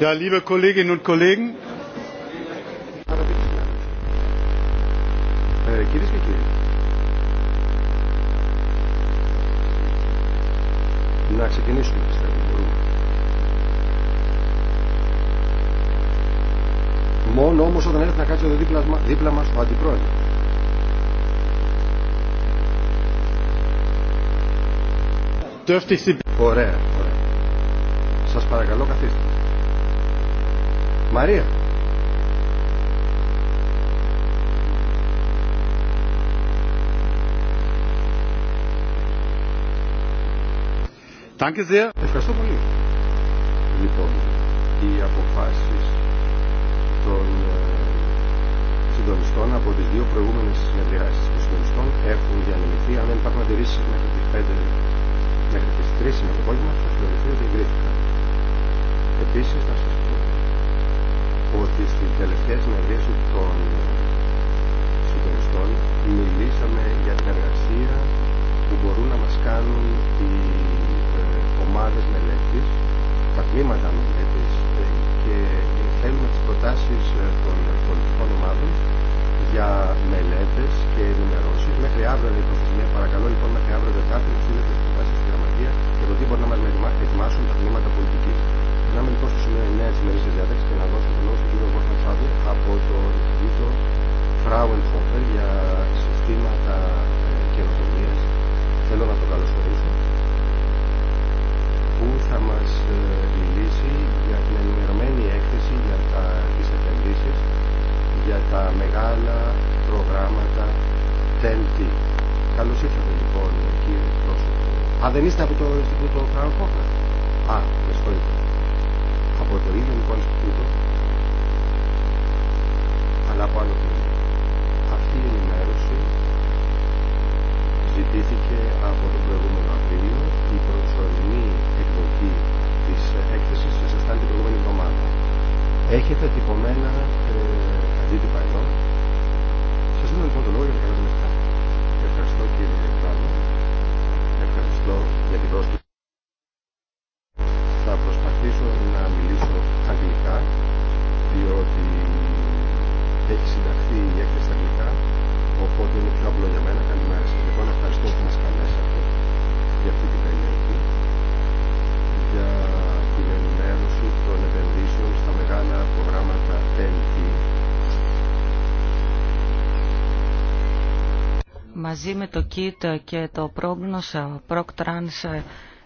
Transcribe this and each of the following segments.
Ja, liebe Kolleginnen und Kollegen. Ε, κυρίες και κύριοι, να ξεκινήσουμε Μόνο όμως όταν έρθει να κάτσει εδώ δίπλα, δίπλα μας ο αντιπρόεδρος. Ωραία, ωραία. Σας παρακαλώ καθίστε. Μαρία. Ευχαριστώ πολύ. Λοιπόν, οι αποφάσει των ε, συντονιστών από τι δύο προηγούμενε συνεδριάσει των συντονιστών έχουν διανεμηθεί. Αν δεν υπάρχουν αντιρρήσει μέχρι τι 5 μέχρι τι 3 σήμερα το απόγευμα θα θεωρηθεί ότι εγκρίθηκαν. Επίση, να σα ότι στην τελευταία συνεδρίαση των συντονιστών μιλήσαμε για την εργασία που μπορούν να μας κάνουν οι ε, ομάδες μελέτης, τα τμήματα μελέτης ε, και θέλουμε τις προτάσεις ε, των πολιτικών ομάδων για μελέτες και ενημερώσεις. Μέχρι αύριο είναι η προθεσμία. Παρακαλώ λοιπόν μέχρι αύριο Δεκάτου να στείλετε τις προτάσεις στη Γραμματεία για το τι μπορεί να μας ετοιμάσουν τα τμήματα πολιτικής. Περνάμε λοιπόν στο σημείο 9 της ημερήσιας διάταξη και να δώσω το λόγο στον κύριο Βόρθαν από το Ινστιτούτο Fraunhofer για συστήματα ε, καινοτομία Θέλω να τον καλωσορίσω που θα μα ε, μιλήσει για την ενημερωμένη έκθεση για τα, τις για τα μεγάλα προγράμματα TEN-T. Καλώς ήρθατε λοιπόν κύριε πρόσωπο. Α, δεν είστε από το Ινστιτούτο Fraunhofer. Α, με συγχωρείτε από το ίδιο λοιπόν τούτο αλλά από άλλο τούτο. Αυτή η ενημέρωση ζητήθηκε από τον προηγούμενο Απρίλιο η προσωρινή εκδοχή της έκθεσης σας αισθάνεται την προηγούμενη εβδομάδα. Έχετε τυπωμένα ε, αντίτυπα εδώ. Σας δίνω λοιπόν το λόγο για να κάνετε Ευχαριστώ κύριε Πράγμα. Ευχαριστώ για την πρόσκληση. μαζί με το ΚΙΤ και το PROGNOS, Προκ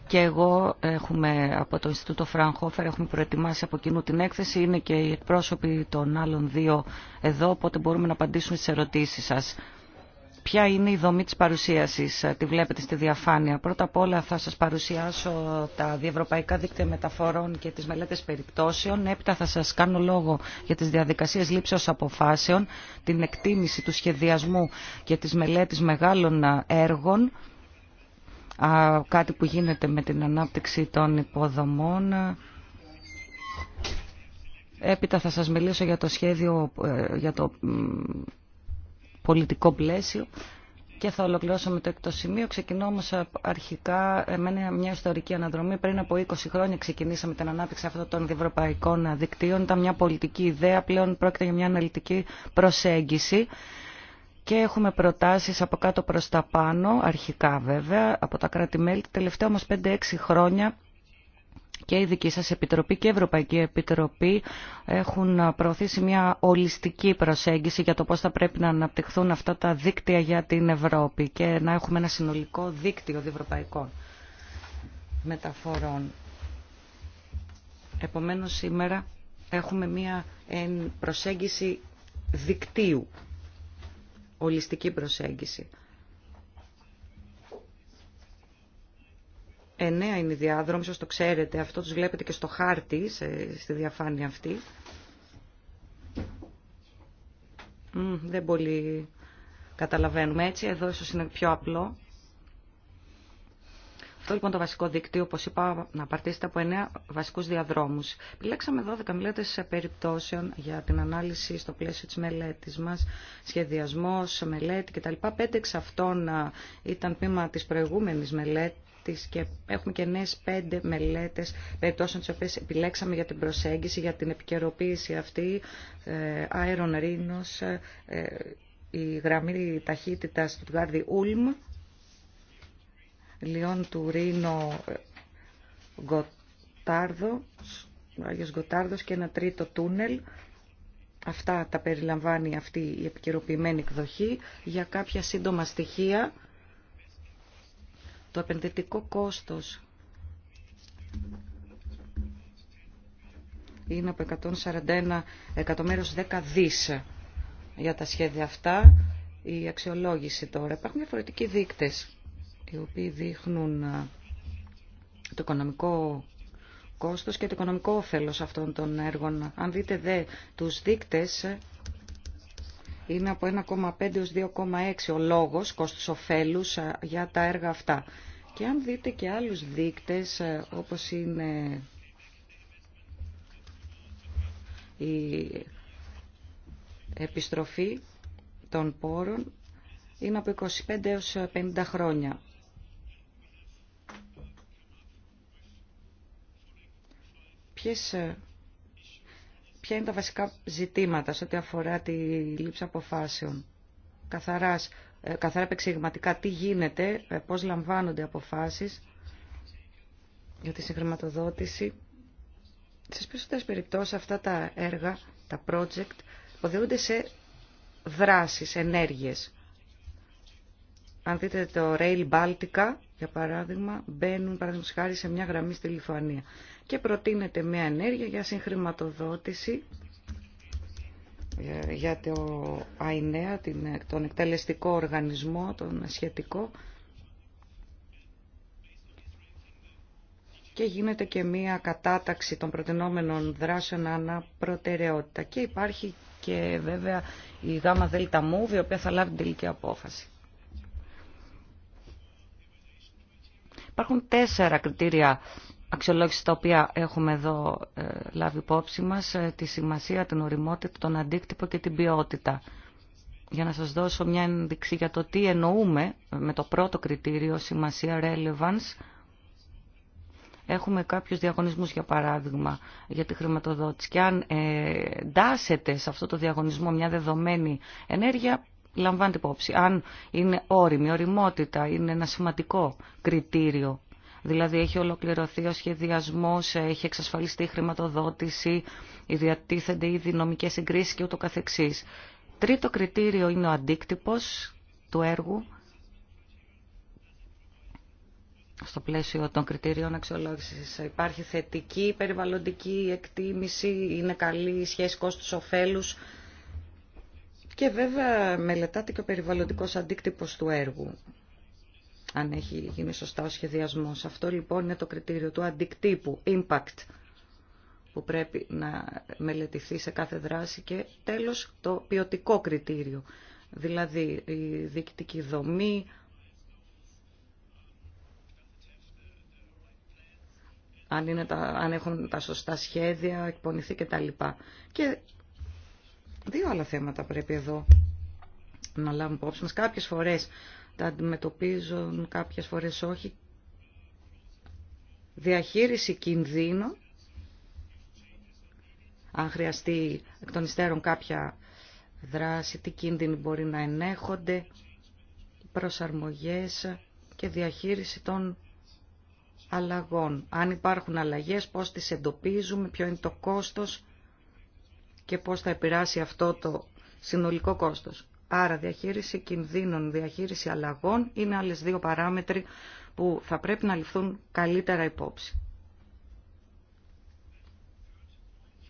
και εγώ έχουμε από το Ινστιτούτο Φρανχόφερ έχουμε προετοιμάσει από κοινού την έκθεση. Είναι και οι εκπρόσωποι των άλλων δύο εδώ, οπότε μπορούμε να απαντήσουμε στις ερωτήσεις σας ποια είναι η δομή της παρουσίασης, ε, τη βλέπετε στη διαφάνεια. Πρώτα απ' όλα θα σας παρουσιάσω τα διευρωπαϊκά δίκτυα μεταφορών και τις μελέτες περιπτώσεων. Έπειτα θα σας κάνω λόγο για τις διαδικασίες λήψεως αποφάσεων, την εκτίμηση του σχεδιασμού και τις μελέτες μεγάλων ε, έργων, κάτι που γίνεται με την ανάπτυξη των υποδομών. Έπειτα θα σας μιλήσω για το σχέδιο, ε, για το πολιτικό πλαίσιο. Και θα ολοκληρώσω με το εκτό σημείο. Ξεκινώ όμω αρχικά με μια ιστορική αναδρομή. Πριν από 20 χρόνια ξεκινήσαμε την ανάπτυξη αυτών των διευρωπαϊκών δικτύων. Ήταν μια πολιτική ιδέα, πλέον πρόκειται για μια αναλυτική προσέγγιση. Και έχουμε προτάσει από κάτω προ τα πάνω, αρχικά βέβαια, από τα κράτη-μέλη. τελευταια ομω όμως 5-6 χρόνια και η δική σας Επιτροπή και η Ευρωπαϊκή Επιτροπή έχουν προωθήσει μια ολιστική προσέγγιση για το πώς θα πρέπει να αναπτυχθούν αυτά τα δίκτυα για την Ευρώπη και να έχουμε ένα συνολικό δίκτυο διευρωπαϊκών μεταφορών. Επομένως σήμερα έχουμε μια προσέγγιση δικτύου, ολιστική προσέγγιση. Εννέα είναι οι διάδρομοι, όσο το ξέρετε, αυτό τους βλέπετε και στο χάρτη, στη διαφάνεια αυτή. Μ, δεν πολύ καταλαβαίνουμε έτσι, εδώ ίσως είναι πιο απλό. Αυτό λοιπόν το βασικό δίκτυο, όπως είπα, να απαρτίζεται από εννέα βασικούς διαδρόμους. Επιλέξαμε 12 μελέτες περιπτώσεων για την ανάλυση στο πλαίσιο της μελέτης μας, σχεδιασμός, μελέτη κτλ. Πέντε εξ αυτών ε, ήταν πείμα της προηγούμενης μελέτης και έχουμε και νέες πέντε μελέτες περιπτώσεων τις οποίε επιλέξαμε για την προσέγγιση, για την επικαιροποίηση αυτή, αέρον ε, ρήνος, ε, η γραμμή ταχύτητα του Γκάρδι Ούλμ, Λιόν του Ρήνο ε, Γκοτάρδο, Άγιος Γκοτάρδος και ένα τρίτο τούνελ. Αυτά τα περιλαμβάνει αυτή η επικαιροποιημένη εκδοχή. Για κάποια σύντομα στοιχεία το επενδυτικό κόστος είναι από 141 εκατομμύρια 10 δις για τα σχέδια αυτά. Η αξιολόγηση τώρα. Υπάρχουν διαφορετικοί δείκτες οι οποίοι δείχνουν ε, το οικονομικό κόστος και το οικονομικό όφελος αυτών των έργων. Αν δείτε δε τους δείκτες είναι από 1,5 έως 2,6 ο λόγος κόστος ωφέλους ε, για τα έργα αυτά. Και αν δείτε και άλλους δείκτες ε, όπως είναι η επιστροφή των πόρων είναι από 25 έως 50 χρόνια. Ποιες ε, ποια είναι τα βασικά ζητήματα σε ό,τι αφορά τη λήψη αποφάσεων. Καθαράς, ε, καθαρά επεξηγηματικά τι γίνεται, ε, πώς λαμβάνονται αποφάσεις για τη συγχρηματοδότηση. Στις περισσότερες περιπτώσεις αυτά τα έργα, τα project, οδηγούνται σε δράσεις, ενέργειες. Αν δείτε το Rail Baltica, για παράδειγμα, μπαίνουν παραδείγματος σε μια γραμμή στη Λιθουανία και προτείνεται μια ενέργεια για συγχρηματοδότηση ε, για το ΑΙΝΕΑ, τον εκτελεστικό οργανισμό, τον σχετικό, και γίνεται και μία κατάταξη των προτινόμενων δράσεων ανά προτεραιότητα. Και υπάρχει και βέβαια η γάμα δελτα η οποία θα λάβει την τελική απόφαση. Υπάρχουν τέσσερα κριτήρια αξιολόγηση τα οποία έχουμε εδώ ε, λάβει υπόψη μας, ε, τη σημασία, την οριμότητα, τον αντίκτυπο και την ποιότητα. Για να σας δώσω μια ένδειξη για το τι εννοούμε με το πρώτο κριτήριο, σημασία, relevance, έχουμε κάποιους διαγωνισμούς για παράδειγμα για τη χρηματοδότηση και αν ε, σε αυτό το διαγωνισμό μια δεδομένη ενέργεια λαμβάνεται υπόψη. Αν είναι όριμη, οριμότητα είναι ένα σημαντικό κριτήριο. Δηλαδή έχει ολοκληρωθεί ο σχεδιασμός, έχει εξασφαλιστεί η χρηματοδότηση, διατίθενται ήδη νομικές συγκρίσεις και ούτω καθεξής. Τρίτο κριτήριο είναι ο αντίκτυπος του έργου στο πλαίσιο των κριτήριων αξιολόγησης. Υπάρχει θετική περιβαλλοντική εκτίμηση, είναι καλή η σχέση κόστους-οφέλους, και βέβαια μελετάτε και ο περιβαλλοντικός αντίκτυπος του έργου, αν έχει γίνει σωστά ο σχεδιασμός. Αυτό λοιπόν είναι το κριτήριο του αντικτύπου, impact, που πρέπει να μελετηθεί σε κάθε δράση και τέλος το ποιοτικό κριτήριο, δηλαδή η διοικητική δομή, αν, είναι τα, αν έχουν τα σωστά σχέδια, εκπονηθεί κτλ. Και Δύο άλλα θέματα πρέπει εδώ να λάβουμε υπόψη μας. Κάποιες φορές τα αντιμετωπίζουν, κάποιες φορές όχι. Διαχείριση κινδύνων, αν χρειαστεί εκ των υστέρων κάποια δράση, τι κίνδυνοι μπορεί να ενέχονται, προσαρμογές και διαχείριση των αλλαγών. Αν υπάρχουν αλλαγές, πώς τις εντοπίζουμε, ποιο είναι το κόστος και πώς θα επηρεάσει αυτό το συνολικό κόστος. Άρα διαχείριση κινδύνων, διαχείριση αλλαγών είναι άλλες δύο παράμετροι που θα πρέπει να ληφθούν καλύτερα υπόψη.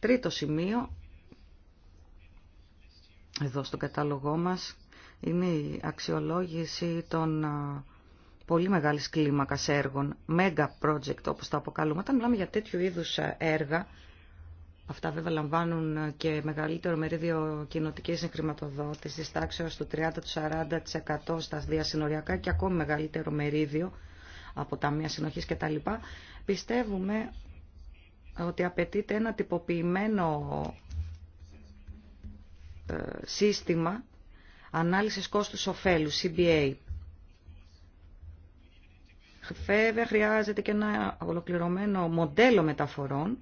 Τρίτο σημείο, εδώ στον κατάλογό μας, είναι η αξιολόγηση των πολύ μεγάλης κλίμακας έργων, mega project όπως τα αποκαλούμε. Όταν μιλάμε για τέτοιου είδους έργα, Αυτά βέβαια λαμβάνουν ε, και μεγαλύτερο μερίδιο κοινοτική τη τάξεω του 30-40% στα διασυνοριακά και ακόμη μεγαλύτερο μερίδιο από τα μία συνοχή κτλ. Πιστεύουμε ότι απαιτείται ένα τυποποιημένο ε, σύστημα ανάλυσης κόστους ωφέλου, CBA. Βέβαια χρειάζεται και ένα ολοκληρωμένο μοντέλο μεταφορών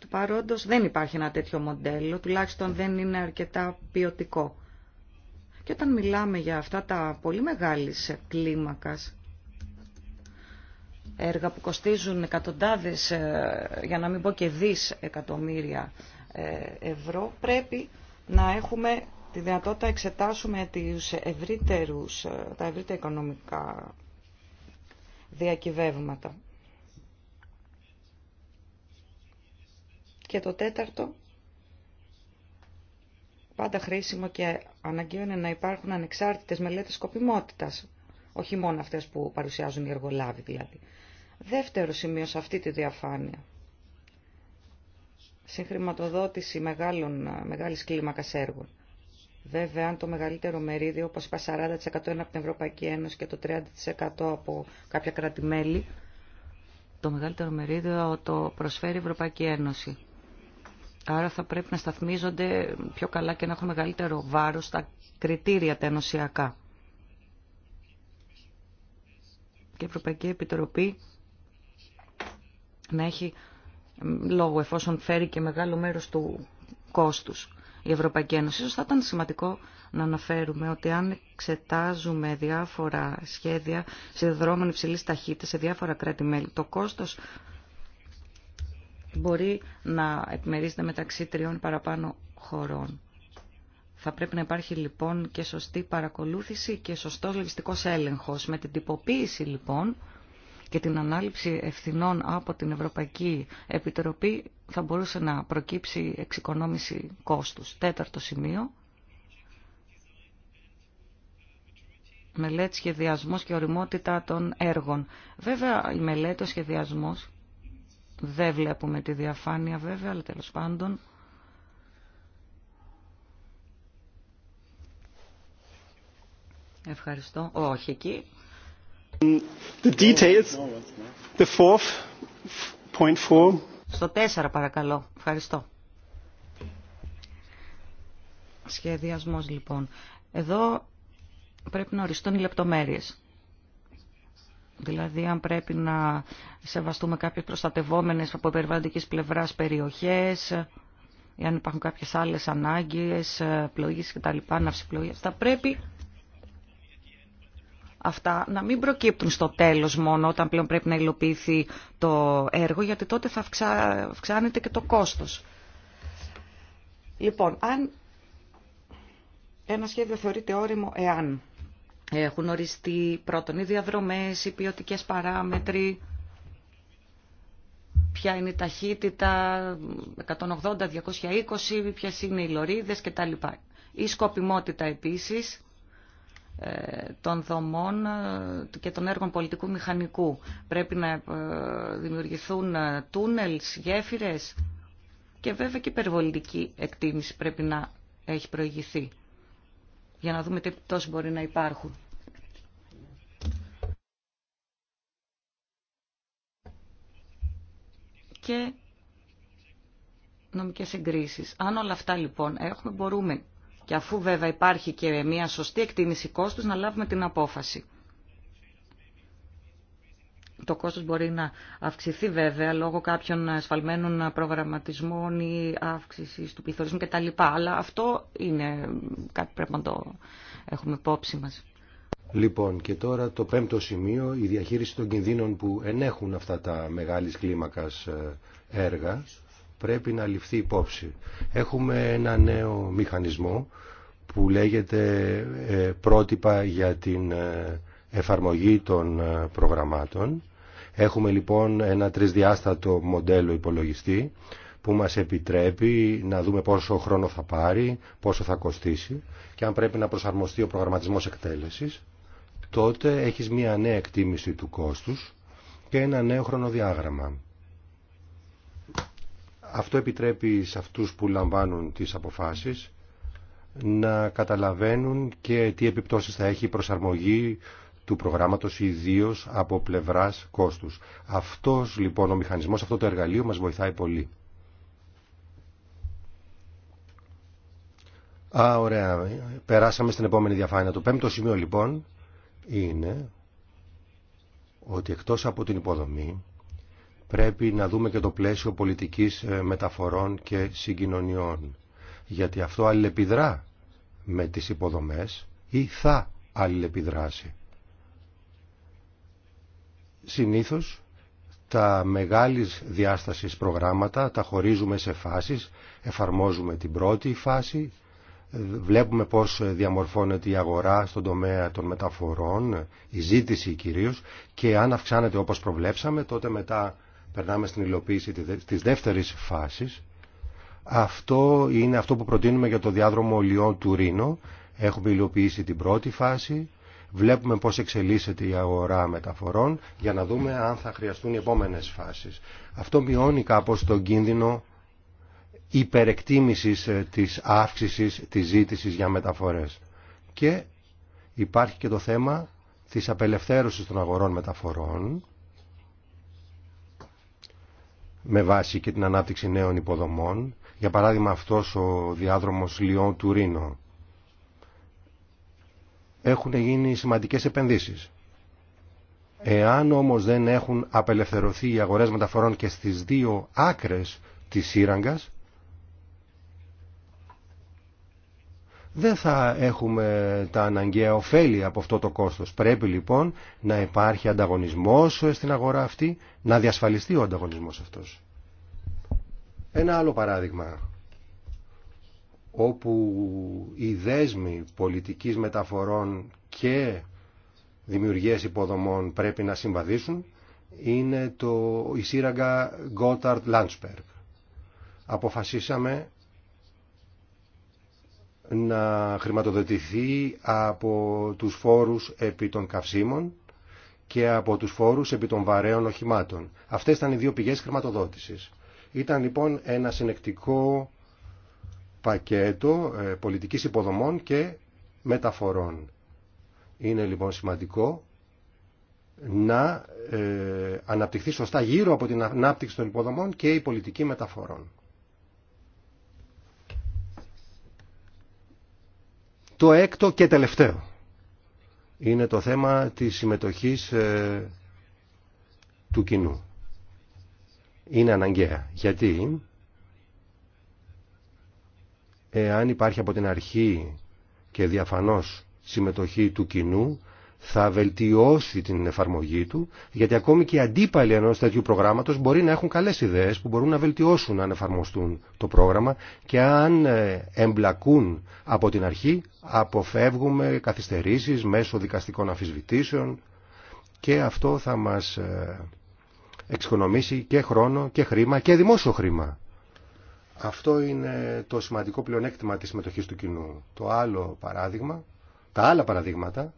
του παρόντος δεν υπάρχει ένα τέτοιο μοντέλο, τουλάχιστον δεν είναι αρκετά ποιοτικό. Και όταν μιλάμε για αυτά τα πολύ μεγάλης κλίμακας, έργα που κοστίζουν εκατοντάδες, ε, για να μην πω και δις εκατομμύρια ε, ευρώ, πρέπει να έχουμε τη δυνατότητα να εξετάσουμε τις ευρύτερους, ε, τα ευρύτερα οικονομικά διακυβεύματα. Και το τέταρτο, πάντα χρήσιμο και αναγκαίο είναι να υπάρχουν ανεξάρτητες μελέτες σκοπιμότητας, όχι μόνο αυτές που παρουσιάζουν οι εργολάβοι δηλαδή. Δεύτερο σημείο σε αυτή τη διαφάνεια. Συγχρηματοδότηση μεγάλων, μεγάλης κλίμακας έργων. Βέβαια, αν το μεγαλύτερο μερίδιο, όπως είπα, 40% είναι από την Ευρωπαϊκή Ένωση και το 30% από κάποια κράτη-μέλη, το μεγαλύτερο μερίδιο το προσφέρει η Ευρωπαϊκή Ένωση. Άρα θα πρέπει να σταθμίζονται πιο καλά και να έχουν μεγαλύτερο βάρος στα κριτήρια τα ενωσιακά. Και η Ευρωπαϊκή Επιτροπή να έχει λόγο εφόσον φέρει και μεγάλο μέρος του κόστους η Ευρωπαϊκή Ένωση. Ίσως θα ήταν σημαντικό να αναφέρουμε ότι αν εξετάζουμε διάφορα σχέδια σε δρόμων υψηλής ταχύτητας σε διάφορα κράτη-μέλη, το κόστος μπορεί να επιμερίζεται μεταξύ τριών παραπάνω χωρών. Θα πρέπει να υπάρχει λοιπόν και σωστή παρακολούθηση και σωστός λογιστικός έλεγχος. Με την τυποποίηση λοιπόν και την ανάληψη ευθυνών από την Ευρωπαϊκή Επιτροπή θα μπορούσε να προκύψει εξοικονόμηση κόστους. Τέταρτο σημείο. Μελέτη, σχεδιασμός και οριμότητα των έργων. Βέβαια η μελέτη, ο σχεδιασμός δεν βλέπουμε τη διαφάνεια βέβαια, αλλά τέλος πάντων. Ευχαριστώ. Όχι εκεί. The details, the fourth, point four. Στο τέσσερα, παρακαλώ. Ευχαριστώ. Σχεδιασμός λοιπόν. Εδώ πρέπει να οριστούν οι λεπτομέρειες. Δηλαδή αν πρέπει να σεβαστούμε κάποιες προστατευόμενες από περιβαλλοντικής πλευράς περιοχές, ή αν υπάρχουν κάποιες άλλες ανάγκες, πλοήγηση κτλ, ναυσιπλοήγηση. Θα πρέπει αυτά να μην προκύπτουν στο τέλος μόνο όταν πλέον πρέπει να υλοποιηθεί το έργο, γιατί τότε θα αυξάνεται και το κόστος. Λοιπόν, αν ένα σχέδιο θεωρείται όριμο εάν έχουν οριστεί πρώτον οι διαδρομές, οι ποιοτικές παράμετροι, ποια είναι η ταχύτητα, 180, 220, ποιες είναι οι λωρίδες κτλ. Η σκοπιμότητα επίσης ε, των δομών ε, και των έργων πολιτικού μηχανικού. Πρέπει να ε, δημιουργηθούν τούνελς, γέφυρες και βέβαια και περιβολική εκτίμηση πρέπει να έχει προηγηθεί για να δούμε τι επιπτώσεις μπορεί να υπάρχουν. Και νομικές εγκρίσεις. Αν όλα αυτά λοιπόν έχουμε, μπορούμε και αφού βέβαια υπάρχει και μια σωστή εκτίμηση κόστους να λάβουμε την απόφαση το κόστος μπορεί να αυξηθεί βέβαια λόγω κάποιων ασφαλμένων προγραμματισμών ή αύξηση του πληθωρισμού κτλ. Αλλά αυτό είναι κάτι πρέπει να το έχουμε υπόψη μας. Λοιπόν, και τώρα το πέμπτο σημείο, η διαχείριση των κινδύνων που ενέχουν αυτά τα μεγάλης κλίμακας ε, έργα, πρέπει να ληφθεί υπόψη. Έχουμε ένα νέο μηχανισμό που λέγεται ε, πρότυπα για την ε, εφαρμογή των προγραμμάτων Έχουμε λοιπόν ένα τρισδιάστατο μοντέλο υπολογιστή που μας επιτρέπει να δούμε πόσο χρόνο θα πάρει, πόσο θα κοστίσει και αν πρέπει να προσαρμοστεί ο προγραμματισμός εκτέλεσης, τότε έχεις μία νέα εκτίμηση του κόστους και ένα νέο χρονοδιάγραμμα. Αυτό επιτρέπει σε αυτούς που λαμβάνουν τις αποφάσεις να καταλαβαίνουν και τι επιπτώσεις θα έχει η προσαρμογή του προγράμματος ιδίω από πλευράς κόστους. Αυτός λοιπόν ο μηχανισμός, αυτό το εργαλείο μας βοηθάει πολύ. Α, ωραία. Περάσαμε στην επόμενη διαφάνεια. Το πέμπτο σημείο λοιπόν είναι ότι εκτός από την υποδομή πρέπει να δούμε και το πλαίσιο πολιτικής ε, μεταφορών και συγκοινωνιών. Γιατί αυτό αλληλεπιδρά με τις υποδομές ή θα αλληλεπιδράσει. Συνήθως τα μεγάλης διάστασης προγράμματα τα χωρίζουμε σε φάσεις, εφαρμόζουμε την πρώτη φάση, βλέπουμε πώς διαμορφώνεται η αγορά στον τομέα των μεταφορών, η ζήτηση κυρίως και αν αυξάνεται όπως προβλέψαμε τότε μετά περνάμε στην υλοποίηση της δεύτερης φάσης. Αυτό είναι αυτό που προτείνουμε για το διάδρομο Λιόν Τουρίνο. Έχουμε υλοποιήσει την πρώτη φάση, Βλέπουμε πώς εξελίσσεται η αγορά μεταφορών για να δούμε αν θα χρειαστούν οι επόμενες φάσεις. Αυτό μειώνει κάπως τον κίνδυνο υπερεκτίμησης ε, της αύξησης της ζήτησης για μεταφορές. Και υπάρχει και το θέμα της απελευθέρωσης των αγορών μεταφορών με βάση και την ανάπτυξη νέων υποδομών. Για παράδειγμα αυτός ο διάδρομος Λιόν-Τουρίνο έχουν γίνει σημαντικές επενδύσεις. Εάν όμως δεν έχουν απελευθερωθεί οι αγορές μεταφορών και στις δύο άκρες της σύραγγας, δεν θα έχουμε τα αναγκαία ωφέλη από αυτό το κόστος. Πρέπει λοιπόν να υπάρχει ανταγωνισμός στην αγορά αυτή, να διασφαλιστεί ο ανταγωνισμός αυτός. Ένα άλλο παράδειγμα όπου οι δέσμοι πολιτικής μεταφορών και δημιουργίες υποδομών πρέπει να συμβαδίσουν είναι το, η σύραγγα gotthard Gotthard-Landsberg. Αποφασίσαμε να χρηματοδοτηθεί από τους φόρους επί των καυσίμων και από τους φόρους επί των βαρέων οχημάτων. Αυτές ήταν οι δύο πηγές χρηματοδότησης. Ήταν λοιπόν ένα συνεκτικό πακέτο ε, πολιτικής υποδομών και μεταφορών. Είναι λοιπόν σημαντικό να ε, αναπτυχθεί σωστά γύρω από την ανάπτυξη των υποδομών και η πολιτική μεταφορών. Το έκτο και τελευταίο είναι το θέμα της συμμετοχής ε, του κοινού. Είναι αναγκαία. Γιατί αν υπάρχει από την αρχή και διαφανώς συμμετοχή του κοινού, θα βελτιώσει την εφαρμογή του, γιατί ακόμη και οι αντίπαλοι ενό τέτοιου προγράμματο μπορεί να έχουν καλέ ιδέε που μπορούν να βελτιώσουν αν εφαρμοστούν το πρόγραμμα και αν ε, εμπλακούν από την αρχή, αποφεύγουμε καθυστερήσει μέσω δικαστικών αφισβητήσεων και αυτό θα μα ε, εξοικονομήσει και χρόνο και χρήμα και δημόσιο χρήμα. Αυτό είναι το σημαντικό πλεονέκτημα της συμμετοχής του κοινού. Το άλλο παράδειγμα, τα άλλα παραδείγματα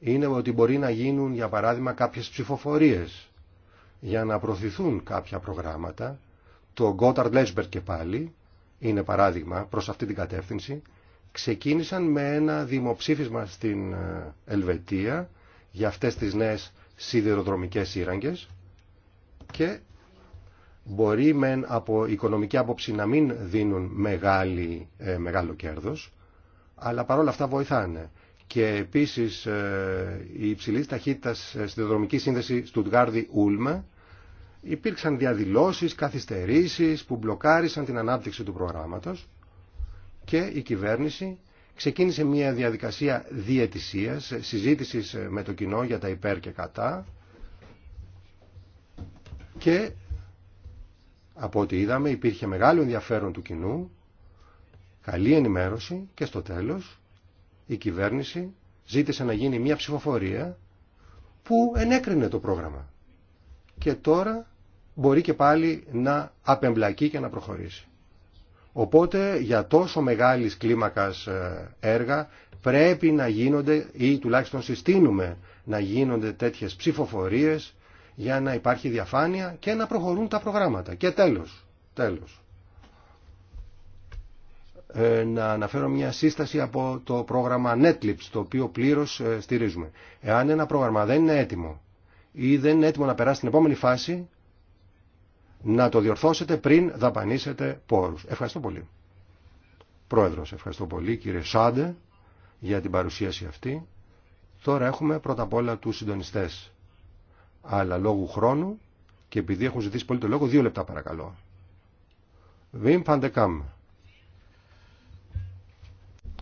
είναι ότι μπορεί να γίνουν για παράδειγμα κάποιες ψηφοφορίες για να προωθηθούν κάποια προγράμματα. Το Gotthard Lesberg και πάλι είναι παράδειγμα προς αυτή την κατεύθυνση. Ξεκίνησαν με ένα δημοψήφισμα στην ε, Ελβετία για αυτές τις νέες σιδηροδρομικές σύραγγες και μπορεί μεν από οικονομική άποψη να μην δίνουν μεγάλη, ε, μεγάλο κέρδος, αλλά παρόλα αυτά βοηθάνε. Και επίσης ε, η υψηλή ε, δρομική συνδεδρομική σύνδεση Στουτγάρδη-Ούλμα υπήρξαν διαδηλώσεις, καθυστερήσεις που μπλοκάρισαν την ανάπτυξη του προγράμματος και η κυβέρνηση ξεκίνησε μια διαδικασία διαιτησίας, συζήτησης με το κοινό για τα υπέρ και κατά και από ό,τι είδαμε υπήρχε μεγάλο ενδιαφέρον του κοινού, καλή ενημέρωση και στο τέλος η κυβέρνηση ζήτησε να γίνει μια ψηφοφορία που ενέκρινε το πρόγραμμα. Και τώρα μπορεί και πάλι να απεμπλακεί και να προχωρήσει. Οπότε για τόσο μεγάλης κλίμακας ε, έργα πρέπει να γίνονται ή τουλάχιστον συστήνουμε να γίνονται τέτοιες ψηφοφορίες για να υπάρχει διαφάνεια και να προχωρούν τα προγράμματα. Και τέλος, τέλος ε, να αναφέρω μια σύσταση από το πρόγραμμα Netlips, το οποίο πλήρως ε, στηρίζουμε. Εάν ένα πρόγραμμα δεν είναι έτοιμο ή δεν είναι έτοιμο να περάσει στην επόμενη φάση, να το διορθώσετε πριν δαπανίσετε πόρους. Ευχαριστώ πολύ. Πρόεδρος, ευχαριστώ πολύ κύριε Σάντε για την παρουσίαση αυτή. Τώρα έχουμε πρώτα απ' όλα τους συντονιστές αλλά λόγου χρόνου και επειδή έχω ζητήσει πολύ το λόγο, δύο λεπτά παρακαλώ. Βιμ Φαντεκάμ.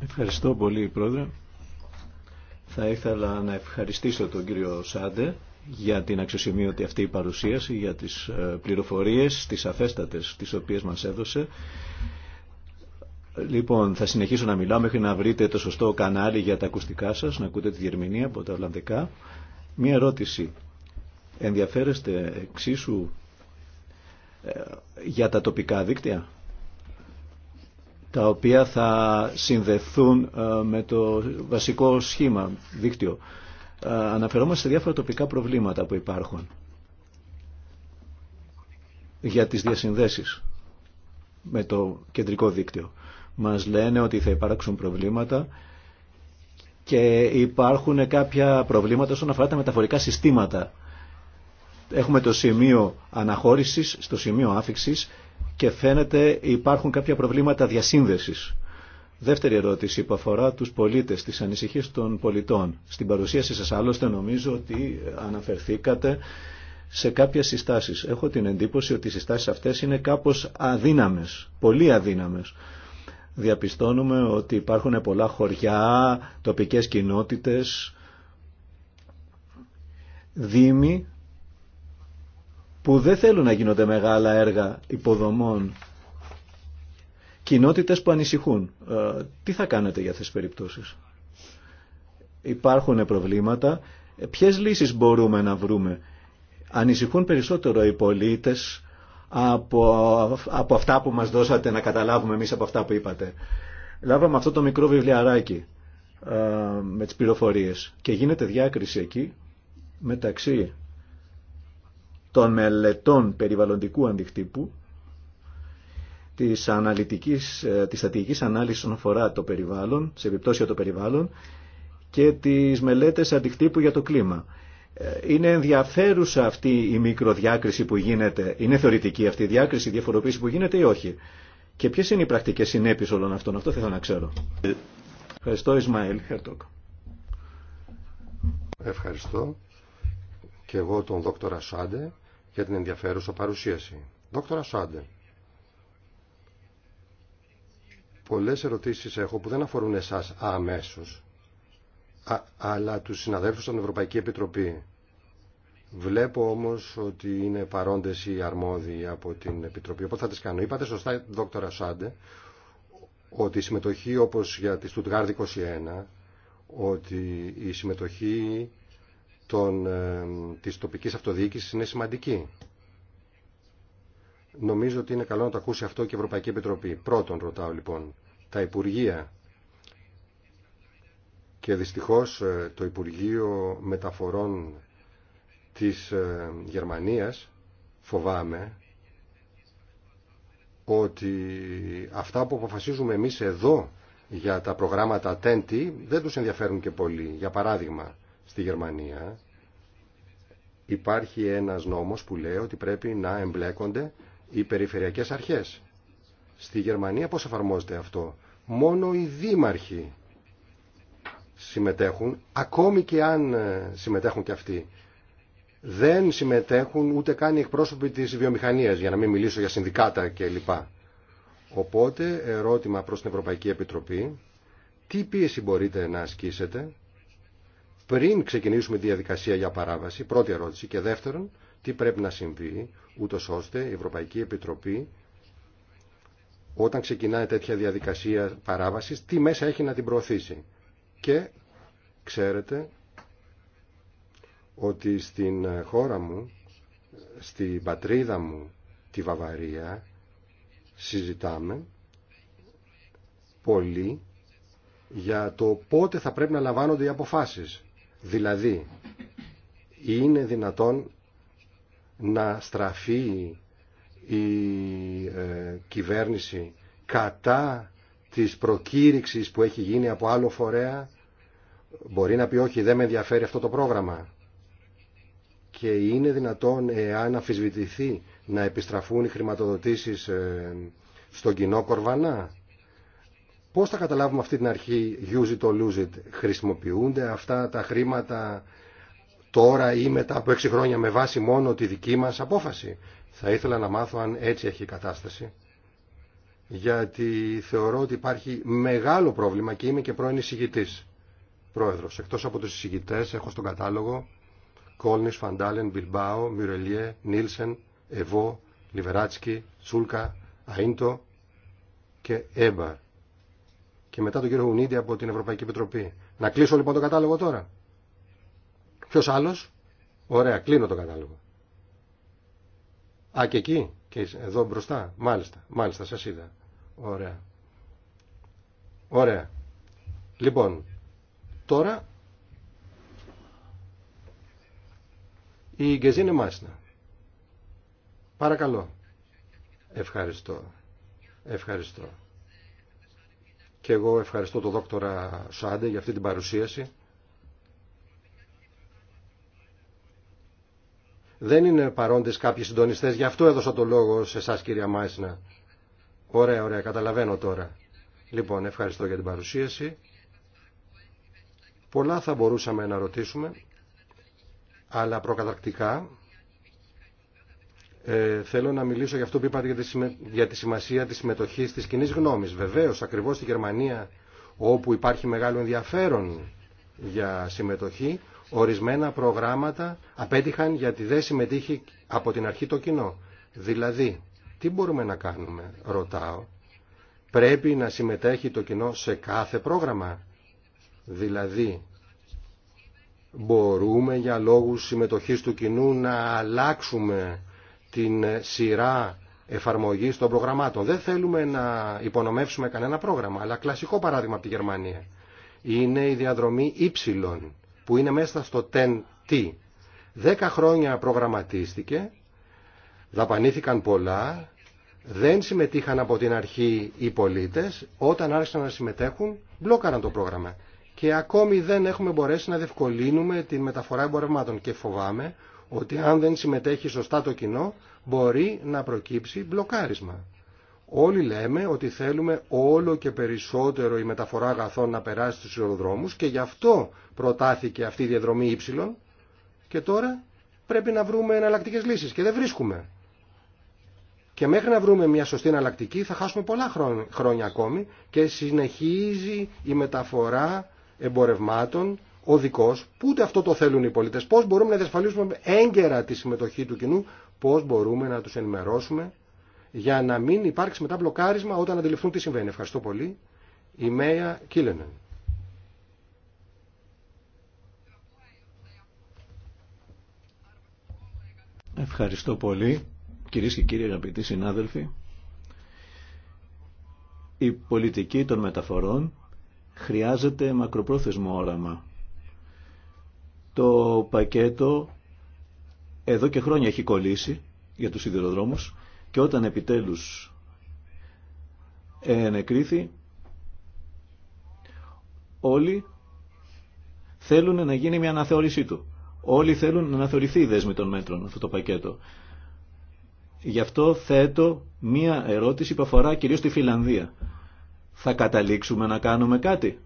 Ευχαριστώ πολύ, Πρόεδρε. Θα ήθελα να ευχαριστήσω τον κύριο Σάντε για την αξιοσημείωτη αυτή η παρουσίαση, για τις ε, πληροφορίες, τις αφέστατες, τις οποίες μας έδωσε. Λοιπόν, θα συνεχίσω να μιλάω μέχρι να βρείτε το σωστό κανάλι για τα ακουστικά σας, να ακούτε τη διερμηνία από τα Ολλανδικά. Μία ερώτηση ενδιαφέρεστε εξίσου ε, για τα τοπικά δίκτυα τα οποία θα συνδεθούν ε, με το βασικό σχήμα δίκτυο. Ε, αναφερόμαστε σε διάφορα τοπικά προβλήματα που υπάρχουν για τις διασυνδέσεις με το κεντρικό δίκτυο. Μας λένε ότι θα υπάρξουν προβλήματα και υπάρχουν κάποια προβλήματα όσον αφορά τα μεταφορικά συστήματα Έχουμε το σημείο αναχώρησης στο σημείο άφηξης και φαίνεται υπάρχουν κάποια προβλήματα διασύνδεσης. Δεύτερη ερώτηση που αφορά τους πολίτες, τις ανησυχίες των πολιτών. Στην παρουσίαση σας άλλωστε νομίζω ότι αναφερθήκατε σε κάποιες συστάσεις. Έχω την εντύπωση ότι οι συστάσεις αυτές είναι κάπως αδύναμες, πολύ αδύναμες. Διαπιστώνουμε ότι υπάρχουν πολλά χωριά, τοπικές κοινότητες, δήμοι που δεν θέλουν να γίνονται μεγάλα έργα υποδομών. Κοινότητες που ανησυχούν. Ε, τι θα κάνετε για αυτές τις περιπτώσεις. Υπάρχουν προβλήματα. Ε, ποιες λύσεις μπορούμε να βρούμε. Ανησυχούν περισσότερο οι πολίτες από, από αυτά που μας δώσατε να καταλάβουμε εμείς από αυτά που είπατε. Λάβαμε αυτό το μικρό βιβλιαράκι ε, με τις πληροφορίες και γίνεται διάκριση εκεί μεταξύ των μελετών περιβαλλοντικού αντικτύπου, της, αναλυτικής, ε, της στατικής ανάλυσης αφορά το περιβάλλον, σε επιπτώσει το περιβάλλον και τις μελέτες αντικτύπου για το κλίμα. Ε, είναι ενδιαφέρουσα αυτή η μικροδιάκριση που γίνεται, είναι θεωρητική αυτή η διάκριση, η διαφοροποίηση που γίνεται ή όχι. Και ποιες είναι οι πρακτικές συνέπειες όλων αυτών, αυτό θέλω να ξέρω. Ευχαριστώ Ισμαήλ Χερτοκ. Ευχαριστώ και εγώ τον δόκτορα Σάντε για την ενδιαφέρουσα παρουσίαση. Δόκτωρα Σάντε, πολλές ερωτήσεις έχω που δεν αφορούν εσάς αμέσως, αλλά τους συναδέλφους στην Ευρωπαϊκή Επιτροπή. Βλέπω όμως ότι είναι παρόντες οι αρμόδιοι από την Επιτροπή. Οπότε θα τις κάνω. Είπατε σωστά, δόκτωρα Σάντε, ότι η συμμετοχή όπως για τη Στουτγάρδη 21, ότι η συμμετοχή των, της τοπικής αυτοδιοίκησης είναι σημαντική. Νομίζω ότι είναι καλό να το ακούσει αυτό και η Ευρωπαϊκή Επιτροπή. Πρώτον ρωτάω λοιπόν, τα Υπουργεία και δυστυχώς ε, το Υπουργείο Μεταφορών της ε, Γερμανίας φοβάμαι ότι αυτά που αποφασίζουμε εμείς εδώ για τα προγράμματα TENTI δεν τους ενδιαφέρουν και πολύ. Για παράδειγμα, στη Γερμανία υπάρχει ένας νόμος που λέει ότι πρέπει να εμπλέκονται οι περιφερειακές αρχές. Στη Γερμανία πώς εφαρμόζεται αυτό. Μόνο οι δήμαρχοι συμμετέχουν, ακόμη και αν ε, συμμετέχουν και αυτοί. Δεν συμμετέχουν ούτε καν οι εκπρόσωποι της βιομηχανίας, για να μην μιλήσω για συνδικάτα κλπ. Οπότε, ερώτημα προς την Ευρωπαϊκή Επιτροπή, τι πίεση μπορείτε να ασκήσετε πριν ξεκινήσουμε τη διαδικασία για παράβαση, πρώτη ερώτηση, και δεύτερον, τι πρέπει να συμβεί, ούτως ώστε η Ευρωπαϊκή Επιτροπή, όταν ξεκινάει τέτοια διαδικασία παράβασης, τι μέσα έχει να την προωθήσει. Και ξέρετε ότι στην χώρα μου, στην πατρίδα μου, τη Βαβαρία, συζητάμε πολύ για το πότε θα πρέπει να λαμβάνονται οι αποφάσεις Δηλαδή, είναι δυνατόν να στραφεί η ε, κυβέρνηση κατά της προκήρυξης που έχει γίνει από άλλο φορέα μπορεί να πει όχι δεν με ενδιαφέρει αυτό το πρόγραμμα και είναι δυνατόν εάν αφισβητηθεί να επιστραφούν οι χρηματοδοτήσεις ε, στον κοινό κορβανά Πώς θα καταλάβουμε αυτή την αρχή use it or lose it. Χρησιμοποιούνται αυτά τα χρήματα τώρα ή μετά από έξι χρόνια με βάση μόνο τη δική μας απόφαση. Θα ήθελα να μάθω αν έτσι έχει η κατάσταση. Γιατί θεωρώ ότι υπάρχει μεγάλο πρόβλημα και είμαι και πρώην εισηγητής. Πρόεδρος, εκτός από τους εισηγητές έχω στον κατάλογο Κόλνης, Φαντάλεν, Μπιλμπάο, Μιουρελιέ, Νίλσεν, Εβό, Λιβεράτσκι, Τσούλκα, Αΐντο και Έμπαρ και μετά τον κύριο Ουνίδη από την Ευρωπαϊκή Επιτροπή. Να κλείσω λοιπόν το κατάλογο τώρα. Ποιο άλλο. Ωραία, κλείνω το κατάλογο. Α, και εκεί. Και εδώ μπροστά. Μάλιστα, μάλιστα, σας είδα. Ωραία. Ωραία. Λοιπόν, τώρα η Γκεζίνε Μάσνα. Παρακαλώ. Ευχαριστώ. Ευχαριστώ. Και εγώ ευχαριστώ τον δόκτορα Σάντε για αυτή την παρουσίαση. Δεν είναι παρόντες κάποιοι συντονιστές, γι' αυτό έδωσα το λόγο σε εσά κυρία Μάισνα. Ωραία, ωραία, καταλαβαίνω τώρα. Λοιπόν, ευχαριστώ για την παρουσίαση. Πολλά θα μπορούσαμε να ρωτήσουμε, αλλά προκαταρκτικά ε, θέλω να μιλήσω για αυτό που είπατε για τη, συμμε... τη σημασία της συμμετοχής της κοινή γνώμης. Βεβαίως, ακριβώς στη Γερμανία, όπου υπάρχει μεγάλο ενδιαφέρον για συμμετοχή, ορισμένα προγράμματα απέτυχαν γιατί δεν συμμετείχε από την αρχή το κοινό. Δηλαδή, τι μπορούμε να κάνουμε, ρωτάω. Πρέπει να συμμετέχει το κοινό σε κάθε πρόγραμμα. Δηλαδή, μπορούμε για λόγους συμμετοχής του κοινού να αλλάξουμε την σειρά εφαρμογής των προγραμμάτων. Δεν θέλουμε να υπονομεύσουμε κανένα πρόγραμμα, αλλά κλασικό παράδειγμα από τη Γερμανία είναι η διαδρομή Y που είναι μέσα στο 10 t Δέκα χρόνια προγραμματίστηκε, δαπανήθηκαν πολλά, δεν συμμετείχαν από την αρχή οι πολίτες, όταν άρχισαν να συμμετέχουν μπλόκαραν το πρόγραμμα. Και ακόμη δεν έχουμε μπορέσει να διευκολύνουμε την μεταφορά εμπορευμάτων και φοβάμαι ότι αν δεν συμμετέχει σωστά το κοινό μπορεί να προκύψει μπλοκάρισμα. Όλοι λέμε ότι θέλουμε όλο και περισσότερο η μεταφορά αγαθών να περάσει στους σιδηροδρόμους και γι' αυτό προτάθηκε αυτή η διαδρομή Y ε. και τώρα πρέπει να βρούμε εναλλακτικές λύσεις και δεν βρίσκουμε. Και μέχρι να βρούμε μια σωστή εναλλακτική θα χάσουμε πολλά χρόνια ακόμη και συνεχίζει η μεταφορά εμπορευμάτων οδικός που ούτε αυτό το θέλουν οι πολίτες. Πώς μπορούμε να διασφαλίσουμε έγκαιρα τη συμμετοχή του κοινού, πώς μπορούμε να τους ενημερώσουμε για να μην υπάρξει μετά μπλοκάρισμα όταν αντιληφθούν τι συμβαίνει. Ευχαριστώ πολύ. Η Μέια Κίλενεν. Ευχαριστώ πολύ. Κυρίες και κύριοι αγαπητοί συνάδελφοι, η πολιτική των μεταφορών χρειάζεται μακροπρόθεσμο όραμα. Το πακέτο εδώ και χρόνια έχει κολλήσει για τους σιδηροδρόμους και όταν επιτέλους ενεκρίθη όλοι θέλουν να γίνει μια αναθεώρησή του. Όλοι θέλουν να αναθεωρηθεί η δέσμη των μέτρων αυτό το πακέτο. Γι' αυτό θέτω μία ερώτηση που αφορά κυρίως τη Φιλανδία. Θα καταλήξουμε να κάνουμε κάτι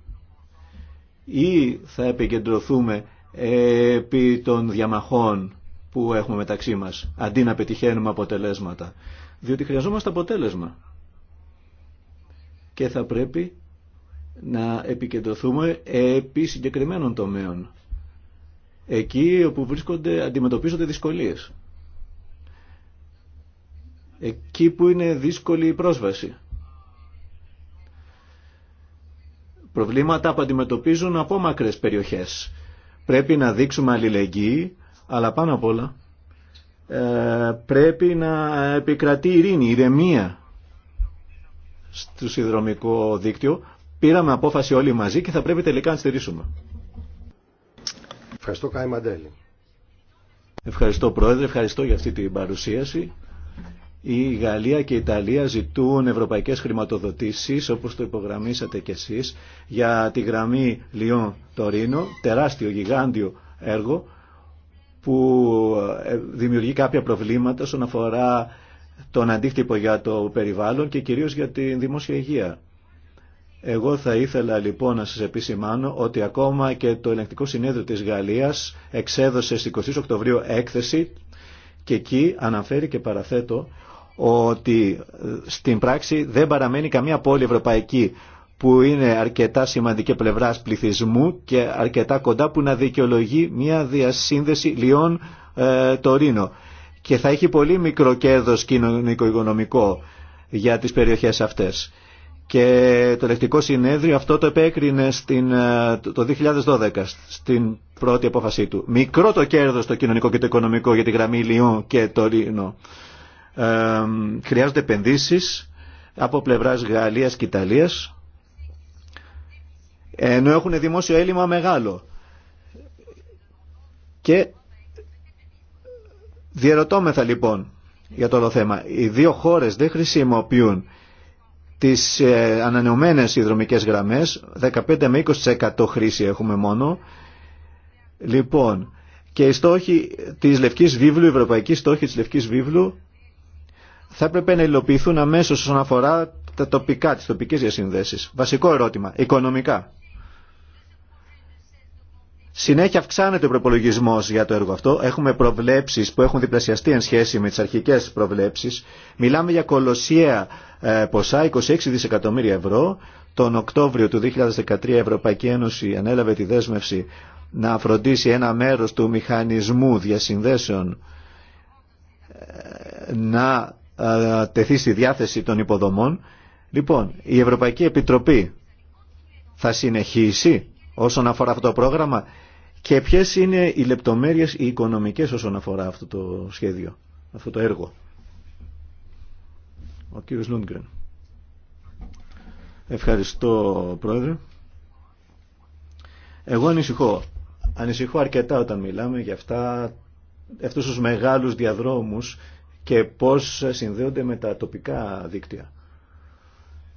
ή θα επικεντρωθούμε επί των διαμαχών που έχουμε μεταξύ μας, αντί να πετυχαίνουμε αποτελέσματα. Διότι χρειαζόμαστε αποτέλεσμα. Και θα πρέπει να επικεντρωθούμε επί συγκεκριμένων τομέων. Εκεί όπου βρίσκονται, αντιμετωπίζονται δυσκολίες. Εκεί που είναι δύσκολη η πρόσβαση. Προβλήματα που αντιμετωπίζουν από μακρές περιοχές Πρέπει να δείξουμε αλληλεγγύη, αλλά πάνω απ' όλα ε, πρέπει να επικρατεί ειρήνη, ηρεμία στο συνδρομικό δίκτυο. Πήραμε απόφαση όλοι μαζί και θα πρέπει τελικά να στηρίσουμε. Ευχαριστώ Κάι Ευχαριστώ Πρόεδρε, ευχαριστώ για αυτή την παρουσίαση. Η Γαλλία και η Ιταλία ζητούν ευρωπαϊκές χρηματοδοτήσεις, όπως το υπογραμμίσατε κι εσείς, για τη γραμμή Λιόν-Τωρίνο, τεράστιο, γιγάντιο έργο, που ε, δημιουργεί κάποια προβλήματα όσον αφορά τον αντίκτυπο για το περιβάλλον και κυρίως για την δημόσια υγεία. Εγώ θα ήθελα λοιπόν να σας επισημάνω ότι ακόμα και το ελεγκτικό συνέδριο της Γαλλίας εξέδωσε στις 20 Οκτωβρίου έκθεση και εκεί αναφέρει και παραθέτω ότι ε, στην πράξη δεν παραμένει καμία πόλη ευρωπαϊκή που είναι αρκετά σημαντική πλευρά πληθυσμού και αρκετά κοντά που να δικαιολογεί μια διασύνδεση λιών ε, το Και θα έχει πολύ μικρό κέρδο κοινωνικο-οικονομικό για τις περιοχές αυτές. Και το ελεκτικό συνέδριο αυτό το επέκρινε στην, ε, το 2012 στην πρώτη απόφασή του. Μικρό το κέρδος το κοινωνικό και το οικονομικό για τη γραμμή Λιών και το χρειάζονται επενδύσει από πλευράς Γαλλίας και Ιταλίας ενώ έχουν δημόσιο έλλειμμα μεγάλο. Και διαρωτώμεθα, λοιπόν για το όλο θέμα. Οι δύο χώρες δεν χρησιμοποιούν τις ε, ανανεωμένες υδρομικές γραμμές, 15 με 20% χρήση έχουμε μόνο. Λοιπόν, και οι στόχοι της Λευκής Βίβλου, οι ευρωπαϊκοί στόχοι της Λευκής Βίβλου θα έπρεπε να υλοποιηθούν αμέσως όσον αφορά τα τοπικά, τις τοπικές διασυνδέσεις. Βασικό ερώτημα, οικονομικά. Συνέχεια αυξάνεται ο προπολογισμό για το έργο αυτό. Έχουμε προβλέψει που έχουν διπλασιαστεί εν σχέση με τι αρχικέ προβλέψει. Μιλάμε για κολοσιαία ε, ποσά, 26 δισεκατομμύρια ευρώ. Τον Οκτώβριο του 2013 η Ευρωπαϊκή Ένωση ανέλαβε τη δέσμευση να φροντίσει ένα μέρο του μηχανισμού διασυνδέσεων ε, να τεθεί στη διάθεση των υποδομών. Λοιπόν, η Ευρωπαϊκή Επιτροπή θα συνεχίσει όσον αφορά αυτό το πρόγραμμα και ποιες είναι οι λεπτομέρειες οι οικονομικές όσον αφορά αυτό το σχέδιο, αυτό το έργο. Ο κύριος Λούντγκρεν. Ευχαριστώ πρόεδρε. Εγώ ανησυχώ. Ανησυχώ αρκετά όταν μιλάμε για αυτά, αυτούς τους μεγάλους διαδρόμους και πώς συνδέονται με τα τοπικά δίκτυα.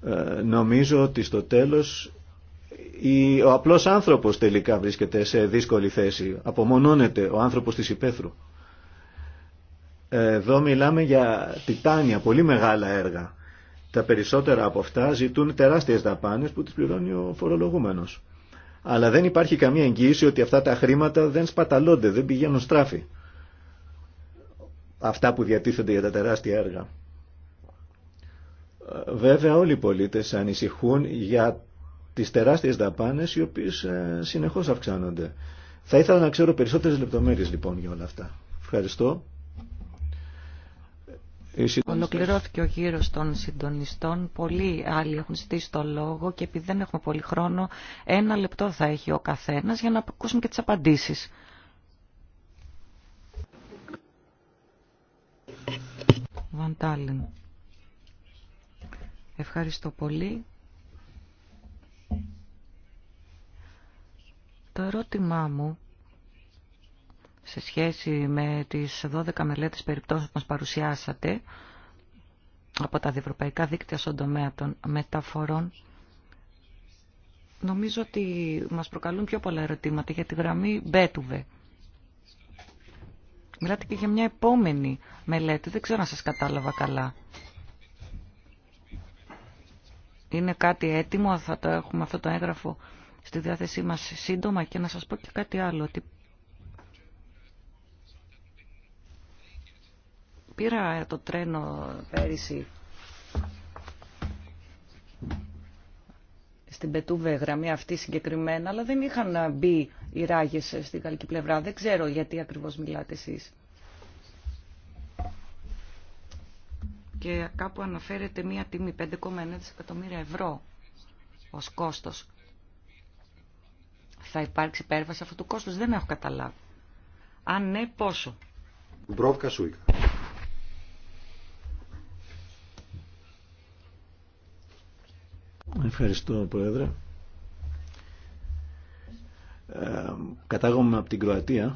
Ε, νομίζω ότι στο τέλος η, ο απλός άνθρωπος τελικά βρίσκεται σε δύσκολη θέση. Απομονώνεται ο άνθρωπος της υπαίθρου. Εδώ μιλάμε για τιτάνια, πολύ μεγάλα έργα. Τα περισσότερα από αυτά ζητούν τεράστιες δαπάνες που τις πληρώνει ο φορολογούμενος. Αλλά δεν υπάρχει καμία εγγύηση ότι αυτά τα χρήματα δεν σπαταλώνται, δεν πηγαίνουν στράφη αυτά που διατίθενται για τα τεράστια έργα. Ε, βέβαια όλοι οι πολίτες ανησυχούν για τις τεράστιες δαπάνες οι οποίες ε, συνεχώς αυξάνονται. Θα ήθελα να ξέρω περισσότερες λεπτομέρειες λοιπόν για όλα αυτά. Ευχαριστώ. Ολοκληρώθηκε ο γύρο των συντονιστών. Πολλοί άλλοι έχουν ζητήσει το λόγο και επειδή δεν έχουμε πολύ χρόνο, ένα λεπτό θα έχει ο καθένα για να ακούσουμε και τι απαντήσει. Ευχαριστώ πολύ. Το ερώτημά μου σε σχέση με τις 12 μελέτες περιπτώσεις που μας παρουσιάσατε από τα διευρωπαϊκά δίκτυα στον τομέα των μεταφορών νομίζω ότι μας προκαλούν πιο πολλά ερωτήματα για τη γραμμή Μπέτουβε. Μιλάτε και για μια επόμενη μελέτη. Δεν ξέρω αν σας κατάλαβα καλά. Είναι κάτι έτοιμο, θα το έχουμε αυτό το έγγραφο στη διάθεσή μας σύντομα και να σας πω και κάτι άλλο. Ότι πήρα το τρένο πέρυσι στην πετούβε γραμμή αυτή συγκεκριμένα, αλλά δεν είχαν μπει οι ράγε στην γαλλική πλευρά. Δεν ξέρω γιατί ακριβώ μιλάτε εσεί. Και κάπου αναφέρεται μία τιμή 5,1 δισεκατομμύρια ευρώ ω κόστο. Θα υπάρξει υπέρβαση αυτού του κόστου. δεν έχω καταλάβει. Αν ναι, πόσο. Μπρόβκα Ευχαριστώ, Πρόεδρε. Ε, κατάγομαι από την Κροατία.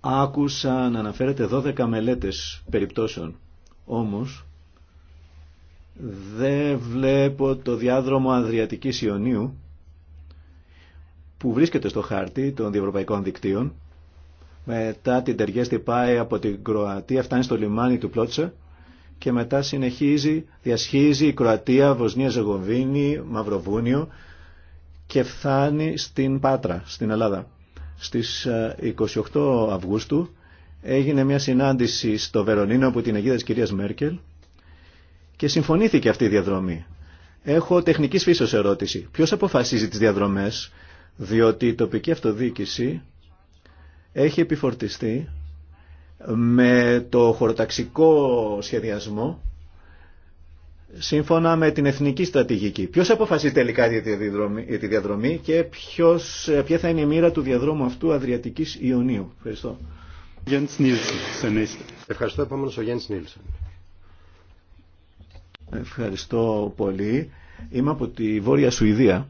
Άκουσα να αναφέρεται 12 μελέτες περιπτώσεων. Όμως, δεν βλέπω το διάδρομο Αδριατικής Ιωνίου που βρίσκεται στο χάρτη των διευρωπαϊκών δικτύων. Μετά την Τεργέστη πάει από την Κροατία, φτάνει στο λιμάνι του Πλότσε και μετά συνεχίζει, διασχίζει η Κροατία, Βοσνία, Ζεγοβίνη, Μαυροβούνιο και φτάνει στην Πάτρα, στην Ελλάδα. Στις 28 ε, Αυγούστου έγινε μια συνάντηση στο Βερολίνο από την αιγίδα της κυρίας Μέρκελ και συμφωνήθηκε αυτή η διαδρομή. Έχω τεχνικής φύσεως ερώτηση. Ποιος αποφασίζει τις διαδρομές, διότι η τοπική αυτοδιοίκηση έχει επιφορτιστεί με το χωροταξικό σχεδιασμό σύμφωνα με την εθνική στρατηγική. Ποιος αποφασίζει τελικά για τη διαδρομή, και ποια θα είναι η μοίρα του διαδρόμου αυτού Αδριατικής Ιωνίου. Ευχαριστώ. Ευχαριστώ επόμενος ο Γιάννης Ευχαριστώ πολύ. Είμαι από τη Βόρεια Σουηδία.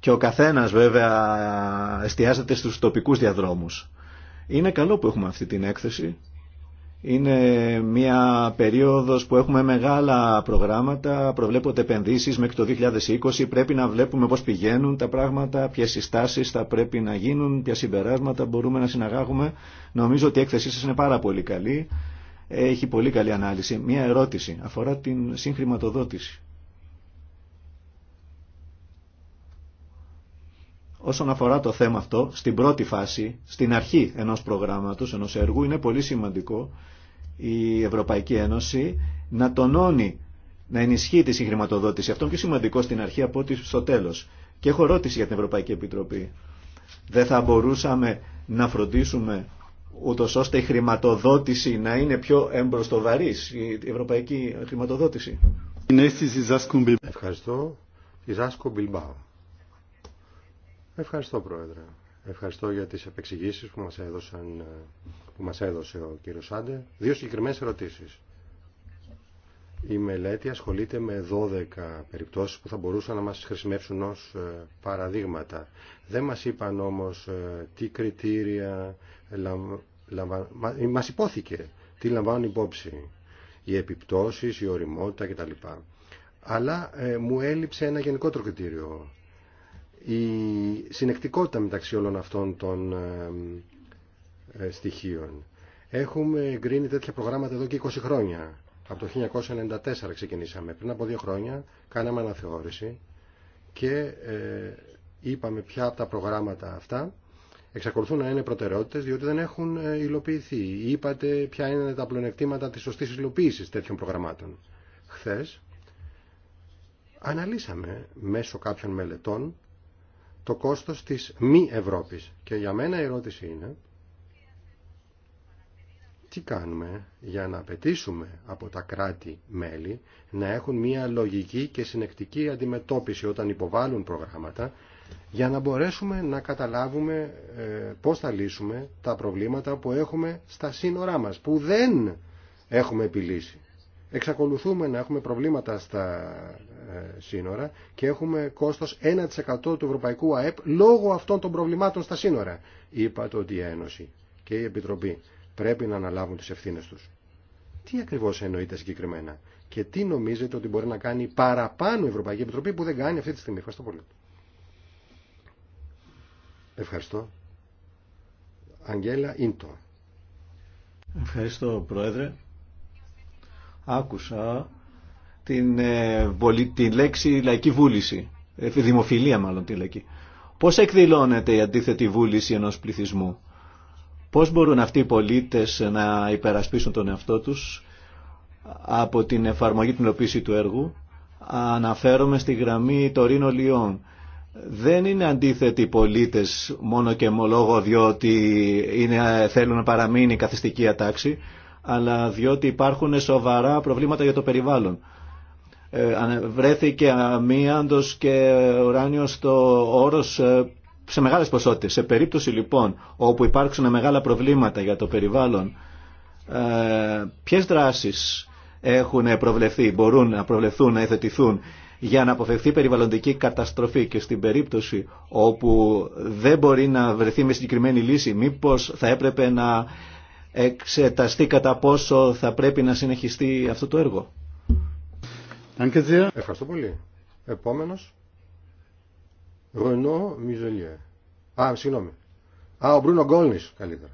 Και ο καθένας βέβαια εστιάζεται στους τοπικούς διαδρόμους. Είναι καλό που έχουμε αυτή την έκθεση. Είναι μια περίοδος που έχουμε μεγάλα προγράμματα, προβλέπονται επενδύσεις μέχρι το 2020, πρέπει να βλέπουμε πώς πηγαίνουν τα πράγματα, ποιες συστάσεις θα πρέπει να γίνουν, ποια συμπεράσματα μπορούμε να συναγάγουμε. Νομίζω ότι η έκθεσή σας είναι πάρα πολύ καλή, έχει πολύ καλή ανάλυση. Μια ερώτηση αφορά την συγχρηματοδότηση. Όσον αφορά το θέμα αυτό, στην πρώτη φάση, στην αρχή ενός προγράμματος, ενός έργου, είναι πολύ σημαντικό η Ευρωπαϊκή Ένωση να τονώνει, να ενισχύει τη συγχρηματοδότηση. Αυτό είναι πιο σημαντικό στην αρχή από ό,τι στο τέλος. Και έχω ρώτηση για την Ευρωπαϊκή Επιτροπή. Δεν θα μπορούσαμε να φροντίσουμε ούτω ώστε η χρηματοδότηση να είναι πιο εμπροστοβαρή η ευρωπαϊκή χρηματοδότηση. Ευχαριστώ. Η Ευχαριστώ Πρόεδρε. Ευχαριστώ για τις επεξηγήσεις που μας, έδωσαν, ε, που μας έδωσε ο κύριος Άντε. Δύο συγκεκριμένες ερωτήσεις. Η μελέτη ασχολείται με 12 περιπτώσεις που θα μπορούσαν να μας χρησιμεύσουν ως ε, παραδείγματα. Δεν μας είπαν όμως ε, τι κριτήρια λαμβα... μας υπόθηκε, τι λαμβάνουν υπόψη, οι επιπτώσεις, η οριμότητα κτλ. Αλλά μου έλειψε ένα γενικότερο κριτήριο η συνεκτικότητα μεταξύ όλων αυτών των ε, ε, στοιχείων. Έχουμε εγκρίνει τέτοια προγράμματα εδώ και 20 χρόνια. Από το 1994 ξεκινήσαμε. Πριν από δύο χρόνια κάναμε αναθεώρηση και ε, είπαμε ποια από τα προγράμματα αυτά εξακολουθούν να είναι προτεραιότητες διότι δεν έχουν υλοποιηθεί. Είπατε ποια είναι τα πλονεκτήματα της σωστής υλοποίησης τέτοιων προγραμμάτων. Χθες αναλύσαμε μέσω κάποιων μελετών το κόστος της μη Ευρώπης. Και για μένα η ερώτηση είναι τι κάνουμε για να απαιτήσουμε από τα κράτη-μέλη να έχουν μια λογική και συνεκτική αντιμετώπιση όταν υποβάλλουν προγράμματα για να μπορέσουμε να καταλάβουμε ε, πώς θα λύσουμε τα προβλήματα που έχουμε στα σύνορά μας, που δεν έχουμε επιλύσει εξακολουθούμε να έχουμε προβλήματα στα ε, σύνορα και έχουμε κόστος 1% του ευρωπαϊκού ΑΕΠ λόγω αυτών των προβλημάτων στα σύνορα. Είπατε ότι η Ένωση και η Επιτροπή πρέπει να αναλάβουν τις ευθύνες τους. Τι ακριβώς εννοείται συγκεκριμένα και τι νομίζετε ότι μπορεί να κάνει παραπάνω η Ευρωπαϊκή Επιτροπή που δεν κάνει αυτή τη στιγμή. Ευχαριστώ πολύ. Ευχαριστώ. Αγγέλα Ίντο. Ευχαριστώ Πρόεδρε άκουσα την, ε, την λέξη λαϊκή βούληση, ε, δημοφιλία μάλλον τη λέξη. Πώς εκδηλώνεται η αντίθετη βούληση ενός πληθυσμού. Πώς μπορούν αυτοί οι πολίτες να υπερασπίσουν τον εαυτό τους από την εφαρμογή την υλοποίηση του έργου. Αναφέρομαι στη γραμμή Τωρίνο Λιών. Δεν είναι αντίθετοι οι πολίτες μόνο και λόγω διότι είναι, θέλουν να παραμείνει η καθιστική ατάξη αλλά διότι υπάρχουν σοβαρά προβλήματα για το περιβάλλον. Ε, βρέθηκε αμίαντος και ουράνιο στο όρος ε, σε μεγάλες ποσότητες. Σε περίπτωση λοιπόν όπου υπάρξουν μεγάλα προβλήματα για το περιβάλλον, ε, ποιες δράσεις έχουν προβλεφθεί, μπορούν να προβλεφθούν, να εθετηθούν για να αποφευθεί περιβαλλοντική καταστροφή και στην περίπτωση όπου δεν μπορεί να βρεθεί με συγκεκριμένη λύση μήπως θα έπρεπε να εξεταστεί κατά πόσο θα πρέπει να συνεχιστεί αυτό το έργο. Ευχαριστώ πολύ. Επόμενος. Ρενό Μιζελιέ. Α, συγγνώμη. Α, ο Μπρούνο Γκόλνης καλύτερα.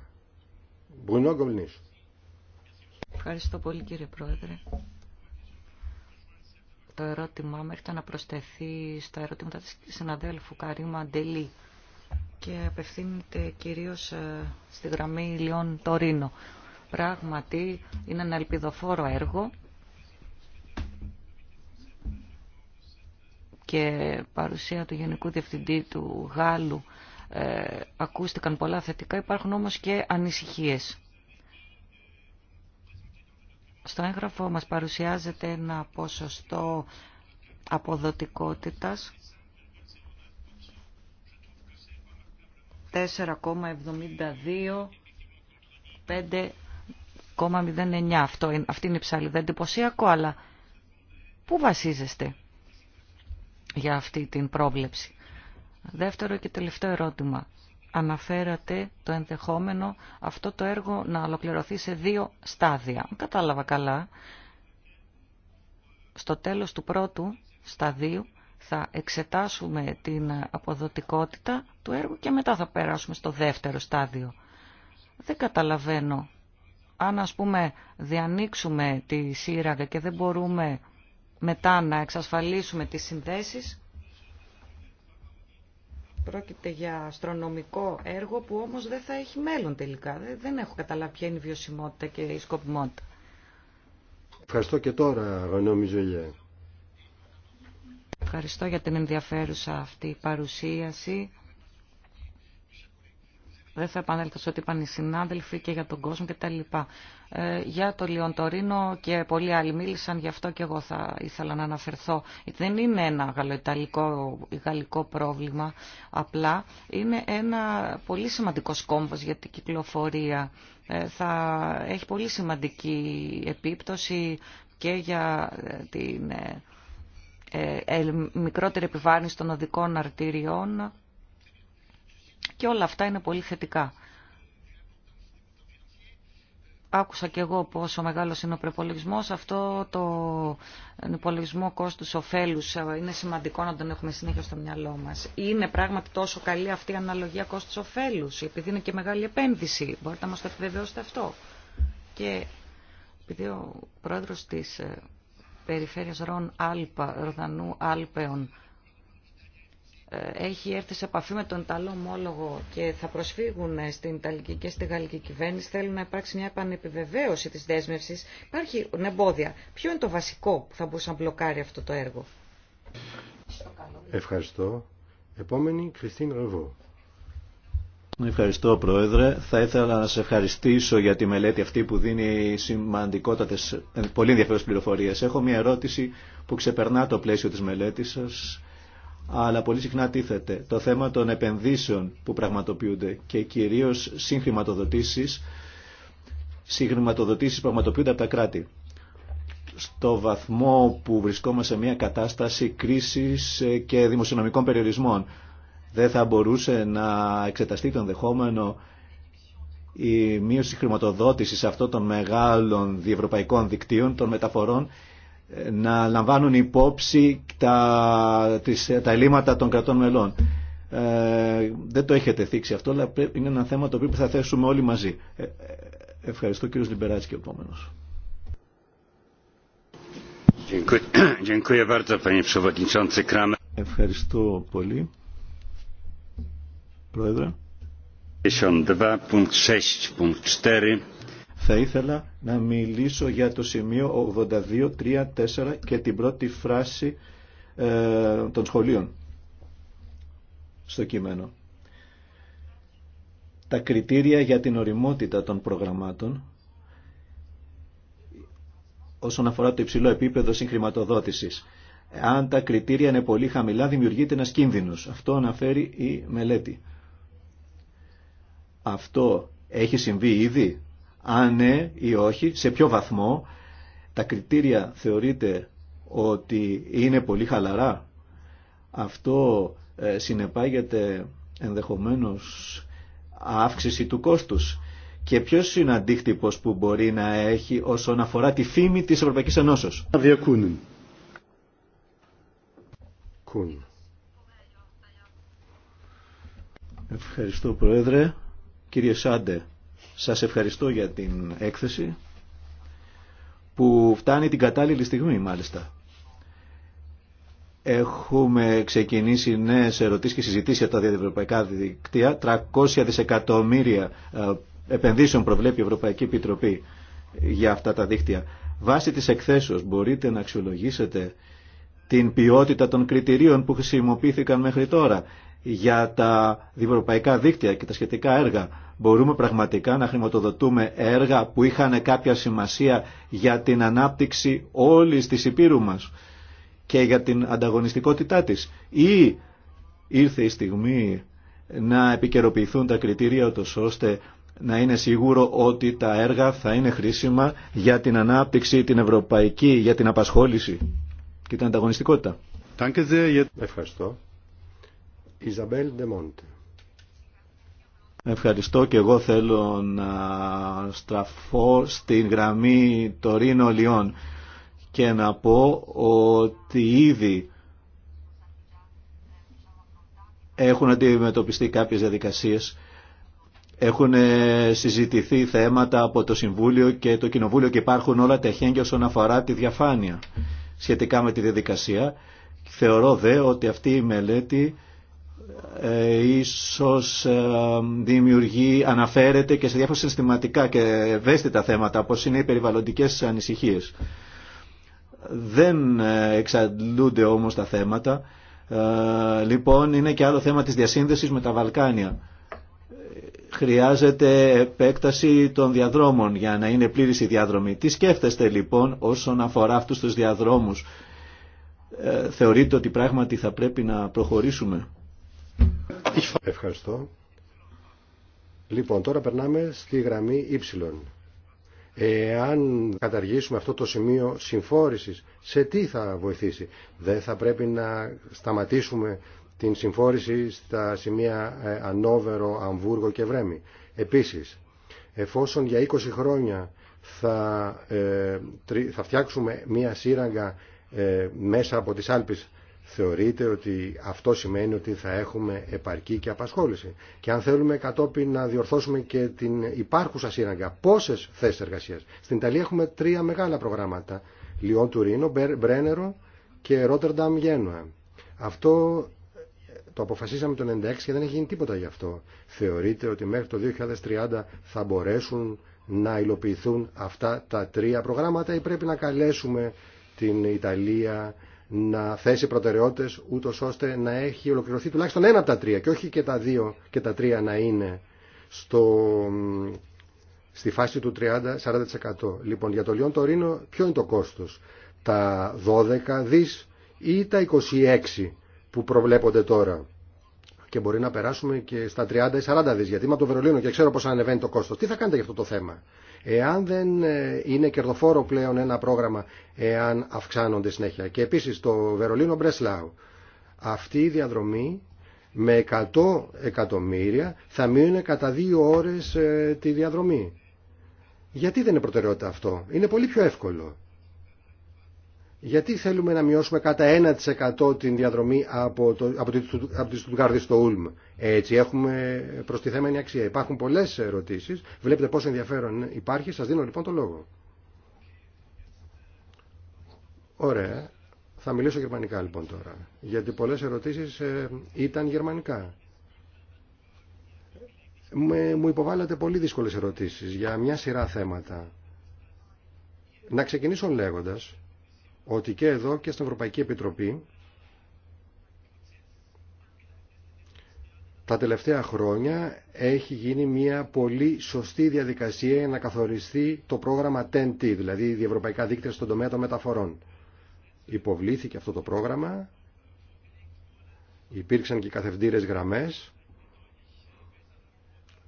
Μπρούνο Γκόλνης. Ευχαριστώ πολύ κύριε Πρόεδρε. Το ερώτημά μου έρχεται να προσθεθεί στα ερωτήματα της συναδέλφου Καρίμα Αντελή και απευθύνεται κυρίως ε, στη γραμμή Λιών Τωρίνο. Πράγματι είναι ένα ελπιδοφόρο έργο και παρουσία του Γενικού Διευθυντή του Γάλλου ε, ακούστηκαν πολλά θετικά, υπάρχουν όμως και ανησυχίες. Στο έγγραφο μας παρουσιάζεται ένα ποσοστό αποδοτικότητας 4,72, 5,09. Αυτό, αυτή είναι η ψαλίδα. Εντυπωσιακό, αλλά πού βασίζεστε για αυτή την πρόβλεψη. Δεύτερο και τελευταίο ερώτημα. Αναφέρατε το ενδεχόμενο αυτό το έργο να ολοκληρωθεί σε δύο στάδια. Κατάλαβα καλά. Στο τέλος του πρώτου σταδίου θα εξετάσουμε την αποδοτικότητα του έργου και μετά θα περάσουμε στο δεύτερο στάδιο. Δεν καταλαβαίνω. Αν ας πούμε διανοίξουμε τη σύραγγα και δεν μπορούμε μετά να εξασφαλίσουμε τις συνδέσεις, πρόκειται για αστρονομικό έργο που όμως δεν θα έχει μέλλον τελικά. Δεν έχω καταλάβει ποια είναι η βιωσιμότητα και η σκοπιμότητα. Ευχαριστώ και τώρα, Γονόμη Ευχαριστώ για την ενδιαφέρουσα αυτή παρουσίαση. Δεν θα επανέλθω σε ό,τι είπαν οι συνάδελφοι και για τον κόσμο κτλ. Ε, για το Λιοντορίνο και πολλοί άλλοι μίλησαν, γι' αυτό και εγώ θα ήθελα να αναφερθώ. Δεν είναι ένα γαλλοϊταλικό ή γαλλικό πρόβλημα, απλά είναι ένα πολύ σημαντικό σκόμβος για την κυκλοφορία. Ε, θα έχει πολύ σημαντική επίπτωση και για ε, την ε, ε, μικρότερη επιβάρυνση των οδικών αρτηριών και όλα αυτά είναι πολύ θετικά. Άκουσα και εγώ πόσο μεγάλος είναι ο προπολογισμό. Αυτό το υπολογισμό κόστους ωφέλους ε, είναι σημαντικό να τον έχουμε συνέχεια στο μυαλό μας. Είναι πράγματι τόσο καλή αυτή η αναλογία κόστους ωφέλους, επειδή είναι και μεγάλη επένδυση. Μπορείτε να μας το επιβεβαιώσετε αυτό. Και επειδή ο πρόεδρος της ε, περιφέρειας Ρον Άλπα, Ροδανού Άλπεων ε, έχει έρθει σε επαφή με τον Ιταλό ομόλογο και θα προσφύγουν στην Ιταλική και στη Γαλλική κυβέρνηση, θέλουν να υπάρξει μια επανεπιβεβαίωση της δέσμευσης. Υπάρχει εμπόδια. Ποιο είναι το βασικό που θα μπορούσε να μπλοκάρει αυτό το έργο. Ευχαριστώ. Επόμενη, Κριστίν Ρεβού. Ευχαριστώ Πρόεδρε. Θα ήθελα να σας ευχαριστήσω για τη μελέτη αυτή που δίνει σημαντικότατες, πολύ ενδιαφέρουσες πληροφορίες. Έχω μια ερώτηση που ξεπερνά το πλαίσιο της μελέτης σας, αλλά πολύ συχνά τίθεται. Το θέμα των επενδύσεων που πραγματοποιούνται και κυρίως συγχρηματοδοτήσεις, συγχρηματοδοτήσεις πραγματοποιούνται από τα κράτη. Στο βαθμό που βρισκόμαστε σε μια κατάσταση κρίσης και δημοσιονομικών περιορισμών δεν θα μπορούσε να εξεταστεί το ενδεχόμενο η μείωση χρηματοδότηση αυτών των μεγάλων διευρωπαϊκών δικτύων των μεταφορών να λαμβάνουν υπόψη τα, τις, τα ελλείμματα των κρατών μελών. Ε, δεν το έχετε θίξει αυτό, αλλά είναι ένα θέμα το οποίο θα θέσουμε όλοι μαζί. Ε, ε, ευχαριστώ κύριο Λιμπεράτης και ο επόμενος. Ευχαριστώ πολύ. Πρόεδρε. θα ήθελα να μιλήσω για το σημείο 82, 3, 4 και την πρώτη φράση ε, των σχολείων στο κείμενο. Τα κριτήρια για την οριμότητα των προγραμμάτων όσον αφορά το υψηλό επίπεδο συγχρηματοδότησης. Αν τα κριτήρια είναι πολύ χαμηλά, δημιουργείται ένας κίνδυνος. Αυτό αναφέρει η μελέτη. Αυτό έχει συμβεί ήδη, αν ναι ή όχι, σε ποιο βαθμό. Τα κριτήρια θεωρείται ότι είναι πολύ χαλαρά. Αυτό ε, συνεπάγεται ενδεχομένως αύξηση του κόστους. Και ποιος είναι ο αντίκτυπος που μπορεί να έχει όσον αφορά τη φήμη της Ευρωπαϊκής Ενώσεως. Ευχαριστώ Πρόεδρε. Κύριε Σάντε, σας ευχαριστώ για την έκθεση που φτάνει την κατάλληλη στιγμή μάλιστα. Έχουμε ξεκινήσει νέες ερωτήσεις και συζητήσεις για τα διευρωπαϊκά δικτύα. 300 δισεκατομμύρια ε, επενδύσεων προβλέπει η Ευρωπαϊκή Επιτροπή για αυτά τα δίκτυα. Βάσει της εκθέσεως μπορείτε να αξιολογήσετε την ποιότητα των κριτηρίων που χρησιμοποιήθηκαν μέχρι τώρα για τα διευρωπαϊκά δίκτυα και τα σχετικά έργα. Μπορούμε πραγματικά να χρηματοδοτούμε έργα που είχαν κάποια σημασία για την ανάπτυξη όλης της υπήρου μας και για την ανταγωνιστικότητά της. Ή ήρθε η στιγμή να επικαιροποιηθούν τα κριτήρια τους ώστε να είναι σίγουρο ότι τα έργα θα είναι χρήσιμα για την ανάπτυξη, την ευρωπαϊκή, για την απασχόληση και την ανταγωνιστικότητα. Ευχαριστώ. Ιζαμπέλ Ντεμόντε. Ευχαριστώ και εγώ θέλω να στραφώ στην γραμμή Τωρίνο Λιών και να πω ότι ήδη έχουν αντιμετωπιστεί κάποιες διαδικασίες έχουν ε, συζητηθεί θέματα από το Συμβούλιο και το Κοινοβούλιο και υπάρχουν όλα τα χέγγια όσον αφορά τη διαφάνεια σχετικά με τη διαδικασία. Θεωρώ δε ότι αυτή η μελέτη ε, ίσως ε, δημιουργεί, αναφέρεται και σε διάφορα συστηματικά και ευαίσθητα θέματα όπως είναι οι περιβαλλοντικές ανησυχίες. Δεν ε, εξαντλούνται όμως τα θέματα. Λοιπόν, είναι και άλλο θέμα της διασύνδεσης με τα Βαλκάνια. Χρειάζεται επέκταση των διαδρόμων για να είναι πλήρης η διαδρομή. Τι σκέφτεστε λοιπόν όσον αφορά αυτούς τους διαδρόμους. Θεωρείτε ότι πράγματι θα πρέπει να προχωρήσουμε. Ευχαριστώ. Λοιπόν, τώρα περνάμε στη γραμμή Y. Εάν καταργήσουμε αυτό το σημείο συμφόρησης, σε τι θα βοηθήσει. Δεν θα πρέπει να σταματήσουμε την συμφόρηση στα σημεία ε, Ανόβερο, Αμβούργο και Βρέμι. Επίσης, εφόσον για 20 χρόνια θα, ε, θα φτιάξουμε μία σύραγγα ε, μέσα από τις Άλπεις θεωρείτε ότι αυτό σημαίνει ότι θα έχουμε επαρκή και απασχόληση. Και αν θέλουμε κατόπιν να διορθώσουμε και την υπάρχουσα σύραγγα, πόσε θέσει εργασία. Στην Ιταλία έχουμε τρία μεγάλα προγράμματα. Λιόν Τουρίνο, Μπρένερο και Ρότερνταμ Γένουα. Αυτό το αποφασίσαμε το 1996 και δεν έχει γίνει τίποτα γι' αυτό. Θεωρείτε ότι μέχρι το 2030 θα μπορέσουν να υλοποιηθούν αυτά τα τρία προγράμματα ή πρέπει να καλέσουμε την Ιταλία να θέσει προτεραιότητε ούτω ώστε να έχει ολοκληρωθεί τουλάχιστον ένα από τα τρία και όχι και τα δύο και τα τρία να είναι στο, στη φάση του 30-40%. Λοιπόν, για το Λιόν Τωρίνο ποιο είναι το κόστο. Τα 12 δι ή τα 26 που προβλέπονται τώρα. Και μπορεί να περάσουμε και στα 30 40 δι, γιατί είμαι από το Βερολίνο και ξέρω πώ ανεβαίνει το κόστο. Τι θα κάνετε για αυτό το θέμα. Εάν δεν ε, είναι κερδοφόρο πλέον ένα πρόγραμμα, εάν αυξάνονται συνέχεια. Και επίσης το Βερολίνο Μπρεσλάου. Αυτή η διαδρομή με 100 εκατομμύρια θα μείνουν κατά δύο ώρες ε, τη διαδρομή. Γιατί δεν είναι προτεραιότητα αυτό. Είναι πολύ πιο εύκολο. Γιατί θέλουμε να μειώσουμε κατά 1% την διαδρομή από, το, από, τη, από τη Στουτγκάρδη στο Ούλμ. Έτσι έχουμε προστιθέμενη αξία. Υπάρχουν πολλές ερωτήσεις. Βλέπετε πόσο ενδιαφέρον υπάρχει. Σας δίνω λοιπόν το λόγο. Ωραία. Θα μιλήσω γερμανικά λοιπόν τώρα. Γιατί πολλές ερωτήσεις ε, ήταν γερμανικά. Με, μου υποβάλλατε πολύ δύσκολες ερωτήσεις για μια σειρά θέματα. Να ξεκινήσω λέγοντας ότι και εδώ και στην Ευρωπαϊκή Επιτροπή τα τελευταία χρόνια έχει γίνει μια πολύ σωστή διαδικασία για να καθοριστεί το πρόγραμμα TEN-T, δηλαδή η Ευρωπαϊκά Δίκτυα στον τομέα των μεταφορών. Υποβλήθηκε αυτό το πρόγραμμα, υπήρξαν και καθευντήρες γραμμές,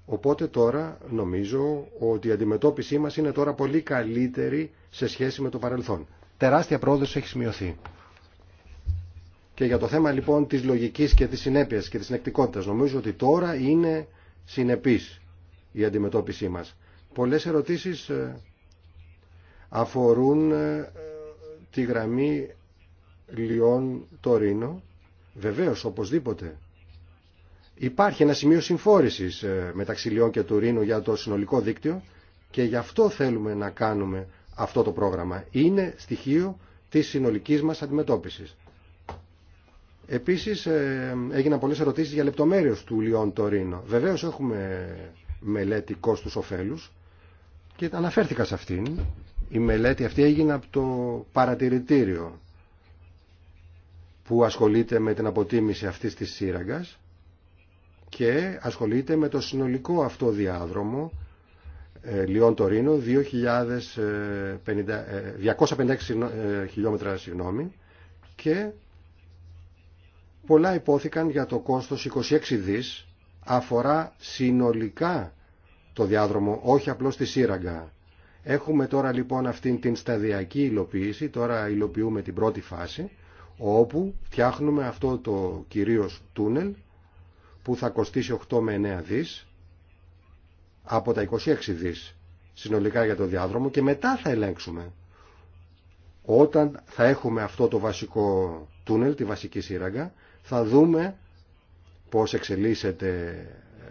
οπότε τώρα νομίζω ότι η αντιμετώπιση μας είναι τώρα πολύ καλύτερη σε σχέση με το παρελθόν τεράστια πρόοδος έχει σημειωθεί. Και για το θέμα λοιπόν της λογικής και της συνέπειας και της συνεκτικότητας νομίζω ότι τώρα είναι συνεπής η αντιμετώπιση μας. Πολλές ερωτήσεις ε, αφορούν ε, τη γραμμή Λιόν-Τωρίνο. Βεβαίως, οπωσδήποτε. Υπάρχει ένα σημείο συμφόρησης ε, μεταξύ Λιόν και Τουρίνου για το συνολικό δίκτυο και γι' αυτό θέλουμε να κάνουμε αυτό το πρόγραμμα. Είναι στοιχείο της συνολικής μας αντιμετώπισης. Επίσης ε, έγιναν πολλές ερωτήσεις για λεπτομέρειες του Λιόν Τωρίνο. Βεβαίως έχουμε μελέτη κόστους κόστους-οφέλους και αναφέρθηκα σε αυτήν. Η μελέτη αυτή έγινε από το παρατηρητήριο που ασχολείται με την αποτίμηση αυτής της σύραγγας και ασχολείται με το συνολικό αυτό διάδρομο Λιόν Τωρίνο, 256 ε, ε, χιλιόμετρα συγγνώμη, και πολλά υπόθηκαν για το κόστος 26 δις αφορά συνολικά το διάδρομο, όχι απλώς τη σύραγγα. Έχουμε τώρα λοιπόν αυτήν την σταδιακή υλοποίηση, τώρα υλοποιούμε την πρώτη φάση, όπου φτιάχνουμε αυτό το κυρίως τούνελ που θα κοστίσει 8 με 9 δις από τα 26 δις συνολικά για το διάδρομο και μετά θα ελέγξουμε όταν θα έχουμε αυτό το βασικό τούνελ, τη βασική σύραγγα, θα δούμε πώς εξελίσσεται ε,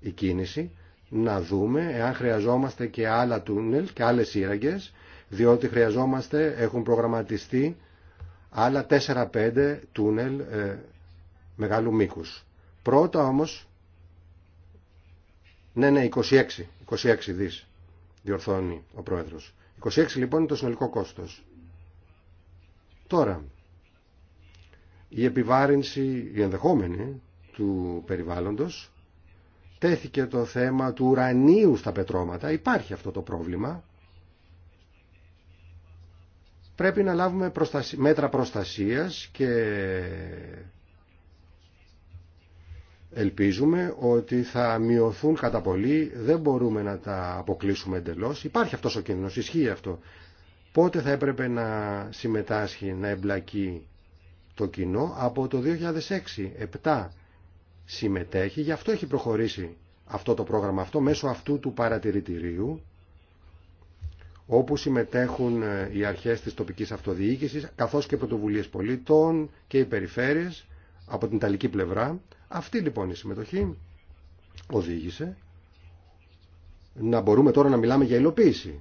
η κίνηση, να δούμε εάν χρειαζόμαστε και άλλα τούνελ και άλλες σύραγγες, διότι χρειαζόμαστε, έχουν προγραμματιστεί άλλα 4-5 τούνελ ε, μεγάλου μήκους. Πρώτα όμως ναι, ναι, 26, 26 δις διορθώνει ο πρόεδρος. 26 λοιπόν είναι το συνολικό κόστος. Τώρα, η επιβάρυνση, η ενδεχόμενη του περιβάλλοντος, τέθηκε το θέμα του ουρανίου στα πετρώματα. Υπάρχει αυτό το πρόβλημα. Πρέπει να λάβουμε μέτρα προστασίας και Ελπίζουμε ότι θα μειωθούν κατά πολύ, δεν μπορούμε να τα αποκλείσουμε εντελώς. Υπάρχει αυτός ο κίνδυνος, ισχύει αυτό. Πότε θα έπρεπε να συμμετάσχει, να εμπλακεί το κοινό από το 2006-2007 συμμετέχει, γι' αυτό έχει προχωρήσει αυτό το πρόγραμμα αυτό μέσω αυτού του παρατηρητηρίου όπου συμμετέχουν ε, οι αρχές της τοπικής αυτοδιοίκησης καθώς και πρωτοβουλίες πολιτών και οι περιφέρειες από την Ιταλική πλευρά αυτή λοιπόν η συμμετοχή οδήγησε να μπορούμε τώρα να μιλάμε για υλοποίηση.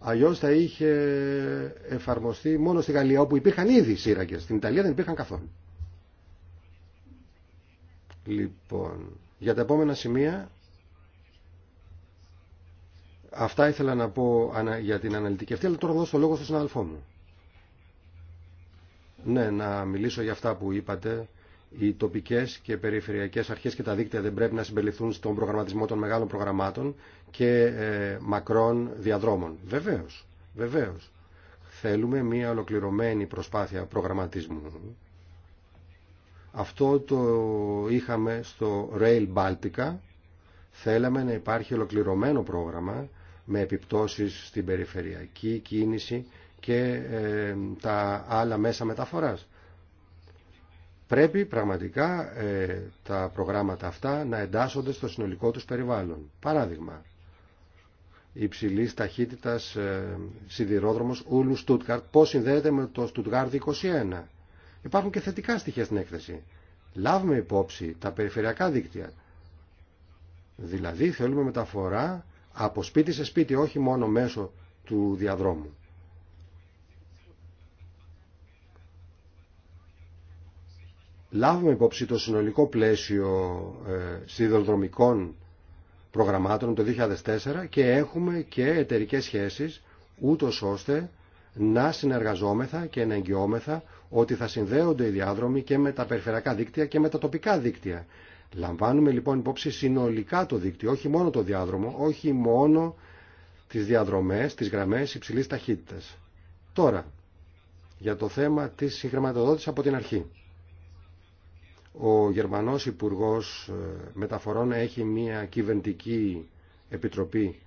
Αλλιώ θα είχε εφαρμοστεί μόνο στη Γαλλία όπου υπήρχαν ήδη σύραγγε. Στην Ιταλία δεν υπήρχαν καθόλου. Λοιπόν, για τα επόμενα σημεία. Αυτά ήθελα να πω για την αναλυτική αυτή, αλλά τώρα δώσω το λόγο στον συναδελφό μου. Ναι, να μιλήσω για αυτά που είπατε οι τοπικές και περιφερειακές αρχές και τα δίκτυα δεν πρέπει να συμπεριληφθούν στον προγραμματισμό των μεγάλων προγραμμάτων και ε, μακρών διαδρόμων. Βεβαίως, βεβαίως. Θέλουμε μια ολοκληρωμένη προσπάθεια προγραμματισμού. Αυτό το είχαμε στο Rail Baltica. Θέλαμε να υπάρχει ολοκληρωμένο πρόγραμμα με επιπτώσεις στην περιφερειακή κίνηση και ε, τα άλλα μέσα μεταφοράς. Πρέπει πραγματικά ε, τα προγράμματα αυτά να εντάσσονται στο συνολικό τους περιβάλλον. Παράδειγμα, υψηλής ταχύτητας ε, σιδηρόδρομος Ούλου Στούτκαρτ, πώς συνδέεται με το Στούτκαρτ 21. Υπάρχουν και θετικά στοιχεία στην έκθεση. Λάβουμε υπόψη τα περιφερειακά δίκτυα. Δηλαδή θέλουμε μεταφορά από σπίτι σε σπίτι, όχι μόνο μέσω του διαδρόμου. λάβουμε υπόψη το συνολικό πλαίσιο ε, σιδηροδρομικών προγραμμάτων το 2004 και έχουμε και εταιρικέ σχέσεις ούτω ώστε να συνεργαζόμεθα και να εγγυόμεθα ότι θα συνδέονται οι διάδρομοι και με τα περιφερειακά δίκτυα και με τα τοπικά δίκτυα. Λαμβάνουμε λοιπόν υπόψη συνολικά το δίκτυο, όχι μόνο το διάδρομο, όχι μόνο τις διαδρομές, τις γραμμές υψηλής ταχύτητας. Τώρα, για το θέμα της συγχρηματοδότησης από την αρχή. Ο Γερμανός Υπουργός ε, Μεταφορών έχει μια κυβερνητική επιτροπή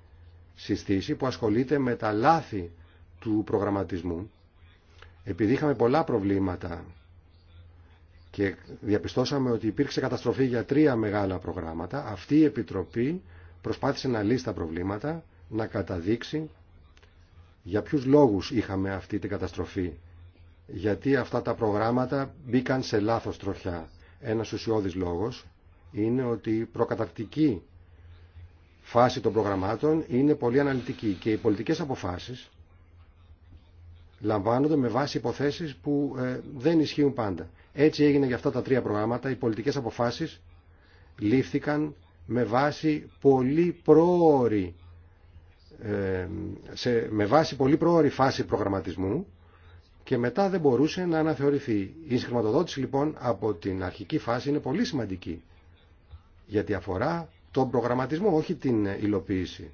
συστήση που ασχολείται με τα λάθη του προγραμματισμού. Επειδή είχαμε πολλά προβλήματα και διαπιστώσαμε ότι υπήρξε καταστροφή για τρία μεγάλα προγράμματα, αυτή η επιτροπή προσπάθησε να λύσει τα προβλήματα, να καταδείξει για ποιους λόγους είχαμε αυτή την καταστροφή. Γιατί αυτά τα προγράμματα μπήκαν σε λάθος τροχιά. Ένα ουσιώδης λόγος είναι ότι η προκαταρκτική φάση των προγραμμάτων είναι πολύ αναλυτική και οι πολιτικές αποφάσεις λαμβάνονται με βάση υποθέσεις που ε, δεν ισχύουν πάντα. Έτσι έγινε για αυτά τα τρία προγράμματα. Οι πολιτικές αποφάσεις λήφθηκαν με βάση πολύ πρόορη, ε, σε, με βάση πολύ πρόορη φάση προγραμματισμού και μετά δεν μπορούσε να αναθεωρηθεί. Η συγχρηματοδότηση λοιπόν από την αρχική φάση είναι πολύ σημαντική γιατί αφορά τον προγραμματισμό, όχι την υλοποίηση.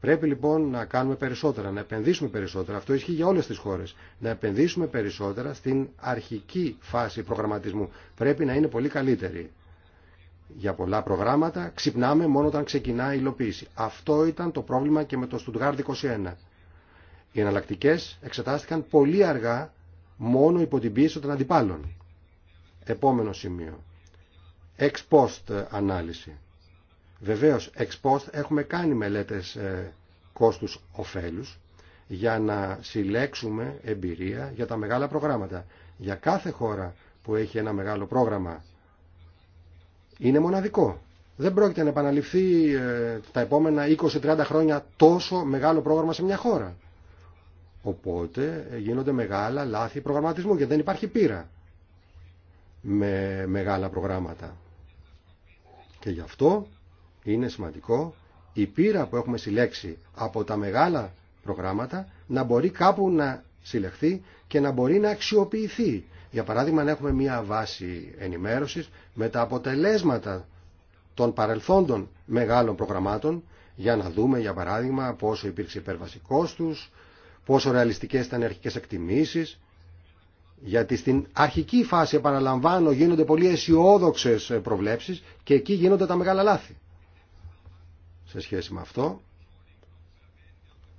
Πρέπει λοιπόν να κάνουμε περισσότερα, να επενδύσουμε περισσότερα. Αυτό ισχύει για όλε τι χώρε. Να επενδύσουμε περισσότερα στην αρχική φάση προγραμματισμού. Πρέπει να είναι πολύ καλύτερη. Για πολλά προγράμματα ξυπνάμε μόνο όταν ξεκινά η υλοποίηση. Αυτό ήταν το πρόβλημα και με το Στουτγάρδη 21. Οι εναλλακτικέ εξετάστηκαν πολύ αργά μόνο υπό την πίεση των αντιπάλων. Επόμενο σημείο. Ex post ανάλυση. Βεβαίως, ex post έχουμε κάνει μελέτες ε, κόστους οφέλους για να συλλέξουμε εμπειρία για τα μεγάλα προγράμματα. Για κάθε χώρα που έχει ένα μεγάλο πρόγραμμα είναι μοναδικό. Δεν πρόκειται να επαναληφθεί ε, τα επόμενα 20-30 χρόνια τόσο μεγάλο πρόγραμμα σε μια χώρα. Οπότε γίνονται μεγάλα λάθη προγραμματισμού γιατί δεν υπάρχει πείρα με μεγάλα προγράμματα. Και γι' αυτό είναι σημαντικό η πείρα που έχουμε συλλέξει από τα μεγάλα προγράμματα να μπορεί κάπου να συλλεχθεί και να μπορεί να αξιοποιηθεί. Για παράδειγμα να έχουμε μια βάση ενημέρωσης με τα αποτελέσματα των παρελθόντων μεγάλων προγραμμάτων για να δούμε για παράδειγμα πόσο υπήρξε υπέρβαση κόστους, πόσο ρεαλιστικές ήταν οι αρχικές εκτιμήσεις, γιατί στην αρχική φάση, επαναλαμβάνω, γίνονται πολύ αισιόδοξε προβλέψεις και εκεί γίνονται τα μεγάλα λάθη. Σε σχέση με αυτό,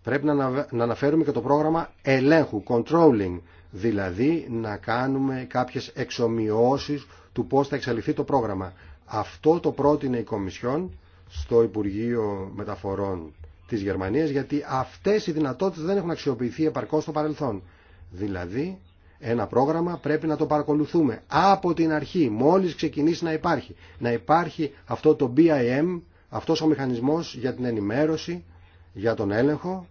πρέπει να αναφέρουμε και το πρόγραμμα ελέγχου, controlling, δηλαδή να κάνουμε κάποιες εξομοιώσεις του πώς θα εξαλειφθεί το πρόγραμμα. Αυτό το πρότεινε η Κομισιόν στο Υπουργείο Μεταφορών της Γερμανίας γιατί αυτές οι δυνατότητες δεν έχουν αξιοποιηθεί επαρκώς στο παρελθόν. Δηλαδή ένα πρόγραμμα πρέπει να το παρακολουθούμε από την αρχή, μόλις ξεκινήσει να υπάρχει. Να υπάρχει αυτό το BIM, αυτός ο μηχανισμός για την ενημέρωση, για τον έλεγχο,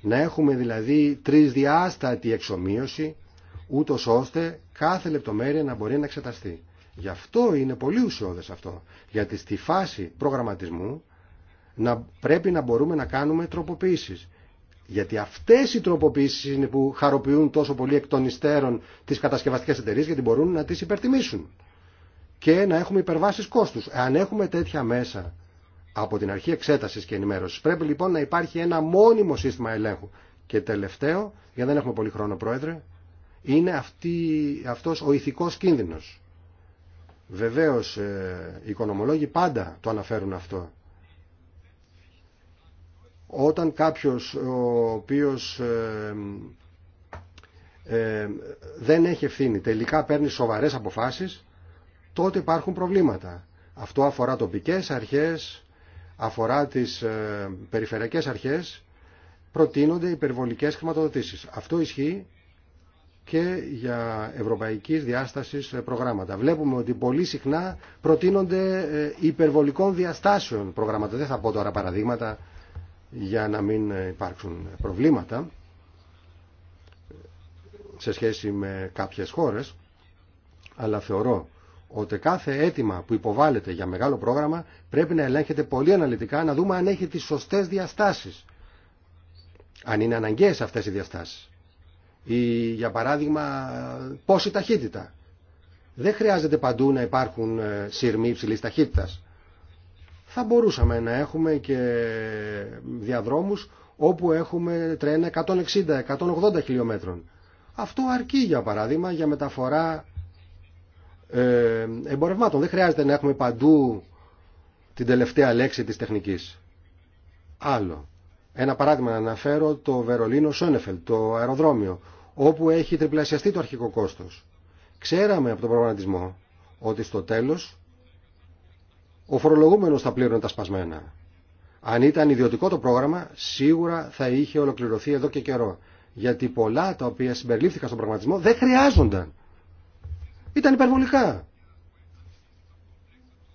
να έχουμε δηλαδή τρισδιάστατη εξομοίωση, ούτω ώστε κάθε λεπτομέρεια να μπορεί να εξεταστεί. Γι' αυτό είναι πολύ ουσιώδες αυτό, γιατί στη φάση προγραμματισμού να, πρέπει να μπορούμε να κάνουμε τροποποιήσεις. Γιατί αυτές οι τροποποιήσεις είναι που χαροποιούν τόσο πολύ εκ των υστέρων τις κατασκευαστικές εταιρείες γιατί μπορούν να τις υπερτιμήσουν και να έχουμε υπερβάσεις κόστους. Αν έχουμε τέτοια μέσα από την αρχή εξέτασης και ενημέρωσης πρέπει λοιπόν να υπάρχει ένα μόνιμο σύστημα ελέγχου. Και τελευταίο, για δεν έχουμε πολύ χρόνο πρόεδρε, είναι αυτή, αυτός ο ηθικός κίνδυνος. Βεβαίως ε, οι οικονομολόγοι πάντα το αναφέρουν αυτό. Όταν κάποιος ο οποίος ε, ε, δεν έχει ευθύνη, τελικά παίρνει σοβαρές αποφάσεις, τότε υπάρχουν προβλήματα. Αυτό αφορά τοπικές αρχές, αφορά τις ε, περιφερειακές αρχές, προτείνονται υπερβολικές χρηματοδοτήσεις. Αυτό ισχύει και για ευρωπαϊκής διάστασης ε, προγράμματα. Βλέπουμε ότι πολύ συχνά προτείνονται υπερβολικών διαστάσεων προγράμματα. Δεν θα πω τώρα παραδείγματα για να μην υπάρξουν προβλήματα σε σχέση με κάποιες χώρες αλλά θεωρώ ότι κάθε αίτημα που υποβάλλεται για μεγάλο πρόγραμμα πρέπει να ελέγχεται πολύ αναλυτικά να δούμε αν έχει τις σωστές διαστάσεις αν είναι αναγκαίες αυτές οι διαστάσεις ή για παράδειγμα πόση ταχύτητα δεν χρειάζεται παντού να υπάρχουν ε, σειρμοί υψηλής ταχύτητα θα μπορούσαμε να έχουμε και διαδρόμους όπου έχουμε τρένα 160-180 χιλιόμετρων. Αυτό αρκεί για παράδειγμα για μεταφορά ε, εμπορευμάτων. Δεν χρειάζεται να έχουμε παντού την τελευταία λέξη της τεχνικής. Άλλο. Ένα παράδειγμα να αναφέρω το Βερολίνο Σόνεφελ, το αεροδρόμιο, όπου έχει τριπλασιαστεί το αρχικό κόστος. Ξέραμε από τον προγραμματισμό ότι στο τέλος ο φορολογούμενος θα πλήρωνε τα σπασμένα. Αν ήταν ιδιωτικό το πρόγραμμα, σίγουρα θα είχε ολοκληρωθεί εδώ και καιρό. Γιατί πολλά τα οποία συμπεριλήφθηκαν στον πραγματισμό δεν χρειάζονταν. Ήταν υπερβολικά.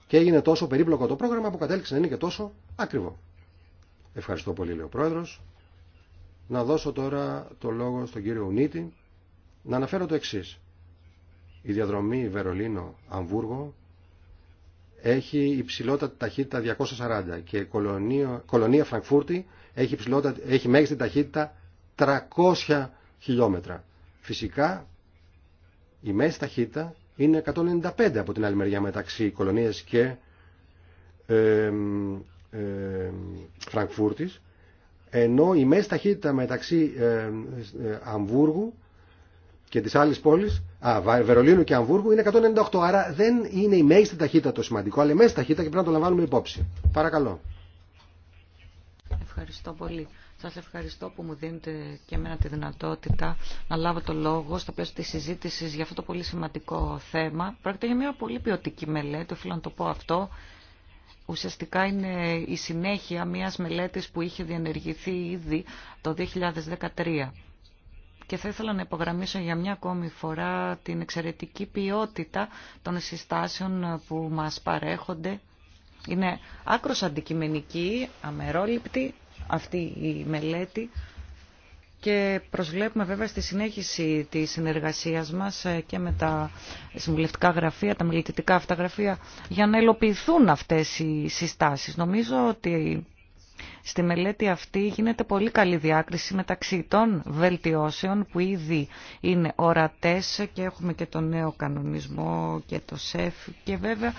Και έγινε τόσο περίπλοκο το πρόγραμμα που κατέληξε να είναι και τόσο ακριβό. Ευχαριστώ πολύ, λέει ο Πρόεδρος. Να δώσω τώρα το λόγο στον κύριο Ουνίτη να αναφέρω το εξής. Η διαδρομή Βερολίνο-Αμβούργο έχει υψηλότατη ταχύτητα 240 και η κολονία, κολονία Φραγκφούρτη έχει, έχει μέγιστη ταχύτητα 300 χιλιόμετρα. Φυσικά η μέση ταχύτητα είναι 195 από την άλλη μεριά μεταξύ κολονίας και ε, ε, Φραγκφούρτης ενώ η μέση ταχύτητα μεταξύ ε, Αμβούργου και τη άλλη πόλη, Βερολίνου και Αμβούργου, είναι 198. Άρα δεν είναι η μέγιστη ταχύτητα το σημαντικό, αλλά η μέγιστη ταχύτητα και πρέπει να το λαμβάνουμε υπόψη. Παρακαλώ. Ευχαριστώ πολύ. Σα ευχαριστώ που μου δίνετε και εμένα τη δυνατότητα να λάβω το λόγο στο πλαίσιο τη συζήτηση για αυτό το πολύ σημαντικό θέμα. Πρόκειται για μια πολύ ποιοτική μελέτη, οφείλω να το πω αυτό. Ουσιαστικά είναι η συνέχεια μιας μελέτης που είχε διενεργηθεί ήδη το 2013 και θα ήθελα να υπογραμμίσω για μια ακόμη φορά την εξαιρετική ποιότητα των συστάσεων που μας παρέχονται. Είναι άκρος αντικειμενική, αμερόληπτη αυτή η μελέτη και προσβλέπουμε βέβαια στη συνέχιση της συνεργασίας μας και με τα συμβουλευτικά γραφεία, τα μελετητικά αυτά γραφεία για να υλοποιηθούν αυτές οι συστάσεις. Νομίζω ότι Στη μελέτη αυτή γίνεται πολύ καλή διάκριση μεταξύ των βελτιώσεων που ήδη είναι ορατές και έχουμε και τον νέο κανονισμό και το ΣΕΦ και βέβαια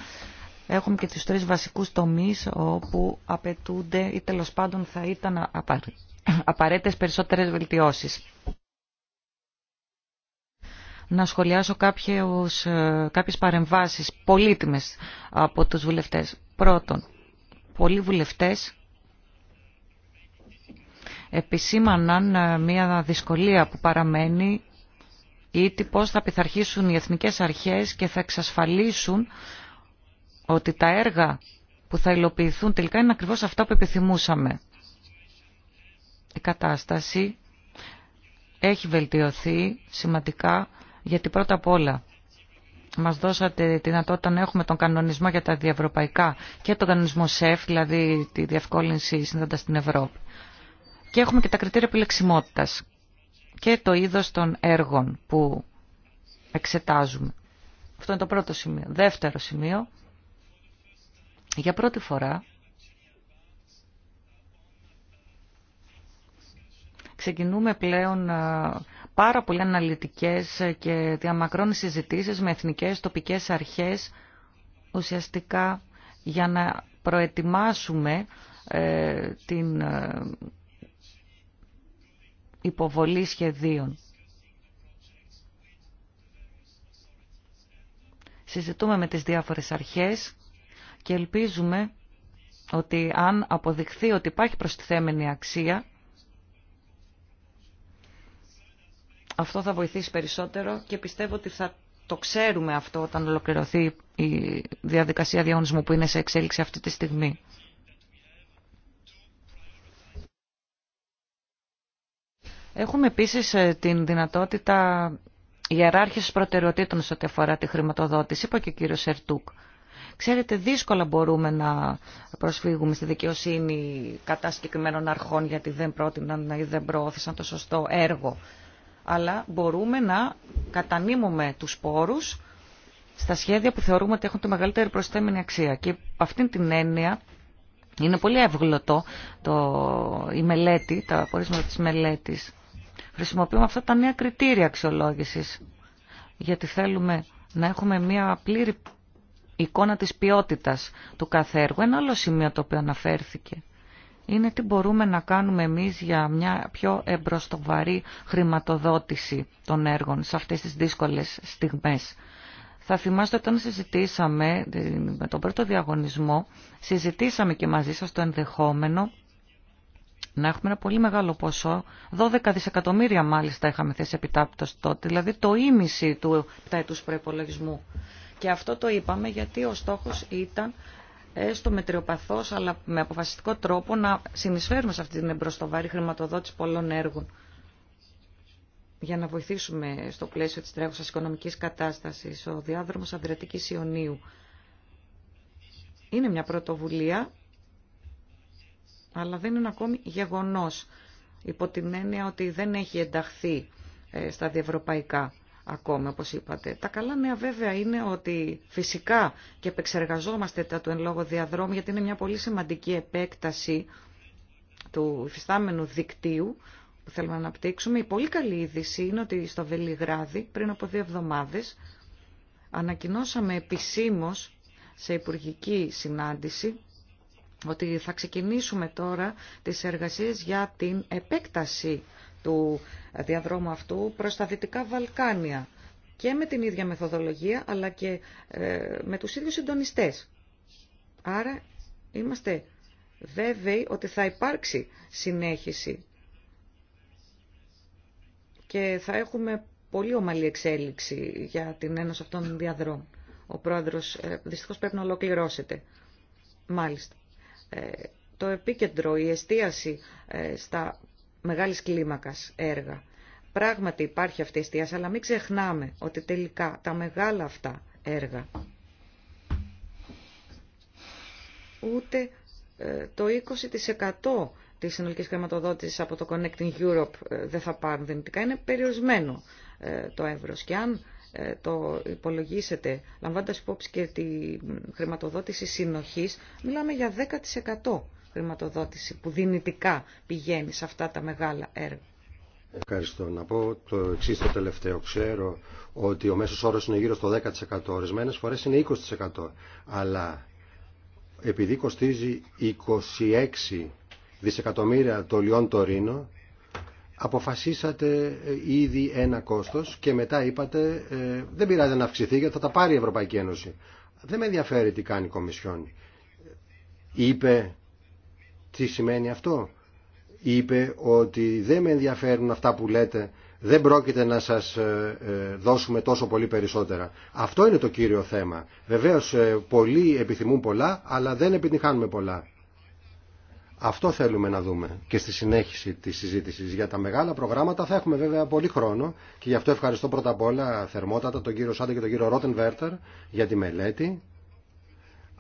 έχουμε και τους τρεις βασικούς τομείς όπου απαιτούνται ή τέλος πάντων θα ήταν απαραίτητες περισσότερες βελτιώσεις. Να σχολιάσω κάποιες ε, κάποιες παρεμβάσεις πολύτιμες από τους βουλευτές. Πρώτον, πολλοί βουλευτές επισήμαναν ε, μια δυσκολία που παραμένει ή πώς θα πειθαρχήσουν οι εθνικές αρχές και θα εξασφαλίσουν ότι τα έργα που θα υλοποιηθούν τελικά είναι ακριβώς αυτά που επιθυμούσαμε. Η κατάσταση έχει βελτιωθεί σημαντικά γιατί πρώτα απ' όλα μας δώσατε τη δυνατότητα να έχουμε τον κανονισμό για τα διευρωπαϊκά και τον κανονισμό ΣΕΦ, δηλαδή τη διευκόλυνση συνδέοντας στην Ευρώπη. Και έχουμε και τα κριτήρια επιλεξιμότητας και το είδος των έργων που εξετάζουμε. Αυτό είναι το πρώτο σημείο. Δεύτερο σημείο, για πρώτη φορά ξεκινούμε πλέον πάρα πολύ αναλυτικές και διαμακρών συζητήσεις με εθνικές τοπικές αρχές ουσιαστικά για να προετοιμάσουμε ε, την ε, υποβολή σχεδίων. Συζητούμε με τις διάφορες αρχές και ελπίζουμε ότι αν αποδειχθεί ότι υπάρχει προστιθέμενη αξία, αυτό θα βοηθήσει περισσότερο και πιστεύω ότι θα το ξέρουμε αυτό όταν ολοκληρωθεί η διαδικασία διαγωνισμού που είναι σε εξέλιξη αυτή τη στιγμή. Έχουμε επίσης ε, την δυνατότητα ιεράρχησης προτεραιοτήτων σε ό,τι αφορά τη χρηματοδότηση, είπα και ο κύριος Σερτούκ. Ξέρετε, δύσκολα μπορούμε να προσφύγουμε στη δικαιοσύνη κατά συγκεκριμένων αρχών γιατί δεν πρότειναν ή δεν προώθησαν το σωστό έργο. Αλλά μπορούμε να κατανείμουμε τους πόρους στα σχέδια που θεωρούμε ότι έχουν τη μεγαλύτερη προσθέμενη αξία. Και αυτήν την έννοια είναι πολύ εύγλωτο το, η μελέτη, τα απορίσματα της μελέτης χρησιμοποιούμε αυτά τα νέα κριτήρια αξιολόγησης. Γιατί θέλουμε να έχουμε μια πλήρη εικόνα της ποιότητας του κάθε έργου. Ένα άλλο σημείο το οποίο αναφέρθηκε είναι τι μπορούμε να κάνουμε εμείς για μια πιο εμπροστοβαρή χρηματοδότηση των έργων σε αυτές τις δύσκολες στιγμές. Θα θυμάστε όταν συζητήσαμε με τον πρώτο διαγωνισμό, συζητήσαμε και μαζί σας το ενδεχόμενο να έχουμε ένα πολύ μεγάλο ποσό, 12 δισεκατομμύρια μάλιστα είχαμε θέσει επιτάπητος τότε, δηλαδή το ίμιση του επιτάητους προπολογισμού. Και αυτό το είπαμε γιατί ο στόχος ήταν έστω ε, με αλλά με αποφασιστικό τρόπο να συνεισφέρουμε σε αυτή την εμπροστοβάρη χρηματοδότηση πολλών έργων για να βοηθήσουμε στο πλαίσιο της τρέχουσας οικονομικής κατάστασης ο διάδρομος Ανδρετικής Ιωνίου. Είναι μια πρωτοβουλία αλλά δεν είναι ακόμη γεγονός υπό την έννοια ότι δεν έχει ενταχθεί ε, στα διευρωπαϊκά ακόμη, όπως είπατε. Τα καλά νέα βέβαια είναι ότι φυσικά και επεξεργαζόμαστε τα του εν λόγω διαδρόμου, γιατί είναι μια πολύ σημαντική επέκταση του υφιστάμενου δικτύου που θέλουμε να αναπτύξουμε. Η πολύ καλή είδηση είναι ότι στο Βελιγράδι πριν από δύο εβδομάδες ανακοινώσαμε επισήμως σε υπουργική συνάντηση ότι θα ξεκινήσουμε τώρα τις εργασίες για την επέκταση του διαδρόμου αυτού προς τα Δυτικά Βαλκάνια και με την ίδια μεθοδολογία αλλά και ε, με τους ίδιους συντονιστές. Άρα είμαστε βέβαιοι ότι θα υπάρξει συνέχιση και θα έχουμε πολύ ομαλή εξέλιξη για την ένωση αυτών των διαδρόμων. Ο πρόεδρος ε, δυστυχώς πρέπει να ολοκληρώσετε. Μάλιστα. Ε, το επίκεντρο, η εστίαση ε, στα μεγάλης κλίμακας έργα. Πράγματι υπάρχει αυτή η εστίαση, αλλά μην ξεχνάμε ότι τελικά τα μεγάλα αυτά έργα ούτε ε, το 20% της συνολική χρηματοδότηση από το Connecting Europe δεν θα πάρουν δυνητικά. Είναι περιορισμένο το εύρο. Ε, το υπολογίσετε, λαμβάνοντας υπόψη και τη χρηματοδότηση συνοχής, μιλάμε για 10% χρηματοδότηση που δυνητικά πηγαίνει σε αυτά τα μεγάλα έργα. Ευχαριστώ. Να πω το εξή το τελευταίο. Ξέρω ότι ο μέσος όρος είναι γύρω στο 10%. Ορισμένε φορές είναι 20%. Αλλά επειδή κοστίζει 26 δισεκατομμύρια το Λιόν Τωρίνο, αποφασίσατε ε, ήδη ένα κόστος και μετά είπατε ε, δεν πειράζει να αυξηθεί γιατί θα τα πάρει η Ευρωπαϊκή Ένωση. Δεν με ενδιαφέρει τι κάνει η Κομισιόν. Είπε τι σημαίνει αυτό. Είπε ότι δεν με ενδιαφέρουν αυτά που λέτε. Δεν πρόκειται να σας ε, δώσουμε τόσο πολύ περισσότερα. Αυτό είναι το κύριο θέμα. Βεβαίως πολλοί επιθυμούν πολλά αλλά δεν επιτυχάνουμε πολλά. Αυτό θέλουμε να δούμε και στη συνέχιση τη συζήτηση. Για τα μεγάλα προγράμματα θα έχουμε βέβαια πολύ χρόνο και γι' αυτό ευχαριστώ πρώτα απ' όλα θερμότατα τον κύριο Σάντα και τον κύριο Ρότενβέρτερ για τη μελέτη.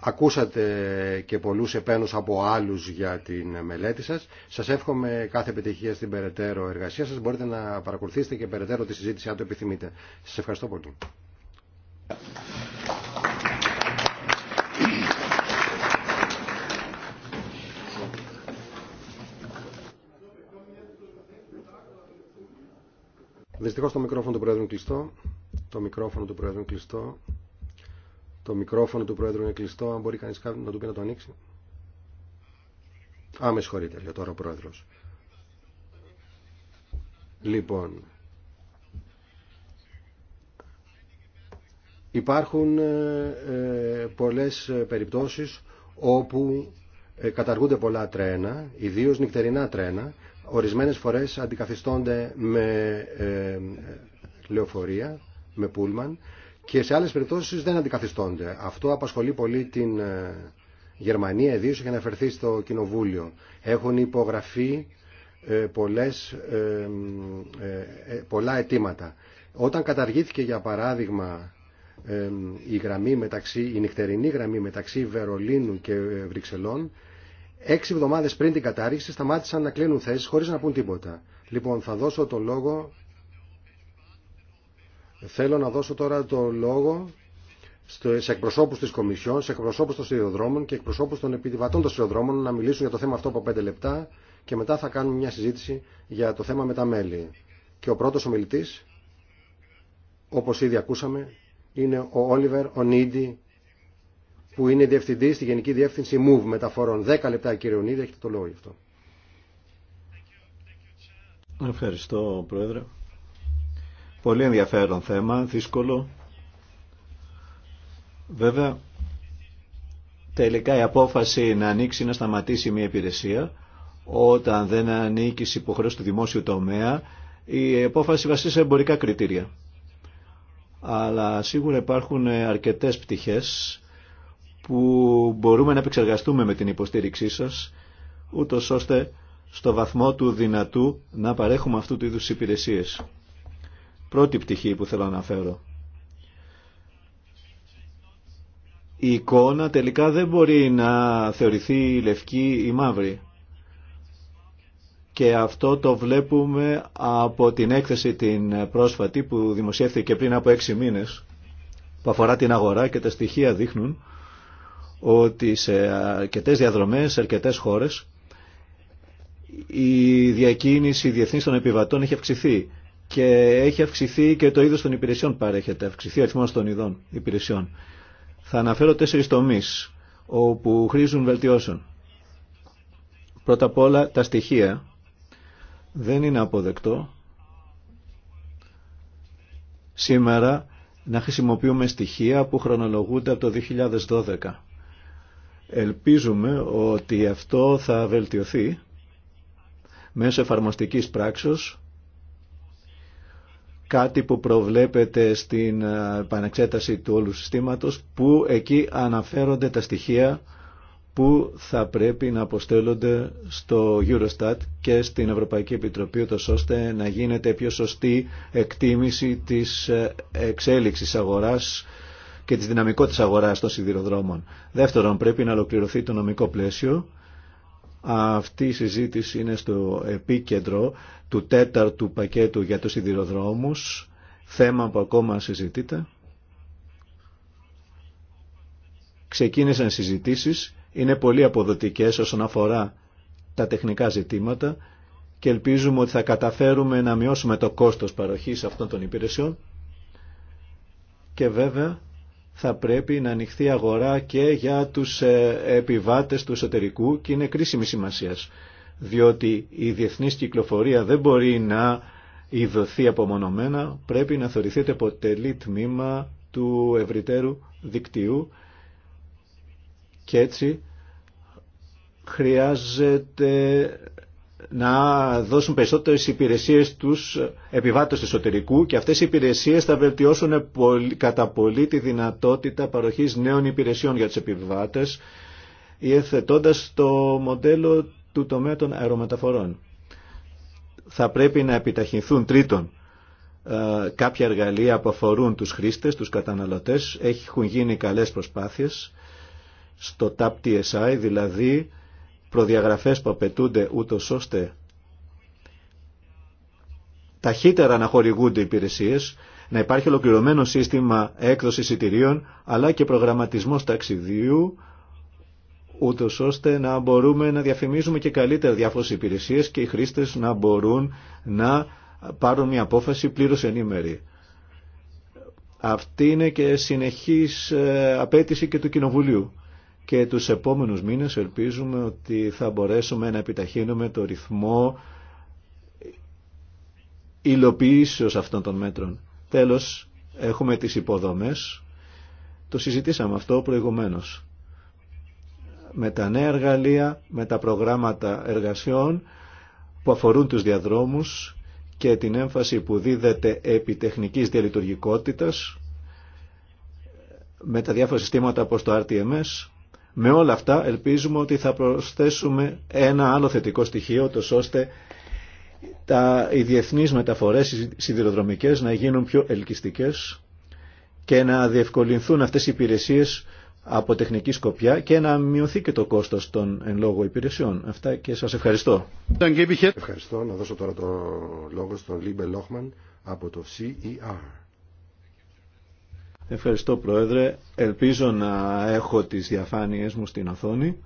Ακούσατε και πολλούς επένους από άλλους για την μελέτη σας. Σας εύχομαι κάθε επιτυχία στην περαιτέρω εργασία σας. Μπορείτε να παρακολουθήσετε και περαιτέρω τη συζήτηση αν το επιθυμείτε. Σας ευχαριστώ πολύ. Δυστυχώς το μικρόφωνο του Πρόεδρου είναι κλειστό. Το μικρόφωνο του Πρόεδρου είναι κλειστό. Το μικρόφωνο του Πρόεδρου είναι κλειστό. Αν μπορεί κανείς να του πει να το ανοίξει. Α, με συγχωρείτε, τώρα ο Πρόεδρος. Λοιπόν, υπάρχουν ε, ε πολλές περιπτώσεις όπου ε, καταργούνται πολλά τρένα, ιδίως νυχτερινά τρένα ορισμένες φορές αντικαθιστώνται με ε, λεωφορεία, με πούλμαν και σε άλλες περιπτώσεις δεν αντικαθιστώνται. Αυτό απασχολεί πολύ την ε, Γερμανία, για να εφερθεί στο Κοινοβούλιο. Έχουν υπογραφεί ε, πολλές, πολλά αιτήματα. Όταν καταργήθηκε για παράδειγμα η, γραμμή μεταξύ, η νυχτερινή γραμμή μεταξύ Βερολίνου και Βρυξελών Έξι εβδομάδε πριν την κατάρριξη σταμάτησαν να κλείνουν θέσει χωρί να πούν τίποτα. Λοιπόν, θα δώσω το λόγο. Θέλω να δώσω τώρα το λόγο σε εκπροσώπου τη Κομισιόν, σε εκπροσώπου των σιδηροδρόμων και εκπροσώπου των επιβατών των σιδηροδρόμων να μιλήσουν για το θέμα αυτό από πέντε λεπτά και μετά θα κάνουμε μια συζήτηση για το θέμα με τα μέλη. Και ο πρώτο ομιλητή, όπω ήδη ακούσαμε, είναι ο Όλιβερ Ονίδη που είναι διευθυντή στη Γενική Διεύθυνση MOVE μεταφορών. 10 λεπτά κύριε Ονίδη, έχετε το λόγο γι' αυτό. Ευχαριστώ Πρόεδρε. Πολύ ενδιαφέρον θέμα, δύσκολο. Βέβαια, τελικά η απόφαση να ανοίξει ή να σταματήσει μια υπηρεσία όταν δεν ανήκει σε υποχρέωση του δημόσιου τομέα, η απόφαση βασίζεται σε εμπορικά κριτήρια. Αλλά σίγουρα υπάρχουν αρκετές πτυχές που μπορούμε να επεξεργαστούμε με την υποστήριξή σας, ούτω ώστε στο βαθμό του δυνατού να παρέχουμε αυτού του είδους υπηρεσίες. Πρώτη πτυχή που θέλω να αναφέρω. Η εικόνα τελικά δεν μπορεί να θεωρηθεί λευκή ή μαύρη. Και αυτό το βλέπουμε από την έκθεση την πρόσφατη που δημοσιεύθηκε πριν από έξι μήνες που αφορά την αγορά και τα στοιχεία δείχνουν ότι σε αρκετές διαδρομές, σε αρκετές χώρες η διακίνηση διεθνή των επιβατών έχει αυξηθεί και έχει αυξηθεί και το είδος των υπηρεσιών παρέχεται, αυξηθεί ο αριθμός των ειδών υπηρεσιών. Θα αναφέρω τέσσερις τομείς όπου χρήζουν βελτιώσεων. Πρώτα απ' όλα τα στοιχεία δεν είναι αποδεκτό σήμερα να χρησιμοποιούμε στοιχεία που χρονολογούνται από το 2012. Ελπίζουμε ότι αυτό θα βελτιωθεί μέσω εφαρμοστικής πράξης, κάτι που προβλέπεται στην ε, επανεξέταση του όλου συστήματος που εκεί αναφέρονται τα στοιχεία που θα πρέπει να αποστέλλονται στο Eurostat και στην Ευρωπαϊκή Επιτροπή ώστε να γίνεται πιο σωστή εκτίμηση της ε, εξέλιξης αγοράς και τη δυναμικότητα αγορά των σιδηροδρόμων. Δεύτερον, πρέπει να ολοκληρωθεί το νομικό πλαίσιο. Αυτή η συζήτηση είναι στο επίκεντρο του τέταρτου πακέτου για τους σιδηροδρόμους, θέμα που ακόμα συζητείται. Ξεκίνησαν συζητήσεις, είναι πολύ αποδοτικές όσον αφορά τα τεχνικά ζητήματα και ελπίζουμε ότι θα καταφέρουμε να μειώσουμε το κόστος παροχής αυτών των υπηρεσιών και βέβαια θα πρέπει να ανοιχθεί αγορά και για τους ε, επιβάτες του εσωτερικού και είναι κρίσιμη σημασίας διότι η διεθνής κυκλοφορία δεν μπορεί να ιδωθεί απομονωμένα, πρέπει να θεωρηθείτε αποτελεί τμήμα του ευρυτέρου δικτύου και έτσι χρειάζεται να δώσουν περισσότερες υπηρεσίες τους επιβάτες εσωτερικού και αυτές οι υπηρεσίες θα βελτιώσουν κατά πολύ τη δυνατότητα παροχής νέων υπηρεσιών για τους επιβάτες υιοθετώντας το μοντέλο του τομέα των αερομεταφορών. Θα πρέπει να επιταχυνθούν τρίτον ε, κάποια εργαλεία που αφορούν τους χρήστες, τους καταναλωτές. Έχουν γίνει καλές προσπάθειες στο TAP TSI, δηλαδή προδιαγραφές που απαιτούνται ούτω ώστε ταχύτερα να χορηγούνται υπηρεσίες, να υπάρχει ολοκληρωμένο σύστημα έκδοση εισιτηρίων, αλλά και προγραμματισμός ταξιδίου, ούτω ώστε να μπορούμε να διαφημίζουμε και καλύτερα διάφορες υπηρεσίες και οι χρήστες να μπορούν να πάρουν μια απόφαση πλήρως ενήμερη. Αυτή είναι και συνεχής ε, απέτηση και του Κοινοβουλίου και τους επόμενους μήνες ελπίζουμε ότι θα μπορέσουμε να επιταχύνουμε το ρυθμό υλοποιήσεως αυτών των μέτρων. Τέλος, έχουμε τις υποδομές. Το συζητήσαμε αυτό προηγουμένως. Με τα νέα εργαλεία, με τα προγράμματα εργασιών που αφορούν τους διαδρόμους και την έμφαση που δίδεται επί τεχνικής διαλειτουργικότητας με τα διάφορα συστήματα όπως το RTMS με όλα αυτά ελπίζουμε ότι θα προσθέσουμε ένα άλλο θετικό στοιχείο, τόσο ώστε τα, οι διεθνείς μεταφορές σιδηροδρομικές να γίνουν πιο ελκυστικές και να διευκολυνθούν αυτές οι υπηρεσίες από τεχνική σκοπιά και να μειωθεί και το κόστος των εν λόγω υπηρεσιών. Αυτά και σας ευχαριστώ. Ευχαριστώ. Να δώσω τώρα το λόγο στον Λίμπε Λόχμαν από το CER. Ευχαριστώ Πρόεδρε. Ελπίζω να έχω τις διαφάνειές μου στην οθόνη.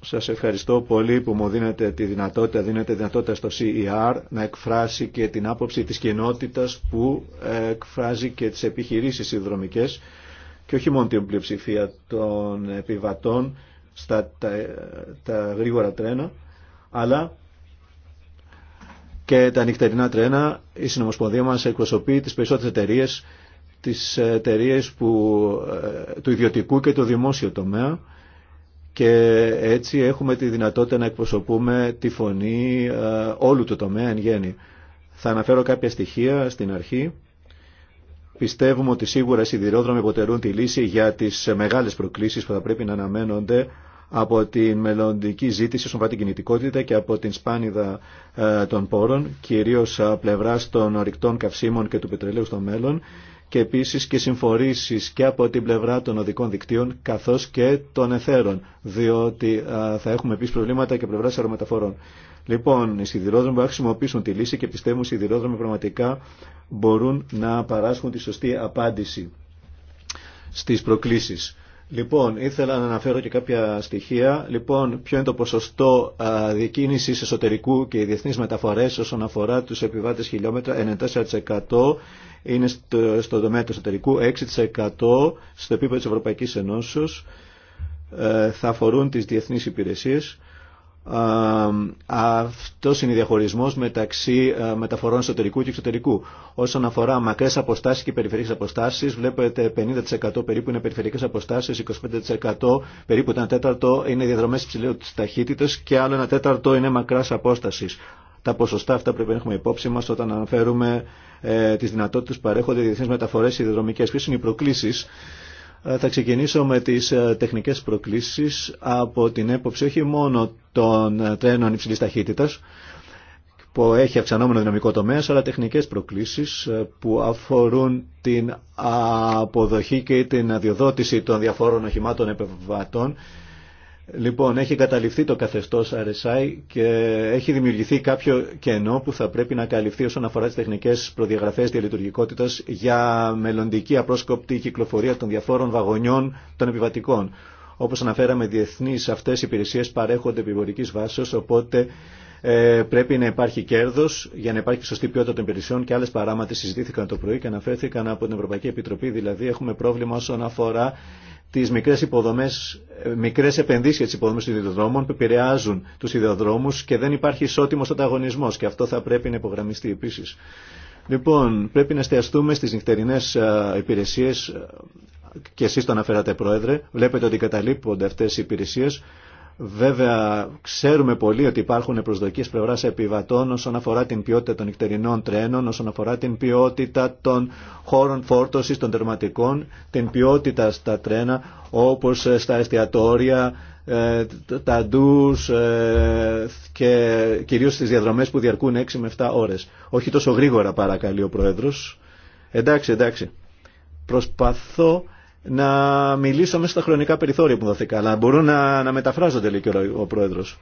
Σας ευχαριστώ πολύ που μου δίνετε τη δυνατότητα, δίνετε δυνατότητα στο CER να εκφράσει και την άποψη της κοινότητας που εκφράζει και τις επιχειρήσεις συνδρομικές και όχι μόνο την πλειοψηφία των επιβατών στα τα, τα γρήγορα τρένα, αλλά και τα νυχτερινά τρένα. Η συνομοσπονδία μας εκπροσωπεί τις περισσότερες εταιρείε τις εταιρείε ε, του ιδιωτικού και του δημόσιου τομέα και έτσι έχουμε τη δυνατότητα να εκπροσωπούμε τη φωνή ε, όλου του τομέα εν γέννη. Θα αναφέρω κάποια στοιχεία στην αρχή. Πιστεύουμε ότι σίγουρα οι σιδηρόδρομοι αποτελούν τη λύση για τις μεγάλες προκλήσεις που θα πρέπει να αναμένονται από τη μελλοντική ζήτηση όσον αφορά την κινητικότητα και από την σπάνιδα ε, των πόρων, κυρίως πλευρά των ορυκτών καυσίμων και του πετρελαίου στο μέλλον και επίσης και συμφορήσεις και από την πλευρά των οδικών δικτύων καθώς και των εθέρων, διότι ε, θα έχουμε επίσης προβλήματα και πλευράς αερομεταφορών. Λοιπόν, οι σιδηρόδρομοι που χρησιμοποιήσουν τη λύση και πιστεύουν οι σιδηρόδρομοι πραγματικά μπορούν να παράσχουν τη σωστή απάντηση στις προκλήσεις. Λοιπόν, ήθελα να αναφέρω και κάποια στοιχεία. Λοιπόν, ποιο είναι το ποσοστό διακίνηση εσωτερικού και διεθνεί μεταφορέ όσον αφορά του επιβάτε χιλιόμετρα. 94% είναι στο, τομέα του εσωτερικού, 6% στο επίπεδο τη Ευρωπαϊκή Ενώσεω ε, θα αφορούν τι διεθνείς υπηρεσίε αυτό είναι η διαχωρισμό μεταξύ ε, μεταφορών εσωτερικού και εξωτερικού. Όσον αφορά μακρέ αποστάσει και περιφερειακέ αποστάσει, βλέπετε 50% περίπου είναι περιφερειακέ αποστάσει, 25% περίπου ένα τέταρτο είναι διαδρομέ υψηλή ταχύτητα και άλλο ένα τέταρτο είναι μακρά απόσταση. Τα ποσοστά αυτά πρέπει να έχουμε υπόψη μα όταν αναφέρουμε ε, τι δυνατότητε που παρέχονται διεθνεί μεταφορέ διαδρομικέ. Ποιε είναι οι προκλήσει ε, θα ξεκινήσω με τις ε, τεχνικές προκλήσεις από την έποψη όχι μόνο των ε, τρένων υψηλής ταχύτητας που έχει αυξανόμενο δυναμικό τομέα, αλλά τεχνικές προκλήσεις που αφορούν την αποδοχή και την αδειοδότηση των διαφόρων οχημάτων επεμβατών Λοιπόν, έχει καταληφθεί το καθεστώς RSI και έχει δημιουργηθεί κάποιο κενό που θα πρέπει να καλυφθεί όσον αφορά τις τεχνικές προδιαγραφές διαλειτουργικότητας για μελλοντική απρόσκοπτη κυκλοφορία των διαφόρων βαγονιών των επιβατικών. Όπως αναφέραμε, διεθνείς αυτές οι υπηρεσίες παρέχονται επιβορικής βάση, οπότε ε, πρέπει να υπάρχει κέρδο για να υπάρχει σωστή ποιότητα των υπηρεσιών και άλλε παράμετροι συζητήθηκαν το πρωί και αναφέρθηκαν από την Ευρωπαϊκή Επιτροπή. Δηλαδή, έχουμε πρόβλημα όσον αφορά τι μικρές υποδομέ, ε, μικρέ επενδύσεις για τις υποδομές των ιδιοδρόμων που επηρεάζουν τους ιδιοδρόμους και δεν υπάρχει ισότιμο ανταγωνισμό, και αυτό θα πρέπει να υπογραμμιστεί επίσης. Λοιπόν, πρέπει να εστιαστούμε στις νυχτερινέ ε, υπηρεσίες ε, και εσείς το αναφέρατε Πρόεδρε. Βλέπετε ότι καταλείπονται αυτές οι υπηρεσίες. Βέβαια, ξέρουμε πολύ ότι υπάρχουν προσδοκίε πλευρά επιβατών όσον αφορά την ποιότητα των νυχτερινών τρένων, όσον αφορά την ποιότητα των χώρων φόρτωση των τερματικών, την ποιότητα στα τρένα όπω ε, στα εστιατόρια, ε, τα ντου ε, και κυρίω στι διαδρομέ που διαρκούν 6 με 7 ώρε. Όχι τόσο γρήγορα, παρακαλεί ο Πρόεδρο. Εντάξει, εντάξει. Προσπαθώ να μιλήσω μέσα στα χρονικά περιθώρια που δοθήκα, αλλά μπορούν να, να μεταφράζονται λέει και ο, ο πρόεδρος.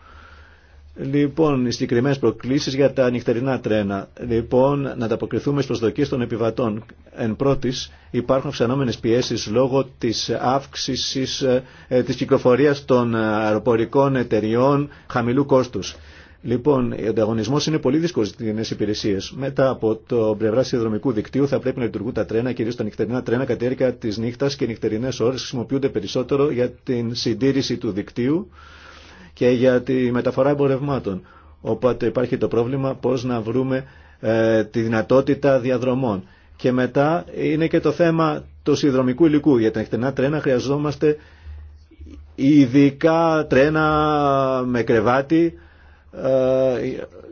Λοιπόν, οι συγκεκριμένε προκλήσει για τα νυχτερινά τρένα. Λοιπόν, να ανταποκριθούμε στι προσδοκίε των επιβατών. Εν πρώτη, υπάρχουν αυξανόμενε πιέσει λόγω τη αύξηση της ε, τη κυκλοφορία των ε, αεροπορικών εταιριών χαμηλού κόστου. Λοιπόν, ο ανταγωνισμό είναι πολύ δύσκολο στι κοινέ υπηρεσίε. Μετά από το πλευρά συνδρομικού δικτύου θα πρέπει να λειτουργούν τα τρένα, κυρίω τα νυχτερινά τρένα, κατά τη τη νύχτα και οι νυχτερινέ ώρε χρησιμοποιούνται περισσότερο για την συντήρηση του δικτύου και για τη μεταφορά εμπορευμάτων. Οπότε υπάρχει το πρόβλημα πώ να βρούμε ε, τη δυνατότητα διαδρομών. Και μετά είναι και το θέμα του συνδρομικού υλικού. Για τα νυχτερινά τρένα χρειαζόμαστε ειδικά τρένα με κρεβάτι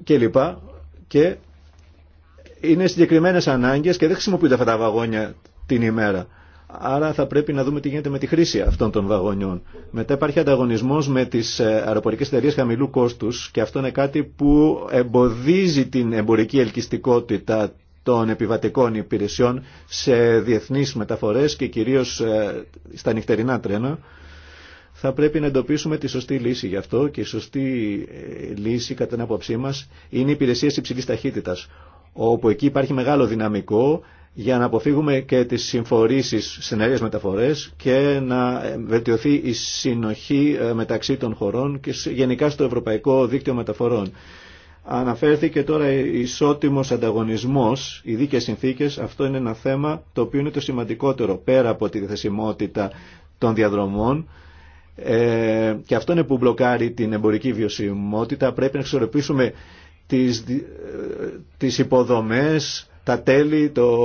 ε, λοιπά Και είναι συγκεκριμένε ανάγκε και δεν χρησιμοποιούνται αυτά τα βαγόνια την ημέρα. Άρα θα πρέπει να δούμε τι γίνεται με τη χρήση αυτών των βαγονιών. Μετά υπάρχει ανταγωνισμό με τι ε, αεροπορικέ εταιρείε χαμηλού κόστου και αυτό είναι κάτι που εμποδίζει την εμπορική ελκυστικότητα των επιβατικών υπηρεσιών σε διεθνείς μεταφορές και κυρίως ε, στα νυχτερινά τρένα θα πρέπει να εντοπίσουμε τη σωστή λύση γι' αυτό και η σωστή ε, λύση κατά την άποψή μας είναι οι υπηρεσίες υψηλής ταχύτητας όπου εκεί υπάρχει μεγάλο δυναμικό για να αποφύγουμε και τις συμφορήσεις σε νέε μεταφορές και να ε, βελτιωθεί η συνοχή ε, μεταξύ των χωρών και γενικά στο Ευρωπαϊκό Δίκτυο Μεταφορών. Αναφέρθηκε τώρα ισότιμος ανταγωνισμός, οι δίκαιες συνθήκες, αυτό είναι ένα θέμα το οποίο είναι το σημαντικότερο πέρα από τη διθεσιμότητα των διαδρομών ε, και αυτό είναι που μπλοκάρει την εμπορική βιωσιμότητα. Πρέπει να εξορροπήσουμε τις, ε, τις υποδομές, τα τέλη, το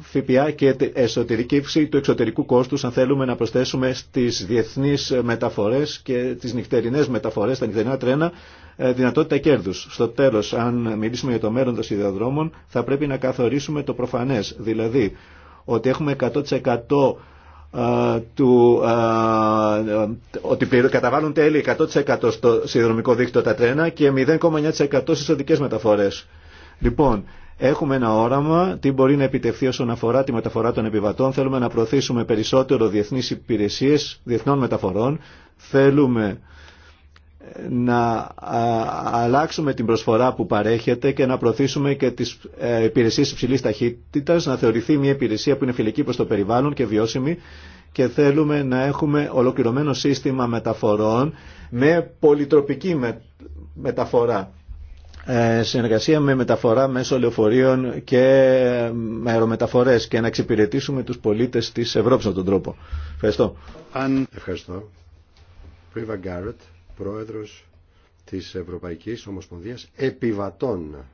ΦΠΑ και εσωτερική ύψη του εξωτερικού κόστου αν θέλουμε να προσθέσουμε στις διεθνείς μεταφορές και τις νυχτερινές μεταφορές, τα νυχτερινά τρένα, ε, δυνατότητα κέρδους. Στο τέλος, αν μιλήσουμε για το μέλλον των σιδεοδρόμων θα πρέπει να καθορίσουμε το προφανές, δηλαδή ότι έχουμε 100% του, ότι καταβάλουν τέλη 100% στο συνδρομικό δίκτυο τα τρένα και 0,9% στις οδικές μεταφορές. Λοιπόν, έχουμε ένα όραμα, τι μπορεί να επιτευχθεί όσον αφορά τη μεταφορά των επιβατών. Θέλουμε να προωθήσουμε περισσότερο διεθνείς υπηρεσίες διεθνών μεταφορών. Θέλουμε να αλλάξουμε την προσφορά που παρέχεται και να προωθήσουμε και τις ε, υπηρεσίες υψηλής ταχύτητας, να θεωρηθεί μια υπηρεσία που είναι φιλική προς το περιβάλλον και βιώσιμη και θέλουμε να έχουμε ολοκληρωμένο σύστημα μεταφορών με πολυτροπική μεταφορά. Ε, συνεργασία με μεταφορά μέσω λεωφορείων και με αερομεταφορές και να εξυπηρετήσουμε τους πολίτες της Ευρώπης με τον τρόπο. Ευχαριστώ. Ευχαριστώ πρόεδρος της Ευρωπαϊκής Ομοσπονδίας Επιβατών.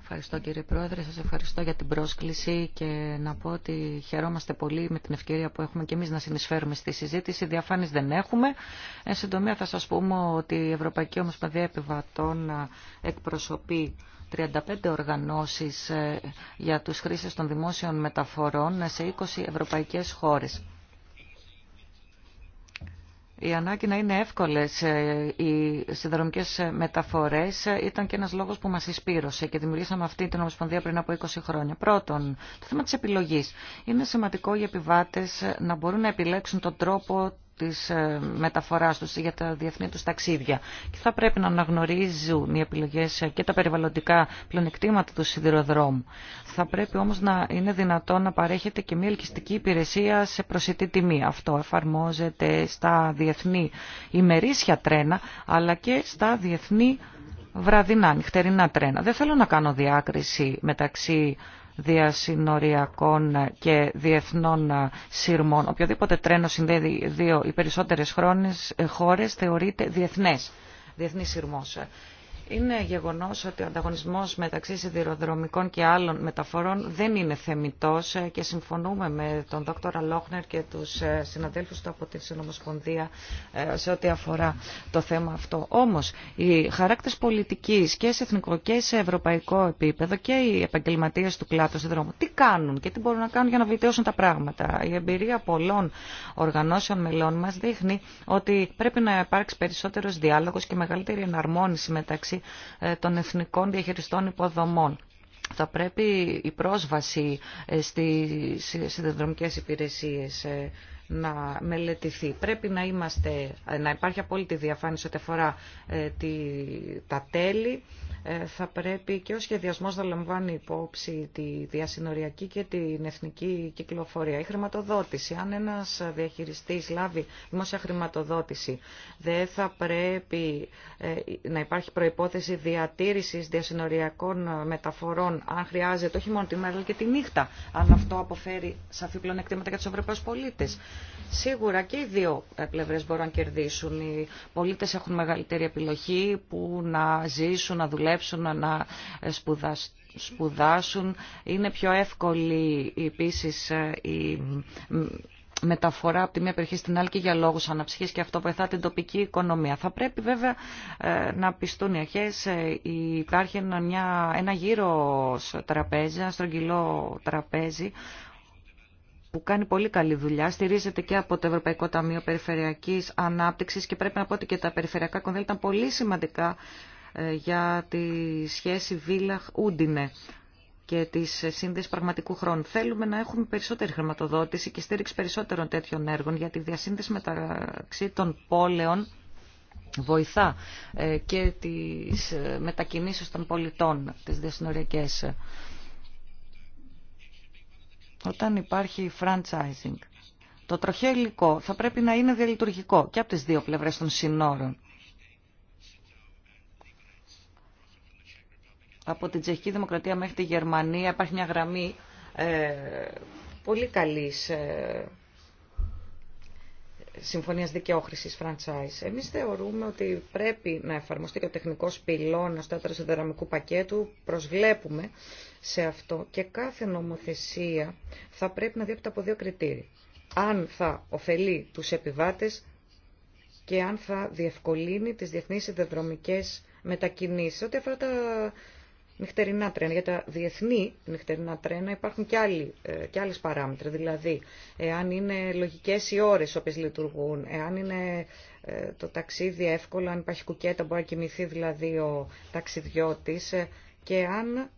Ευχαριστώ κύριε Πρόεδρε, σας ευχαριστώ για την πρόσκληση και να πω ότι χαιρόμαστε πολύ με την ευκαιρία που έχουμε και εμείς να συνεισφέρουμε στη συζήτηση. Διαφάνεις δεν έχουμε. Εν συντομία θα σας πούμε ότι η Ευρωπαϊκή Ομοσπονδία Επιβατών εκπροσωπεί 35 οργανώσεις ε, για τους χρήστες των δημόσιων μεταφορών σε 20 ευρωπαϊκές χώρες η ανάγκη να είναι εύκολες ε, οι συνδρομικές μεταφορές ήταν και ένας λόγος που μας εισπήρωσε και δημιουργήσαμε αυτή την Ομοσπονδία πριν από 20 χρόνια. Πρώτον, το θέμα της επιλογής. Είναι σημαντικό οι επιβάτες να μπορούν να επιλέξουν τον τρόπο της ε, μεταφοράς τους για τα διεθνή τους ταξίδια. Και θα πρέπει να αναγνωρίζουν οι επιλογές και τα περιβαλλοντικά πλονεκτήματα του σιδηροδρόμου. Θα πρέπει όμως να είναι δυνατόν να παρέχεται και μια ελκυστική υπηρεσία σε προσιτή τιμή. Αυτό εφαρμόζεται στα διεθνή ημερήσια τρένα, αλλά και στα διεθνή βραδινά, νυχτερινά τρένα. Δεν θέλω να κάνω διάκριση μεταξύ διασυνοριακών και διεθνών σύρμων. Οποιοδήποτε τρένο συνδέει δύο ή περισσότερες ε, χώρες θεωρείται διεθνές, διεθνής σύρμος. Είναι γεγονό ότι ο ανταγωνισμό μεταξύ σιδηροδρομικών και άλλων μεταφορών δεν είναι θεμητό. και συμφωνούμε με τον δόκτωρα Λόχνερ και του ε, συναδέλφους του από την Συνομοσπονδία ε, σε ό,τι αφορά το θέμα αυτό. Όμω, οι χαράκτε πολιτική και σε εθνικό και σε ευρωπαϊκό επίπεδο και οι επαγγελματίε του κλάδου σιδηροδρόμου τι κάνουν και τι μπορούν να κάνουν για να βελτιώσουν τα πράγματα. Η εμπειρία πολλών οργανώσεων μελών μα δείχνει ότι πρέπει να υπάρξει περισσότερο διάλογο και μεγαλύτερη εναρμόνιση μεταξύ ε, των εθνικών διαχειριστών υποδομών. Θα πρέπει η πρόσβαση ε, στις συνδεδρομικές υπηρεσίες ε, να μελετηθεί. Πρέπει να, είμαστε, να υπάρχει απόλυτη διαφάνεια ό,τι αφορά ε, τη, τα τέλη. Ε, θα πρέπει και ο σχεδιασμός να λαμβάνει υπόψη τη διασυνοριακή και την εθνική κυκλοφορία. Η χρηματοδότηση. Αν ένας διαχειριστής λάβει δημόσια χρηματοδότηση, δεν θα πρέπει ε, να υπάρχει προϋπόθεση διατήρησης διασυνοριακών μεταφορών, αν χρειάζεται, όχι μόνο τη μέρα αλλά και τη νύχτα, αν αυτό αποφέρει σαφή πλεονεκτήματα για τους Ευρωπαίους πολίτες. Σίγουρα και οι δύο πλευρέ μπορούν να κερδίσουν. Οι πολίτε έχουν μεγαλύτερη επιλογή που να ζήσουν, να δουλέψουν, να σπουδάσουν. Είναι πιο εύκολη επίση ε, η μεταφορά από τη μία περιοχή στην άλλη και για λόγους αναψυχής και αυτό βοηθά την τοπική οικονομία. Θα πρέπει βέβαια ε, να πιστούν οι αρχές. Ε, υπάρχει ένα, μια, ένα γύρο τραπέζια, στρογγυλό τραπέζι που κάνει πολύ καλή δουλειά, στηρίζεται και από το Ευρωπαϊκό Ταμείο Περιφερειακής Ανάπτυξης και πρέπει να πω ότι και τα περιφερειακά κονδύλια ήταν πολύ σημαντικά ε, για τη σχέση Βίλαχ-Ούντινε και τη σύνδεση πραγματικού χρόνου. Θέλουμε να έχουμε περισσότερη χρηματοδότηση και στήριξη περισσότερων τέτοιων έργων για τη διασύνδεση μεταξύ των πόλεων βοηθά ε, και τις ε, μετακινήσεις των πολιτών, τις διασυνοριακές όταν υπάρχει franchising. Το τροχαίο υλικό θα πρέπει να είναι διαλειτουργικό και από τις δύο πλευρές των συνόρων. Από την Τσεχική Δημοκρατία μέχρι τη Γερμανία υπάρχει μια γραμμή ε, πολύ καλής ε, συμφωνίας δικαιόχρησης franchise. Εμείς θεωρούμε ότι πρέπει να εφαρμοστεί και ο τεχνικός πυλώνας του ατρασυνδεραμικού πακέτου. Προσβλέπουμε σε αυτό και κάθε νομοθεσία θα πρέπει να διέπεται από δύο κριτήρια. Αν θα ωφελεί τους επιβάτες και αν θα διευκολύνει τις διεθνείς συνδεδρομικές μετακινήσεις. Ό,τι αφορά τα νυχτερινά τρένα. Για τα διεθνή νυχτερινά τρένα υπάρχουν και, άλλοι, ε, και άλλες παράμετροι. Δηλαδή, εάν είναι λογικές οι ώρες όποιες λειτουργούν, εάν είναι ε, το ταξίδι εύκολο, αν υπάρχει κουκέτα μπορεί να κοιμηθεί δηλαδή ο ταξιδιώτης ε, και αν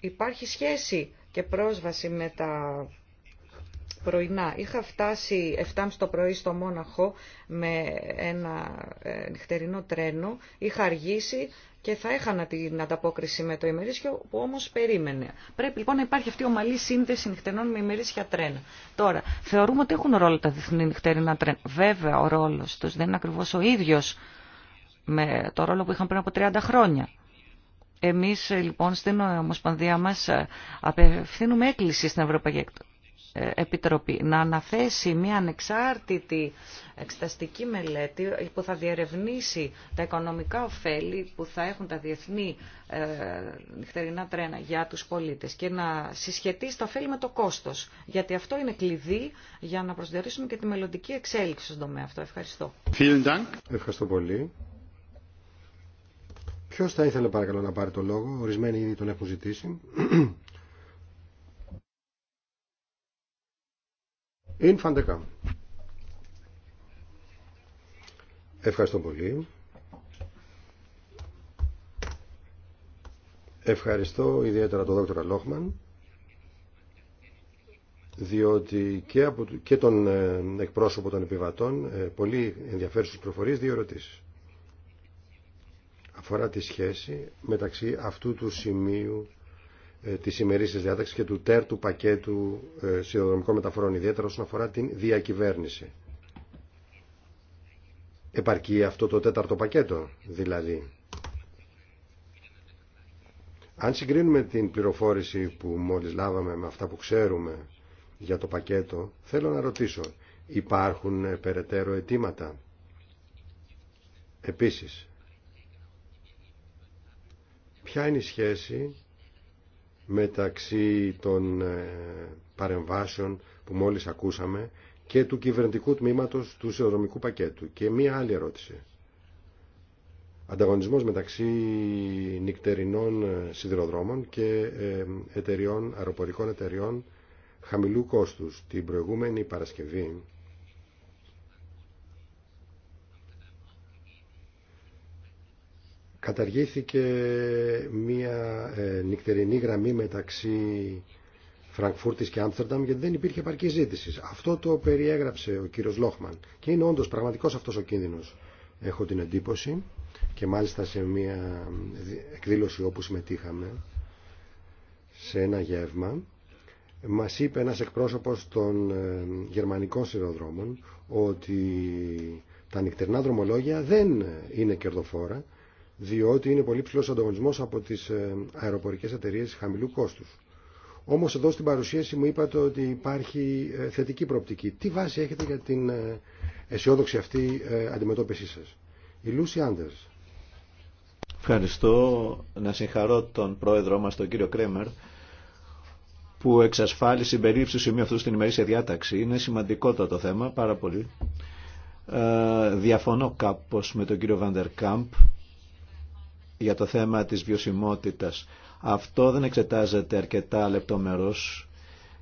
υπάρχει σχέση και πρόσβαση με τα πρωινά. Είχα φτάσει 7 το πρωί στο Μόναχο με ένα ε, νυχτερινό τρένο, είχα αργήσει και θα έχανα την ανταπόκριση με το ημερίσιο που όμως περίμενε. Πρέπει λοιπόν να υπάρχει αυτή η ομαλή σύνδεση νυχτερινών με ημερίσια τρένα. Τώρα, θεωρούμε ότι έχουν ρόλο τα διεθνή νυχτερινά τρένα. Βέβαια ο ρόλος τους δεν είναι ακριβώς ο ίδιος με το ρόλο που είχαν πριν από 30 χρόνια. Εμείς λοιπόν στην Ομοσπονδία μας ε, απευθύνουμε έκκληση στην Ευρωπαϊκή Επιτροπή να αναθέσει μια ανεξάρτητη εξεταστική μελέτη που θα διερευνήσει τα οικονομικά ωφέλη που θα έχουν τα διεθνή ε, νυχτερινά τρένα για τους πολίτες και να συσχετίσει τα ωφέλη με το κόστος. Γιατί αυτό είναι κλειδί για να προσδιορίσουμε και τη μελλοντική εξέλιξη στον τομέα αυτό. Ευχαριστώ. Ευχαριστώ πολύ. Ποιο θα ήθελε παρακαλώ να πάρει το λόγο, ορισμένοι ήδη τον έχουν ζητήσει. Ευχαριστώ πολύ. Ευχαριστώ ιδιαίτερα τον δόκτωρα Λόχμαν διότι και, από, και τον ε, εκπρόσωπο των επιβατών ε, πολύ ενδιαφέρουσες προφορίες δύο ερωτήσεις. Αφορά τη σχέση μεταξύ αυτού του σημείου ε, τη ημερήσια διάταξη και του τέρτου πακέτου ε, σιδηροδρομικών μεταφορών, ιδιαίτερα όσον αφορά την διακυβέρνηση. Επαρκεί αυτό το τέταρτο πακέτο, δηλαδή. Αν συγκρίνουμε την πληροφόρηση που μόλις λάβαμε με αυτά που ξέρουμε για το πακέτο, θέλω να ρωτήσω, υπάρχουν περαιτέρω αιτήματα. Επίσης, ποια είναι η σχέση μεταξύ των ε, παρεμβάσεων που μόλις ακούσαμε και του κυβερνητικού τμήματος του σιδηροδρομικού πακέτου. Και μία άλλη ερώτηση. Ανταγωνισμός μεταξύ νυκτερινών ε, σιδηροδρόμων και ε, εταιριών, αεροπορικών εταιριών χαμηλού κόστους. Την προηγούμενη Παρασκευή Καταργήθηκε μία ε, νυχτερινή γραμμή μεταξύ Φραγκφούρτη και Άμστερνταμ γιατί δεν υπήρχε επαρκή ζήτηση. Αυτό το περιέγραψε ο κύριο Λόχμαν και είναι όντω πραγματικό αυτό ο κίνδυνο. Έχω την εντύπωση και μάλιστα σε μια ε, εκδήλωση όπου συμμετείχαμε σε ένα γεύμα μας είπε ένας εκπρόσωπος των ε, γερμανικών σειροδρόμων ότι τα νυχτερινά δρομολόγια δεν είναι κερδοφόρα διότι είναι πολύ ψηλό ανταγωνισμό από τι ε, αεροπορικέ εταιρείε χαμηλού κόστου. Όμω εδώ στην παρουσίαση μου είπατε ότι υπάρχει ε, θετική προοπτική. Τι βάση έχετε για την ε, αισιόδοξη αυτή αντιμετώπιση σα, η Λούση Άντερ. Ευχαριστώ να συγχαρώ τον πρόεδρό μα, τον κύριο Κρέμερ, που εξασφάλισε η περίπτωση του σημείου αυτού στην ημερήσια διάταξη. Είναι σημαντικό το θέμα, πάρα πολύ. Ε, διαφωνώ κάπως με τον κύριο Βαντερ Κάμπ για το θέμα της βιωσιμότητας. Αυτό δεν εξετάζεται αρκετά λεπτομερώς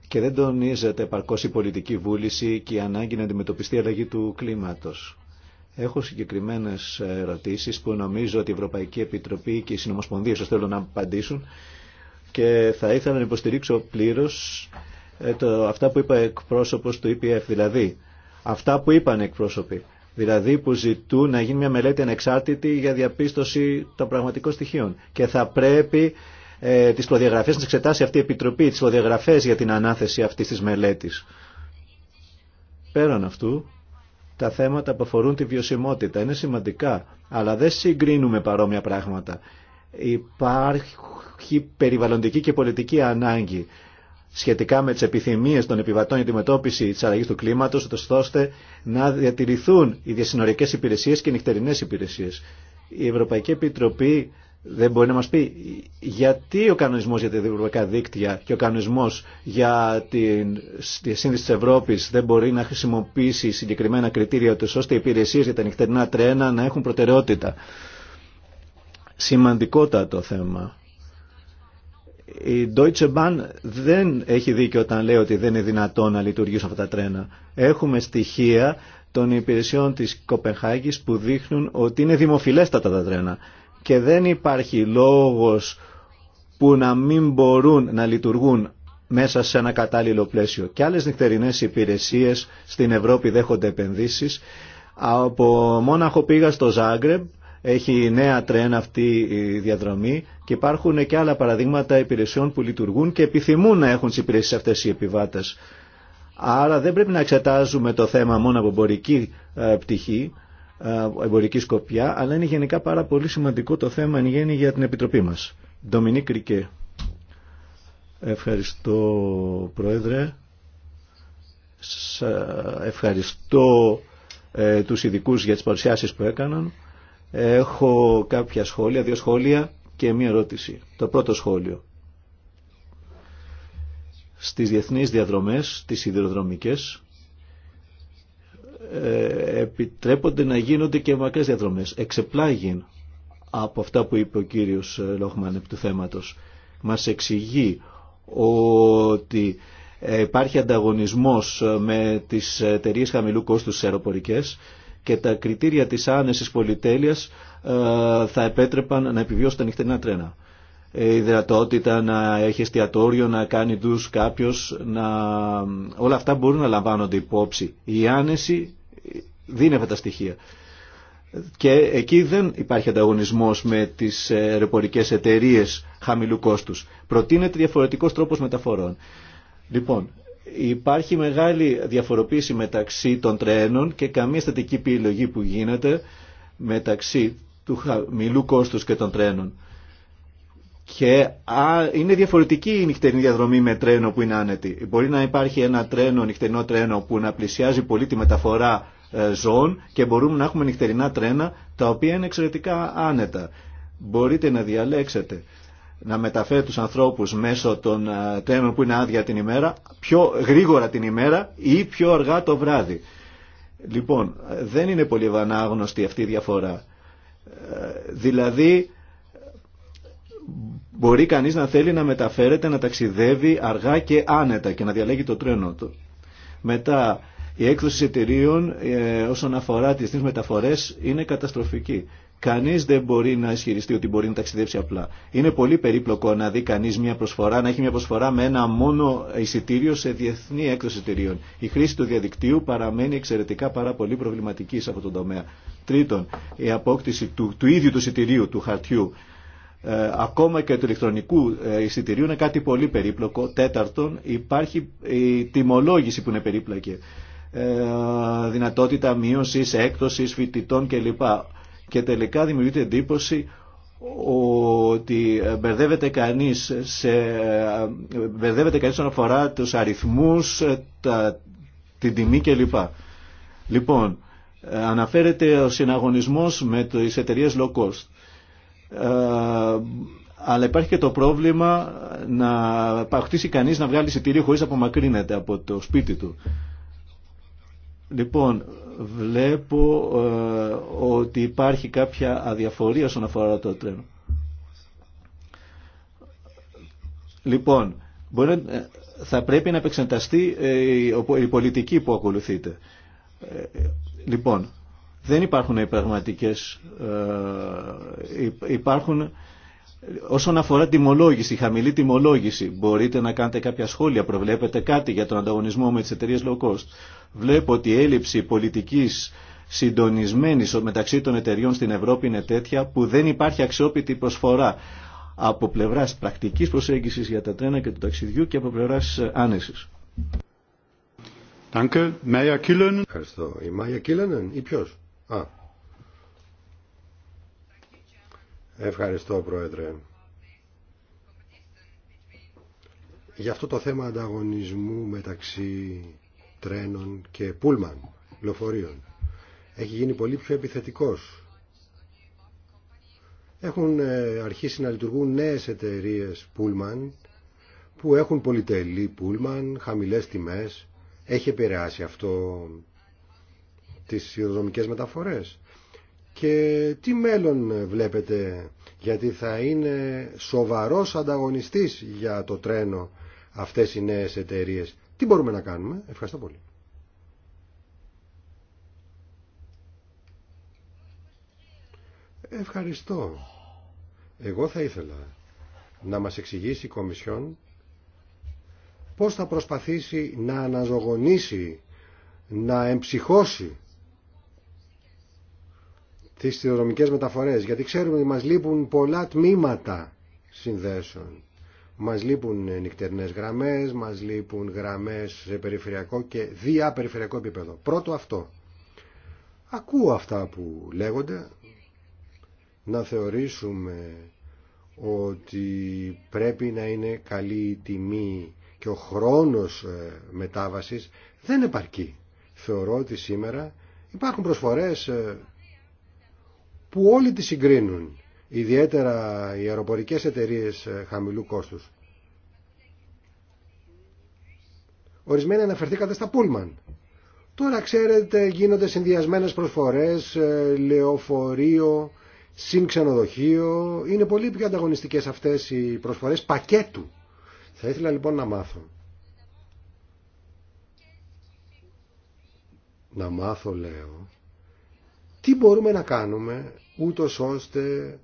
και δεν τονίζεται επαρκώς η πολιτική βούληση και η ανάγκη να αντιμετωπιστεί η αλλαγή του κλίματος. Έχω συγκεκριμένες ερωτήσεις που νομίζω ότι η Ευρωπαϊκή Επιτροπή και οι συνομοσπονδίες σας θέλουν να απαντήσουν και θα ήθελα να υποστηρίξω πλήρως ε, το, αυτά που είπα εκπρόσωπος του EPF, δηλαδή αυτά που είπαν εκπρόσωποι δηλαδή που ζητούν να γίνει μια μελέτη ανεξάρτητη για διαπίστωση των πραγματικών στοιχείων. Και θα πρέπει ε, τις να εξετάσει αυτή η Επιτροπή, τις προδιαγραφές για την ανάθεση αυτής της μελέτης. Πέραν αυτού, τα θέματα που αφορούν τη βιωσιμότητα είναι σημαντικά, αλλά δεν συγκρίνουμε παρόμοια πράγματα. Υπάρχει περιβαλλοντική και πολιτική ανάγκη σχετικά με τι επιθυμίε των επιβατών για τη μετώπιση τη αλλαγή του κλίματο, ώστε να διατηρηθούν οι διασυνοριακέ υπηρεσίε και οι νυχτερινέ υπηρεσίε. Η Ευρωπαϊκή Επιτροπή δεν μπορεί να μα πει γιατί ο κανονισμό για τα ευρωπαϊκά δίκτυα και ο κανονισμό για τη σύνδεση τη Ευρώπη δεν μπορεί να χρησιμοποιήσει συγκεκριμένα κριτήρια ώστε οι υπηρεσίε για τα νυχτερινά τρένα να έχουν προτεραιότητα. Σημαντικότατο θέμα η Deutsche Bahn δεν έχει δίκιο όταν λέει ότι δεν είναι δυνατόν να λειτουργήσουν αυτά τα τρένα. Έχουμε στοιχεία των υπηρεσιών της Κοπενχάγης που δείχνουν ότι είναι δημοφιλέστατα τα τρένα και δεν υπάρχει λόγος που να μην μπορούν να λειτουργούν μέσα σε ένα κατάλληλο πλαίσιο. Και άλλες νυχτερινές υπηρεσίες στην Ευρώπη δέχονται επενδύσεις. Από Μόναχο πήγα στο Ζάγκρεμπ έχει νέα τρένα αυτή η διαδρομή και υπάρχουν και άλλα παραδείγματα υπηρεσιών που λειτουργούν και επιθυμούν να έχουν τι υπηρεσίε αυτέ οι επιβάτε. Άρα δεν πρέπει να εξετάζουμε το θέμα μόνο από εμπορική ε, πτυχή, ε, εμπορική σκοπιά, αλλά είναι γενικά πάρα πολύ σημαντικό το θέμα εν γέννη για την Επιτροπή μα. Ντομινίκ Ευχαριστώ, Πρόεδρε. Ευχαριστώ ε, τους ειδικούς για τις παρουσιάσεις που έκαναν. Έχω κάποια σχόλια, δύο σχόλια και μία ερώτηση. Το πρώτο σχόλιο. Στις διεθνείς διαδρομές, τις σιδηροδρομικές, ε, επιτρέπονται να γίνονται και μακρές διαδρομές. Εξεπλάγει από αυτά που είπε ο κύριος ε, Λόχμαν επί του θέματος. Μας εξηγεί ότι ε, υπάρχει ανταγωνισμός με τις εταιρείε χαμηλού κόστους αεροπορικές και τα κριτήρια της άνεσης πολυτέλειας ε, θα επέτρεπαν να επιβιώσουν τα νυχτερινά τρένα. Ε, η δυνατότητα να έχει εστιατόριο, να κάνει ντους κάποιος, να... όλα αυτά μπορούν να λαμβάνονται υπόψη. Η άνεση δίνει αυτά τα στοιχεία. Και εκεί δεν υπάρχει ανταγωνισμός με τις ρεπορικές εταιρείες χαμηλού κόστους. Προτείνεται διαφορετικός τρόπος μεταφορών. Λοιπόν, Υπάρχει μεγάλη διαφοροποίηση μεταξύ των τρένων και καμία στατική επιλογή που γίνεται μεταξύ του χαμηλού κόστους και των τρένων. Και α, είναι διαφορετική η νυχτερινή διαδρομή με τρένο που είναι άνετη. Μπορεί να υπάρχει ένα τρένο, νυχτερινό τρένο που να πλησιάζει πολύ τη μεταφορά ε, ζώων και μπορούμε να έχουμε νυχτερινά τρένα τα οποία είναι εξαιρετικά άνετα. Μπορείτε να διαλέξετε να μεταφέρει τους ανθρώπους μέσω των ε, τρένων που είναι άδεια την ημέρα, πιο γρήγορα την ημέρα ή πιο αργά το βράδυ. Λοιπόν, δεν είναι πολύ βανάγνωστη αυτή η διαφορά. Ε, δηλαδή, μπορεί κανείς να θέλει να μεταφέρεται, να ταξιδεύει αργά και άνετα και να διαλέγει το τρένο του. Μετά, η έκδοση εταιρείων ε, όσον αφορά τις μεταφορές είναι καταστροφική. Κανεί δεν μπορεί να ισχυριστεί ότι μπορεί να ταξιδέψει απλά. Είναι πολύ περίπλοκο να δει κανεί μια προσφορά, να έχει μια προσφορά με ένα μόνο εισιτήριο σε διεθνή έκδοση εισιτηρίων. Η χρήση του διαδικτύου παραμένει εξαιρετικά πάρα πολύ προβληματική σε αυτό το τομέα. Τρίτον, η απόκτηση του, του ίδιου του εισιτηρίου, του χαρτιού, ε, ακόμα και του ηλεκτρονικού ε, εισιτηρίου είναι κάτι πολύ περίπλοκο. Τέταρτον, υπάρχει η τιμολόγηση που είναι περίπλοκη. Ε, δυνατότητα μείωση, έκδοσης φοιτητών κλπ και τελικά δημιουργείται εντύπωση ότι ε, μπερδεύεται κανείς, σε, ε, μπερδεύεται κανείς όσον αφορά τους αριθμούς, ε, την τιμή κλπ. Λοιπόν, αναφέρεται ο συναγωνισμός με τις εταιρείε low cost. αλλά υπάρχει και το πρόβλημα να παχτήσει κανείς να βγάλει εισιτήριο χωρίς να απομακρύνεται από το σπίτι του. Λοιπόν, βλέπω ε, ότι υπάρχει κάποια αδιαφορία όσον αφορά το τρένο. Λοιπόν, μπορεί, ε, θα πρέπει να επεξεταστεί ε, η πολιτική που ακολουθείτε. Λοιπόν, δεν υπάρχουν οι πραγματικές, υπάρχουν Όσον αφορά τιμολόγηση, χαμηλή τιμολόγηση, μπορείτε να κάνετε κάποια σχόλια, προβλέπετε κάτι για τον ανταγωνισμό με τις εταιρείες low cost. Βλέπω ότι η έλλειψη πολιτικής συντονισμένης μεταξύ των εταιριών στην Ευρώπη είναι τέτοια που δεν υπάρχει αξιόπιτη προσφορά από πλευράς πρακτικής προσέγγισης για τα τρένα και του ταξιδιού και από πλευράς άνεσης. Ευχαριστώ. Η Maya Κίλενεν ή ποιος? Α, Ευχαριστώ Πρόεδρε. Για αυτό το θέμα ανταγωνισμού μεταξύ τρένων και πούλμαν, λεωφορείων, έχει γίνει πολύ πιο επιθετικός. Έχουν ε, αρχίσει να λειτουργούν νέες εταιρείες πούλμαν που έχουν πολυτελή πούλμαν, χαμηλές τιμές. Έχει επηρεάσει αυτό τις ιδοδομικές μεταφορές. Και τι μέλλον βλέπετε, γιατί θα είναι σοβαρός ανταγωνιστής για το τρένο αυτές οι νέες εταιρείες. Τι μπορούμε να κάνουμε. Ευχαριστώ πολύ. Ευχαριστώ. Εγώ θα ήθελα να μας εξηγήσει η Κομισιόν πώς θα προσπαθήσει να αναζωογονήσει, να εμψυχώσει τις σιδηροδρομικέ μεταφορές, γιατί ξέρουμε ότι μας λείπουν πολλά τμήματα συνδέσεων. Μας λείπουν νυχτερινέ γραμμές, μας λείπουν γραμμές σε περιφερειακό και διαπεριφερειακό επίπεδο. Πρώτο αυτό. Ακούω αυτά που λέγονται, να θεωρήσουμε ότι πρέπει να είναι καλή η τιμή και ο χρόνος ε, μετάβασης δεν επαρκεί. Θεωρώ ότι σήμερα υπάρχουν προσφορές ε, που όλοι τη συγκρίνουν, ιδιαίτερα οι αεροπορικές εταιρείες ε, χαμηλού κόστους. Ορισμένοι αναφερθήκατε στα Πούλμαν. Τώρα ξέρετε γίνονται συνδυασμένες προσφορές, ε, λεωφορείο, συν Είναι πολύ πιο ανταγωνιστικές αυτές οι προσφορές πακέτου. Θα ήθελα λοιπόν να μάθω. Να μάθω λέω τι μπορούμε να κάνουμε ούτως ώστε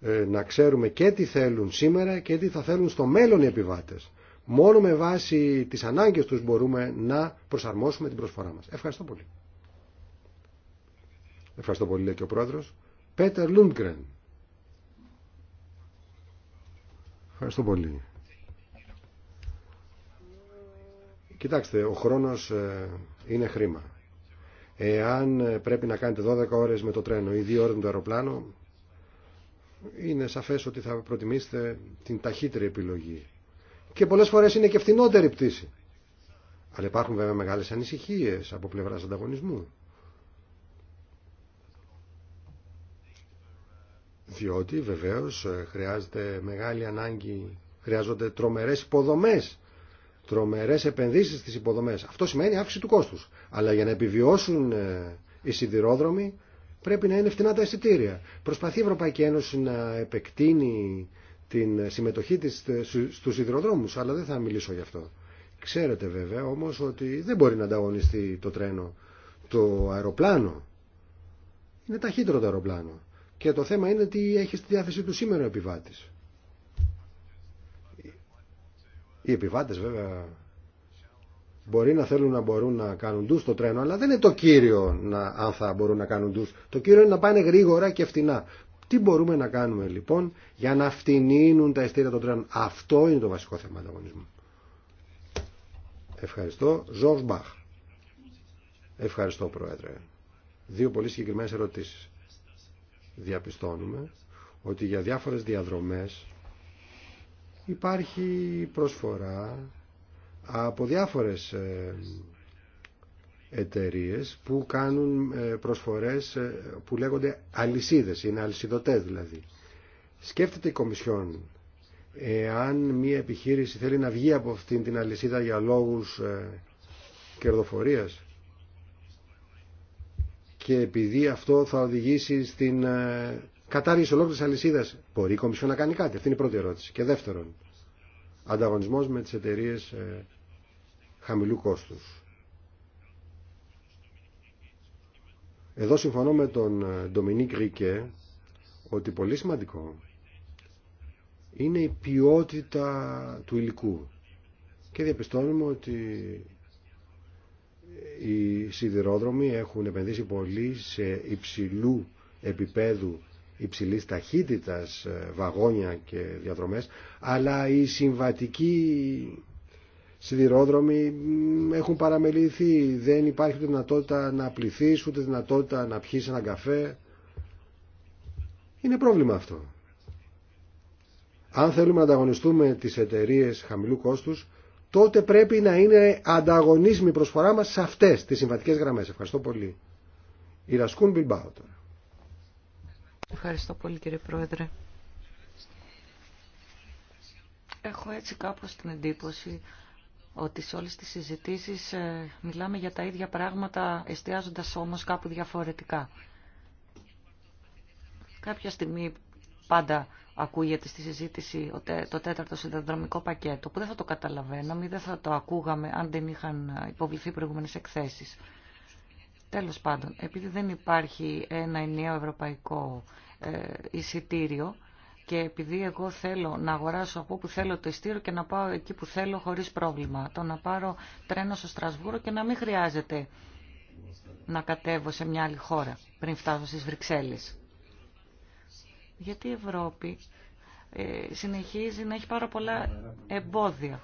ε, να ξέρουμε και τι θέλουν σήμερα και τι θα θέλουν στο μέλλον οι επιβάτες. Μόνο με βάση τις ανάγκες τους μπορούμε να προσαρμόσουμε την προσφορά μας. Ευχαριστώ πολύ. Ευχαριστώ πολύ λέει και ο πρόεδρος. Πέτερ Λούντγκρεν. Ευχαριστώ πολύ. Κοιτάξτε, ο χρόνος ε, είναι χρήμα. Εάν ε, πρέπει να κάνετε 12 ώρες με το τρένο ή 2 ώρες με το αεροπλάνο, είναι σαφές ότι θα προτιμήσετε την ταχύτερη επιλογή. Και πολλές φορές είναι και φθηνότερη πτήση. Αλλά υπάρχουν βέβαια μεγάλες ανησυχίες από πλευράς ανταγωνισμού. Διότι βεβαίως ε, χρειάζεται μεγάλη ανάγκη, χρειάζονται τρομερές υποδομές τρομερές επενδύσεις στις υποδομές. Αυτό σημαίνει αύξηση του κόστους. Αλλά για να επιβιώσουν ε, οι σιδηρόδρομοι πρέπει να είναι φτηνά τα εισιτήρια. Προσπαθεί η Ευρωπαϊκή Ένωση να επεκτείνει την συμμετοχή της ε, στους σιδηροδρόμους, αλλά δεν θα μιλήσω γι' αυτό. Ξέρετε βέβαια όμως ότι δεν μπορεί να ανταγωνιστεί το τρένο. Το αεροπλάνο είναι ταχύτερο το αεροπλάνο. Και το θέμα είναι τι έχει στη διάθεσή του σήμερα ο επιβάτης. Οι επιβάτε, βέβαια μπορεί να θέλουν να μπορούν να κάνουν ντου στο τρένο, αλλά δεν είναι το κύριο να, αν θα μπορούν να κάνουν ντου. Το κύριο είναι να πάνε γρήγορα και φτηνά. Τι μπορούμε να κάνουμε λοιπόν για να φτηνίνουν τα εστία των τρένων. Αυτό είναι το βασικό θέμα ανταγωνισμού. Ευχαριστώ. Ζορς Μπαχ. Ευχαριστώ Πρόεδρε. Δύο πολύ συγκεκριμένες ερωτήσεις. Διαπιστώνουμε ότι για διάφορες διαδρομές Υπάρχει προσφορά από διάφορες ε, εταιρείες που κάνουν ε, προσφορές ε, που λέγονται αλυσίδες, είναι αλυσιδωτές δηλαδή. Σκέφτεται η Κομισιόν εάν μια επιχείρηση θέλει να βγει από αυτήν την αλυσίδα για λόγους κερδοφορίας και επειδή αυτό θα οδηγήσει στην κατάργηση ολόκληρη αλυσίδα. Μπορεί η Κομισιόν να κάνει κάτι. Αυτή είναι η πρώτη ερώτηση. Και δεύτερον, ανταγωνισμό με τι εταιρείε ε, χαμηλού κόστου. Εδώ συμφωνώ με τον ε, Ντομινίκ Ρίκε ότι πολύ σημαντικό είναι η ποιότητα του υλικού. Και διαπιστώνουμε ότι οι σιδηρόδρομοι έχουν επενδύσει πολύ σε υψηλού επίπεδου υψηλής ταχύτητας ε, βαγόνια και διαδρομές αλλά οι συμβατικοί σιδηρόδρομοι έχουν παραμεληθεί δεν υπάρχει ούτε δυνατότητα να πληθείς ούτε δυνατότητα να πιείς έναν καφέ είναι πρόβλημα αυτό αν θέλουμε να ανταγωνιστούμε τις εταιρείε χαμηλού κόστους τότε πρέπει να είναι ανταγωνίσμη προσφορά μας σε αυτές τις συμβατικές γραμμές. Ευχαριστώ πολύ. Η Ρασκούν Μπιλμπάου τώρα. Ευχαριστώ πολύ κύριε Πρόεδρε. Έχω έτσι κάπως την εντύπωση ότι σε όλες τις συζητήσεις ε, μιλάμε για τα ίδια πράγματα, εστιάζοντας όμως κάπου διαφορετικά. Κάποια στιγμή πάντα ακούγεται στη συζήτηση το τέταρτο συνταδρομικό πακέτο, που δεν θα το καταλαβαίναμε ή δεν θα το ακούγαμε αν δεν είχαν ε, υποβληθεί προηγούμενες εκθέσεις. Τέλος πάντων, επειδή δεν υπάρχει ένα ενιαίο ευρωπαϊκό ε, εισιτήριο και επειδή εγώ θέλω να αγοράσω από όπου θέλω το εισιτήριο και να πάω εκεί που θέλω χωρίς πρόβλημα, το να πάρω τρένο στο Στρασβούρο και να μην χρειάζεται να κατέβω σε μια άλλη χώρα πριν φτάσω στις Βρυξέλλες. Γιατί η Ευρώπη ε, συνεχίζει να έχει πάρα πολλά εμπόδια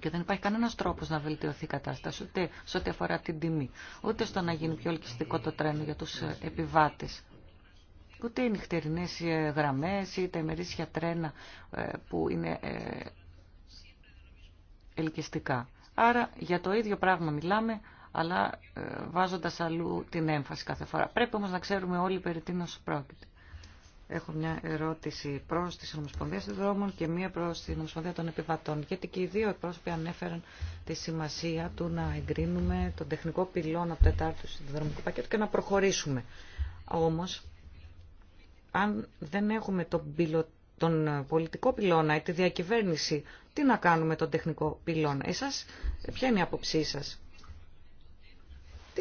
και δεν υπάρχει κανένα τρόπο να βελτιωθεί η κατάσταση, ούτε σε ό,τι αφορά την τιμή, ούτε στο να γίνει πιο ελκυστικό το τρένο για του ε, επιβάτε. Ούτε οι νυχτερινέ ε, γραμμέ ή τα ημερήσια τρένα ε, που είναι ελκυστικά. Άρα για το ίδιο πράγμα μιλάμε, αλλά βάζοντα αλλού την έμφαση κάθε φορά. Πρέπει όμως να ξέρουμε όλοι περί τίνο πρόκειται. Έχω μια ερώτηση προ τη Ομοσπονδία Δρόμων και μία προ την Ομοσπονδία των Επιβατών. Γιατί και οι δύο εκπρόσωποι ανέφεραν τη σημασία του να εγκρίνουμε τον τεχνικό πυλώνα από τετάρτου συνδρομικού πακέτου και να προχωρήσουμε. Όμω, αν δεν έχουμε τον, τον πολιτικό πυλώνα ή τη διακυβέρνηση, τι να κάνουμε τον τεχνικό πυλώνα. Εσά, ποια είναι η άποψή σα. Τι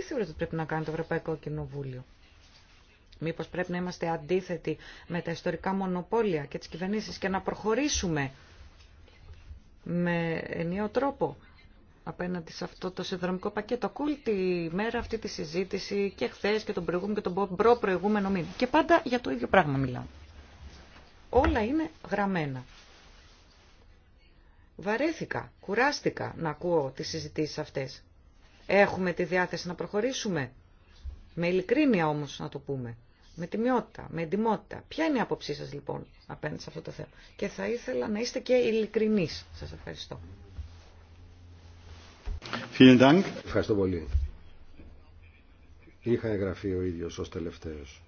θεωρείτε ότι πρέπει να κάνει το Ευρωπαϊκό Κοινοβούλιο. Μήπως πρέπει να είμαστε αντίθετοι με τα ιστορικά μονοπόλια και τις κυβερνήσεις και να προχωρήσουμε με ενίο τρόπο απέναντι σε αυτό το συνδρομικό πακέτο. Ακούλη τη μέρα αυτή τη συζήτηση και χθε και τον προηγούμενο και τον προ προηγούμενο μήνα. Και πάντα για το ίδιο πράγμα μιλάμε. Όλα είναι γραμμένα. Βαρέθηκα, κουράστηκα να ακούω τις συζητήσεις αυτές. Έχουμε τη διάθεση να προχωρήσουμε. Με ειλικρίνεια όμως να το πούμε με τιμιότητα, με εντυμότητα. Ποια είναι η άποψή σας λοιπόν απέναντι σε αυτό το θέμα. Και θα ήθελα να είστε και ειλικρινείς. Σας ευχαριστώ. Ευχαριστώ πολύ. Είχα εγγραφεί ο ίδιος ως τελευταίος.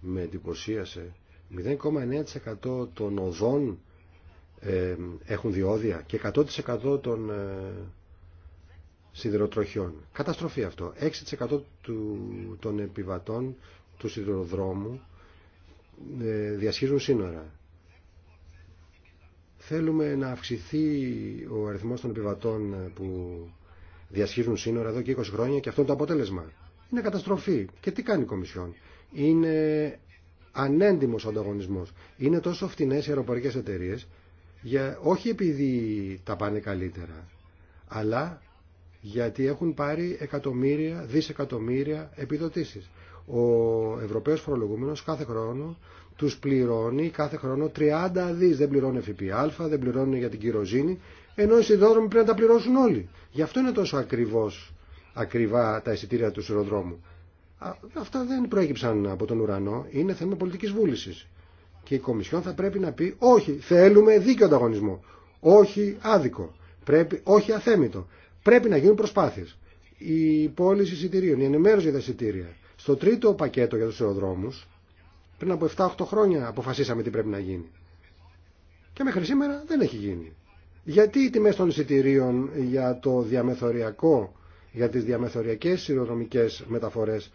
Με εντυπωσίασε 0,9% των οδών ε, έχουν διόδια και 100% των ε, σιδηροτροχιών. Καταστροφή αυτό. 6% του, των επιβατών του σιδηροδρόμου ε, διασχίζουν σύνορα. Θέλουμε να αυξηθεί ο αριθμός των επιβατών ε, που διασχίζουν σύνορα εδώ και 20 χρόνια και αυτό είναι το αποτέλεσμα. Είναι καταστροφή. Και τι κάνει η Κομισιόν. Είναι ανέντιμος ο ανταγωνισμός. Είναι τόσο φτηνές οι αεροπορικές εταιρείες, για, όχι επειδή τα πάνε καλύτερα, αλλά γιατί έχουν πάρει εκατομμύρια, δισεκατομμύρια επιδοτήσεις. Ο Ευρωπαίος φορολογούμενος κάθε χρόνο τους πληρώνει κάθε χρόνο 30 δις. Δεν πληρώνει ΦΠΑ, δεν πληρώνει για την κυροζήνη, ενώ οι σιδηρόδρομοι πρέπει να τα πληρώσουν όλοι. Γι' αυτό είναι τόσο ακριβώς, ακριβά τα εισιτήρια του σιδηροδρόμου. Αυτά δεν προέκυψαν από τον ουρανό, είναι θέμα πολιτικής βούλησης. Και η Κομισιόν θα πρέπει να πει όχι, θέλουμε δίκιο ανταγωνισμό, όχι άδικο, πρέπει, όχι αθέμητο. Πρέπει να γίνουν προσπάθειες. Η πώληση εισιτηρίων, η ενημέρωση για τα εισιτήρια, στο τρίτο πακέτο για τους αεροδρόμους, πριν από 7-8 χρόνια αποφασίσαμε τι πρέπει να γίνει. Και μέχρι σήμερα δεν έχει γίνει. Γιατί οι τιμές των εισιτηρίων για το διαμεθοριακό, για τις διαμεθοριακές σειροδρομικές μεταφορές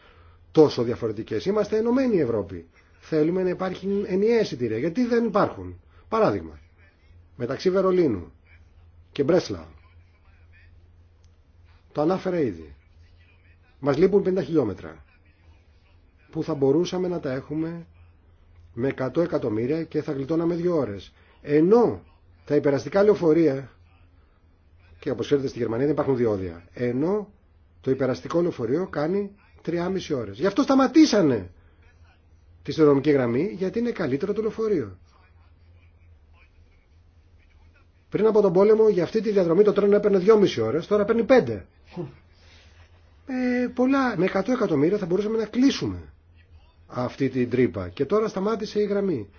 τόσο διαφορετικές. Είμαστε ενωμένοι η Ευρώπη. Θέλουμε να υπάρχουν ενιαία εισιτήρια. Γιατί δεν υπάρχουν. Παράδειγμα, μεταξύ Βερολίνου και Μπρέσλα. Το ανάφερα ήδη. Μας λείπουν 50 χιλιόμετρα που θα μπορούσαμε να τα έχουμε με 100 εκατομμύρια και θα γλιτώναμε δύο ώρες. Ενώ τα υπεραστικά λεωφορεία, και όπως ξέρετε στη Γερμανία δεν υπάρχουν διόδια, ενώ το υπεραστικό λεωφορείο κάνει 3,5 ώρες. Γι' αυτό σταματήσανε τη συνδρομική γραμμή γιατί είναι καλύτερο το λεωφορείο. Πριν από τον πόλεμο για αυτή τη διαδρομή το τρένο έπαιρνε 2,5 ώρες, τώρα παίρνει 5. Ε, πολλά, με 100 εκατομμύρια θα μπορούσαμε να κλείσουμε αυτή την τρύπα. Και τώρα σταμάτησε η γραμμή.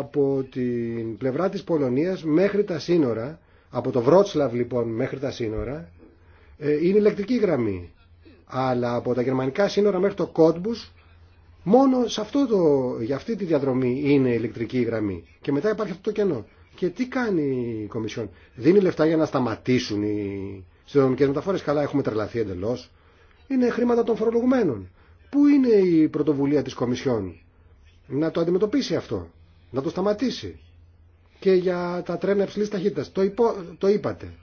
Από την πλευρά της Πολωνίας μέχρι τα σύνορα, από το Βρότσλαβ λοιπόν μέχρι τα σύνορα, ε, είναι ηλεκτρική γραμμή. Αλλά από τα γερμανικά σύνορα μέχρι το Κότμπους, μόνο σε αυτό για αυτή τη διαδρομή είναι ηλεκτρική γραμμή. Και μετά υπάρχει αυτό το κενό. Και τι κάνει η Κομισιόν. Δίνει λεφτά για να σταματήσουν οι συνδρομικές μεταφορές. Καλά έχουμε τρελαθεί εντελώς. Είναι χρήματα των φορολογουμένων. Πού είναι η πρωτοβουλία της Κομισιόν να το αντιμετωπίσει αυτό, να το σταματήσει. Και για τα τρένα υψηλής ταχύτητας, το, το είπατε.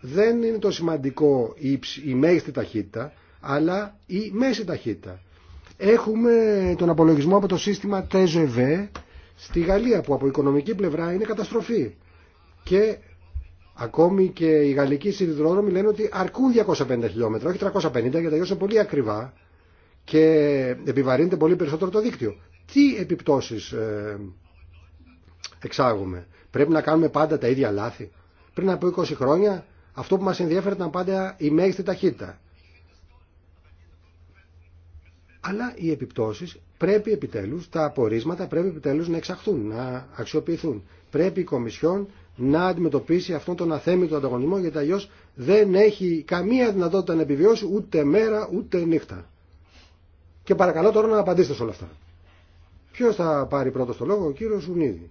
Δεν είναι το σημαντικό η, η μέγιστη ταχύτητα, αλλά η μέση ταχύτητα. Έχουμε τον απολογισμό από το σύστημα TGV στη Γαλλία που από οικονομική πλευρά είναι καταστροφή. Και ακόμη και οι γαλλικοί σιδηρόδρομοι λένε ότι αρκούν 250 χιλιόμετρα, όχι 350 γιατί τα πολύ ακριβά και επιβαρύνεται πολύ περισσότερο το δίκτυο. Τι επιπτώσεις ε, εξάγουμε. Πρέπει να κάνουμε πάντα τα ίδια λάθη. Πριν από 20 χρόνια αυτό που μας ενδιαφέρεται ήταν πάντα η μέγιστη ταχύτητα. Αλλά οι επιπτώσεις πρέπει επιτέλους, τα απορίσματα πρέπει επιτέλους να εξαχθούν, να αξιοποιηθούν. Πρέπει η Κομισιόν να αντιμετωπίσει αυτόν τον αθέμητο ανταγωνισμό γιατί αλλιώ δεν έχει καμία δυνατότητα να επιβιώσει ούτε μέρα ούτε νύχτα. Και παρακαλώ τώρα να απαντήσετε σε όλα αυτά. Ποιο θα πάρει πρώτο το λόγο, ο κύριο Ζουνίδη.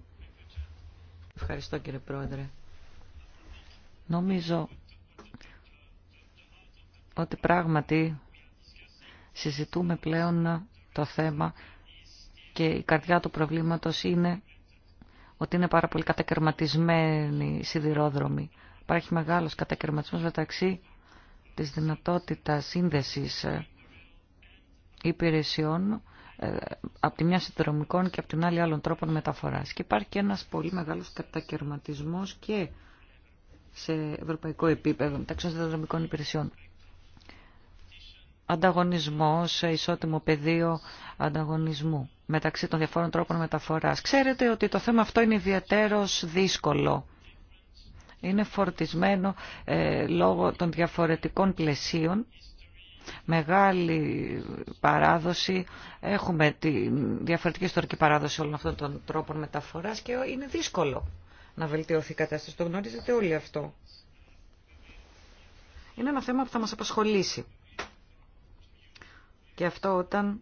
Ευχαριστώ κύριε Πρόεδρε. Νομίζω ότι πράγματι συζητούμε πλέον το θέμα και η καρδιά του προβλήματος είναι ότι είναι πάρα πολύ κατακαιρματισμένοι οι σιδηρόδρομοι. Υπάρχει μεγάλος κατακαιρματισμός μεταξύ της δυνατότητας σύνδεσης υπηρεσιών ε, από τη μια συνδρομικών και από την άλλη άλλων τρόπων μεταφοράς. Και υπάρχει ένας πολύ μεγάλος κατακαιρματισμός και σε ευρωπαϊκό επίπεδο μεταξύ των συνδρομικών υπηρεσιών. Ανταγωνισμός, ισότιμο πεδίο ανταγωνισμού μεταξύ των διαφόρων τρόπων μεταφοράς. Ξέρετε ότι το θέμα αυτό είναι ιδιαίτερος δύσκολο. Είναι φορτισμένο ε, λόγω των διαφορετικών πλαισίων μεγάλη παράδοση. Έχουμε τη διαφορετική ιστορική παράδοση όλων αυτών των τρόπων μεταφοράς και είναι δύσκολο να βελτιωθεί η κατάσταση. Το γνωρίζετε όλοι αυτό. Είναι ένα θέμα που θα μας απασχολήσει. Και αυτό όταν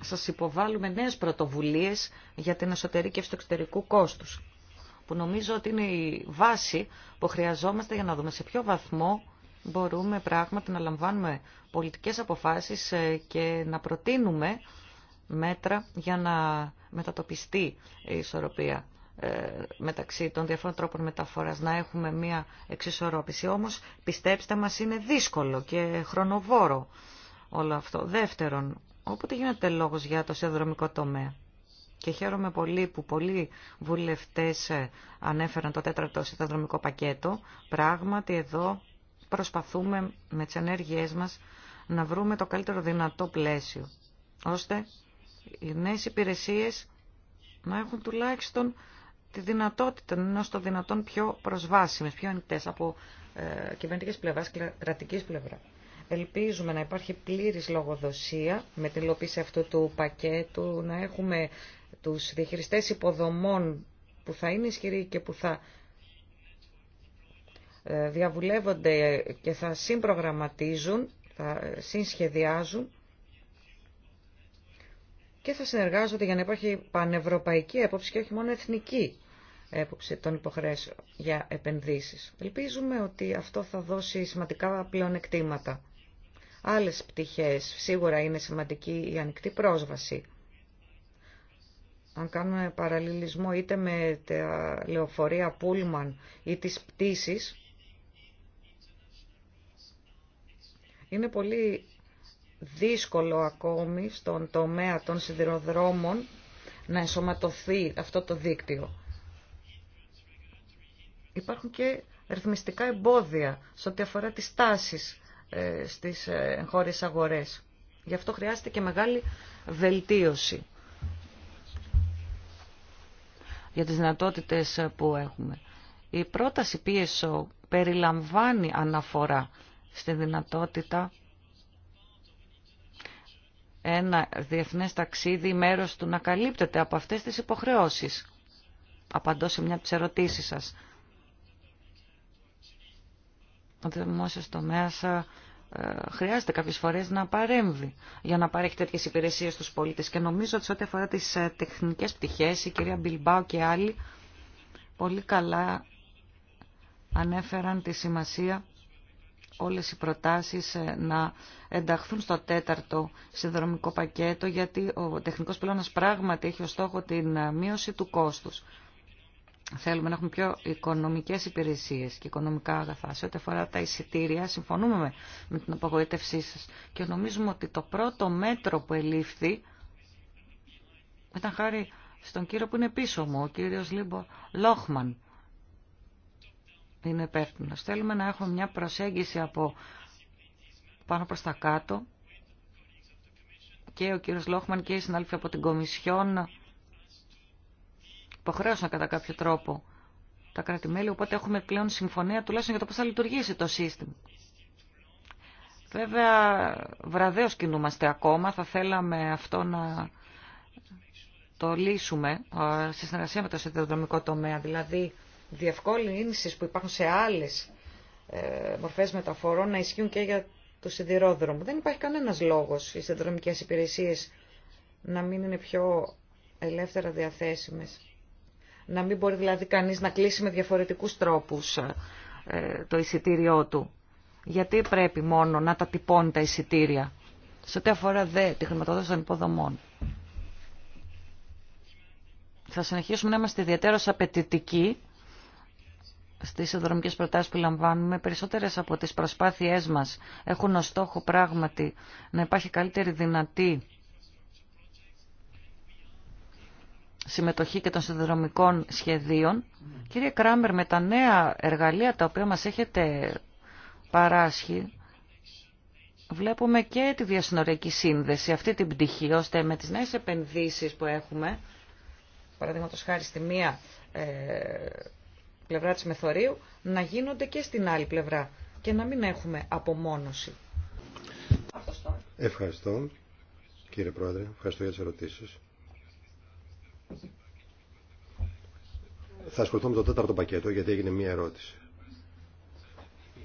σας υποβάλλουμε νέες πρωτοβουλίες για την εσωτερική του εξωτερικού κόστους, που νομίζω ότι είναι η βάση που χρειαζόμαστε για να δούμε σε ποιο βαθμό μπορούμε πράγματι να λαμβάνουμε πολιτικές αποφάσεις ε, και να προτείνουμε μέτρα για να μετατοπιστεί η ισορροπία ε, μεταξύ των διαφόρων τρόπων μεταφοράς να έχουμε μία εξισορρόπηση. Όμως πιστέψτε μας είναι δύσκολο και χρονοβόρο όλο αυτό. Δεύτερον, όποτε γίνεται λόγος για το σεδρομικό τομέα και χαίρομαι πολύ που πολλοί βουλευτές ε, ανέφεραν το τέταρτο σεδρομικό πακέτο, πράγματι εδώ προσπαθούμε με τις ενέργειές μας να βρούμε το καλύτερο δυνατό πλαίσιο, ώστε οι νέες υπηρεσίες να έχουν τουλάχιστον τη δυνατότητα να είναι στο δυνατόν πιο προσβάσιμες, πιο ανοιχτές από ε, κυβερνητικής πλευράς, κρατικής πλευρά. Ελπίζουμε να υπάρχει πλήρης λογοδοσία με την υλοποίηση αυτού του πακέτου, να έχουμε τους διαχειριστές υποδομών που θα είναι ισχυροί και που θα διαβουλεύονται και θα συμπρογραμματίζουν, θα συνσχεδιάζουν και θα συνεργάζονται για να υπάρχει πανευρωπαϊκή έποψη και όχι μόνο εθνική έποψη των υποχρέσεων για επενδύσεις. Ελπίζουμε ότι αυτό θα δώσει σημαντικά πλεονεκτήματα. Άλλες πτυχές σίγουρα είναι σημαντική η ανοιχτή πρόσβαση. Αν κάνουμε παραλληλισμό είτε με τα λεωφορεία Πούλμαν ή τις πτήσεις, Είναι πολύ δύσκολο ακόμη στον τομέα των σιδηροδρόμων να ενσωματωθεί αυτό το δίκτυο. Υπάρχουν και ρυθμιστικά εμπόδια σε ό,τι αφορά τις τάσεις ε, στις ε, χώρες αγορές. Γι' αυτό χρειάζεται και μεγάλη βελτίωση για τις δυνατότητες που έχουμε. Η πρόταση PSO περιλαμβάνει αναφορά στη δυνατότητα ένα διεθνές ταξίδι μέρος του να καλύπτεται από αυτές τις υποχρεώσεις. Απαντώ σε μια από τις ερωτήσεις σας. Ο δημόσιος τομέας ε, χρειάζεται κάποιες φορές να παρέμβει για να παρέχει τέτοιες υπηρεσίες στους πολίτες. Και νομίζω ότι σε ό,τι αφορά τις ε, τεχνικές πτυχές, η κυρία Μπιλμπάου και άλλοι πολύ καλά ανέφεραν τη σημασία όλες οι προτάσεις ε, να ενταχθούν στο τέταρτο συνδρομικό πακέτο γιατί ο τεχνικός πυλώνας πράγματι έχει ως στόχο την ε, μείωση του κόστους. Θέλουμε να έχουμε πιο οικονομικές υπηρεσίες και οικονομικά αγαθά. Σε ό,τι αφορά τα εισιτήρια, συμφωνούμε με την απογοήτευσή σας και νομίζουμε ότι το πρώτο μέτρο που ελήφθη ήταν χάρη στον κύριο που είναι πίσω μου, ο κύριος Λίμπο Λόχμαν είναι υπεύθυνο. Θέλουμε να έχουμε μια προσέγγιση από πάνω προς τα κάτω και ο κύριος Λόχμαν και οι συνάδελφοι από την Κομισιόν υποχρέωσαν κατά κάποιο τρόπο τα κράτη-μέλη, οπότε έχουμε πλέον συμφωνία τουλάχιστον για το πώς θα λειτουργήσει το σύστημα. Βέβαια, βραδέως κινούμαστε ακόμα, θα θέλαμε αυτό να το λύσουμε ε, σε συνεργασία με το σιδηροδρομικό τομέα, δηλαδή διευκόλυνσεις που υπάρχουν σε άλλες ε, μορφές μεταφορών να ισχύουν και για το σιδηρόδρομο. Δεν υπάρχει κανένας λόγος οι σιδηροδρομικές υπηρεσίες να μην είναι πιο ελεύθερα διαθέσιμες. Να μην μπορεί δηλαδή κανείς να κλείσει με διαφορετικούς τρόπους ε, το εισιτήριό του. Γιατί πρέπει μόνο να τα τυπώνει τα εισιτήρια σε ό,τι αφορά δε τη χρηματοδότηση των υποδομών. Θα συνεχίσουμε να είμαστε ιδιαίτερα απαιτητικοί στις συνδρομικές προτάσεις που λαμβάνουμε, περισσότερες από τις προσπάθειές μας έχουν ως στόχο πράγματι να υπάρχει καλύτερη δυνατή συμμετοχή και των συνδρομικών σχεδίων. Κύριε Κράμερ, με τα νέα εργαλεία τα οποία μας έχετε παράσχει, βλέπουμε και τη διασυνοριακή σύνδεση, αυτή την πτυχή, ώστε με τις νέες επενδύσεις που έχουμε, παραδείγματος χάρη στη μία ε, πλευρά της μεθορίου να γίνονται και στην άλλη πλευρά και να μην έχουμε απομόνωση. Ευχαριστώ κύριε Πρόεδρε, ευχαριστώ για τις ερωτήσεις. Θα ασχοληθώ με το τέταρτο πακέτο γιατί έγινε μία ερώτηση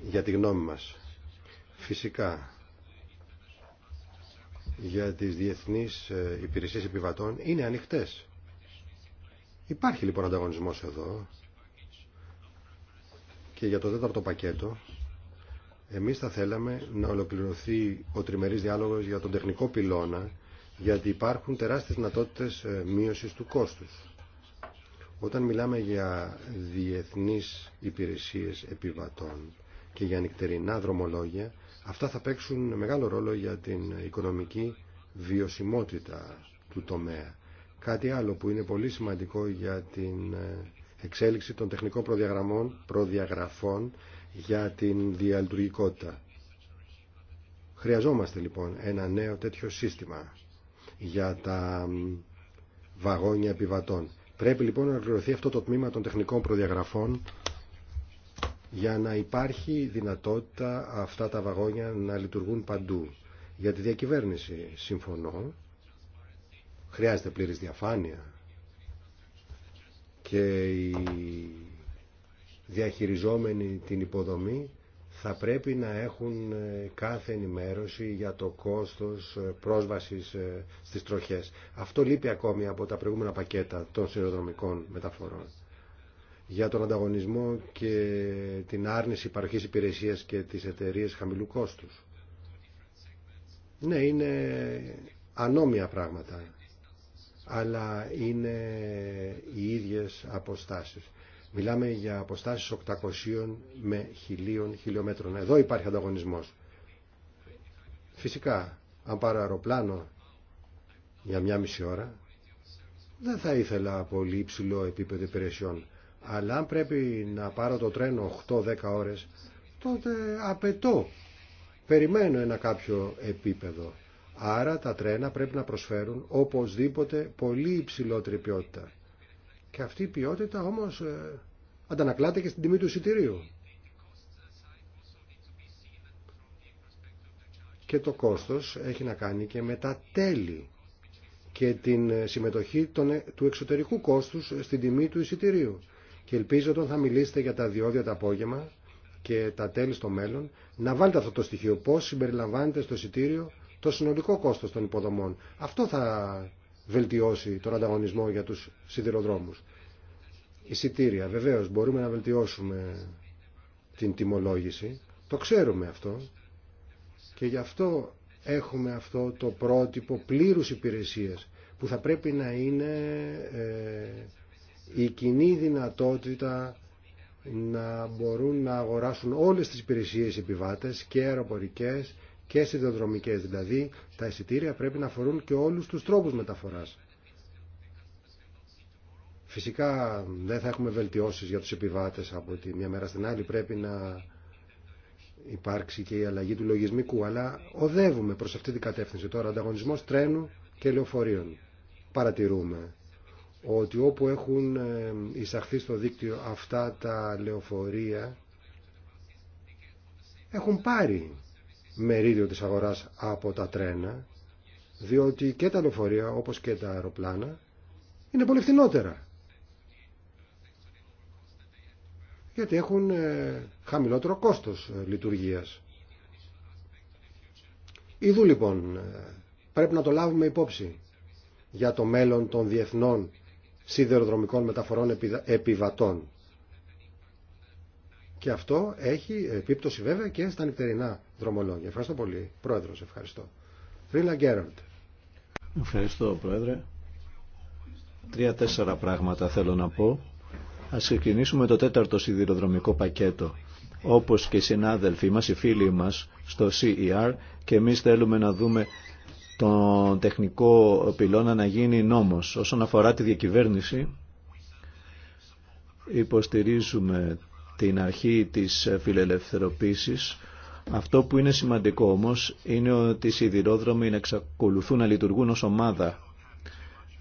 για τη γνώμη μας. Φυσικά για τις διεθνείς ε, υπηρεσίες επιβατών είναι ανοιχτές. Υπάρχει λοιπόν ανταγωνισμός εδώ και για το τέταρτο πακέτο, εμείς θα θέλαμε να ολοκληρωθεί ο τριμερής διάλογος για τον τεχνικό πυλώνα, γιατί υπάρχουν τεράστιες δυνατότητες ε, μείωσης του κόστους. Όταν μιλάμε για διεθνείς υπηρεσίες επιβατών και για νυχτερινά δρομολόγια, αυτά θα παίξουν μεγάλο ρόλο για την οικονομική βιωσιμότητα του τομέα. Κάτι άλλο που είναι πολύ σημαντικό για την ε, εξέλιξη των τεχνικών προδιαγραμμών, προδιαγραφών για την διαλειτουργικότητα. Χρειαζόμαστε λοιπόν ένα νέο τέτοιο σύστημα για τα βαγόνια επιβατών. Πρέπει λοιπόν να ολοκληρωθεί αυτό το τμήμα των τεχνικών προδιαγραφών για να υπάρχει δυνατότητα αυτά τα βαγόνια να λειτουργούν παντού. Για τη διακυβέρνηση συμφωνώ. Χρειάζεται πλήρης διαφάνεια και οι διαχειριζόμενοι την υποδομή θα πρέπει να έχουν ε, κάθε ενημέρωση για το κόστος ε, πρόσβασης ε, στις τροχές. Αυτό λείπει ακόμη από τα προηγούμενα πακέτα των σειροδρομικών μεταφορών. Για τον ανταγωνισμό και την άρνηση παροχής υπηρεσίας και τις εταιρείε χαμηλού κόστους. Ναι, είναι ανώμια πράγματα αλλά είναι οι ίδιες αποστάσεις. Μιλάμε για αποστάσεις 800 με 1000 χιλιόμετρων. Εδώ υπάρχει ανταγωνισμός. Φυσικά, αν πάρω αεροπλάνο για μια μισή ώρα, δεν θα ήθελα πολύ υψηλό επίπεδο υπηρεσιών. Αλλά αν πρέπει να πάρω το τρένο 8-10 ώρες, τότε απαιτώ, περιμένω ένα κάποιο επίπεδο. Άρα τα τρένα πρέπει να προσφέρουν οπωσδήποτε πολύ υψηλότερη ποιότητα. Και αυτή η ποιότητα όμως ε, αντανακλάται και στην τιμή του εισιτηρίου. Και το κόστος έχει να κάνει και με τα τέλη και την ε, συμμετοχή ε, του εξωτερικού κόστους στην τιμή του εισιτηρίου. Και ελπίζω όταν θα μιλήσετε για τα διόδια τα απόγευμα και τα τέλη στο μέλλον, να βάλετε αυτό το στοιχείο. Πώς συμπεριλαμβάνεται στο εισιτήριο το συνολικό κόστος των υποδομών. Αυτό θα βελτιώσει τον ανταγωνισμό για τους σιδηροδρόμους. Εισιτήρια, βεβαίως, μπορούμε να βελτιώσουμε την τιμολόγηση. Το ξέρουμε αυτό και γι' αυτό έχουμε αυτό το πρότυπο πλήρους υπηρεσίες που θα πρέπει να είναι ε, η κοινή δυνατότητα να μπορούν να αγοράσουν όλες τις υπηρεσίες επιβάτες και αεροπορικές και σιδηροδρομικές. Δηλαδή τα εισιτήρια πρέπει να αφορούν και όλους τους τρόπους μεταφοράς. Φυσικά δεν θα έχουμε βελτιώσεις για τους επιβάτες από τη μια μέρα στην άλλη. Πρέπει να υπάρξει και η αλλαγή του λογισμικού. Αλλά οδεύουμε προς αυτή την κατεύθυνση τώρα. Ανταγωνισμός τρένου και λεωφορείων. Παρατηρούμε ότι όπου έχουν ε, εισαχθεί στο δίκτυο αυτά τα λεωφορεία έχουν πάρει μερίδιο της αγοράς από τα τρένα, διότι και τα λεωφορεία όπως και τα αεροπλάνα είναι πολύ φθηνότερα. Γιατί έχουν ε, χαμηλότερο κόστος ε, λειτουργίας. Ιδού λοιπόν ε, πρέπει να το λάβουμε υπόψη για το μέλλον των διεθνών σιδεροδρομικών μεταφορών επιβατών. Και αυτό έχει επίπτωση βέβαια και στα νυχτερινά δρομολόγια. Ευχαριστώ πολύ. Πρόεδρος, ευχαριστώ. Ρίλα Γκέροντ. Ευχαριστώ, Πρόεδρε. Τρία-τέσσερα πράγματα θέλω να πω. Ας ξεκινήσουμε το τέταρτο σιδηροδρομικό πακέτο. Όπως και οι συνάδελφοί μας, οι φίλοι μας στο CER και εμείς θέλουμε να δούμε τον τεχνικό πυλώνα να γίνει νόμος. Όσον αφορά τη διακυβέρνηση, υποστηρίζουμε την αρχή της φιλελευθεροποίησης αυτό που είναι σημαντικό όμως είναι ότι οι σιδηρόδρομοι να εξακολουθούν να λειτουργούν ως ομάδα.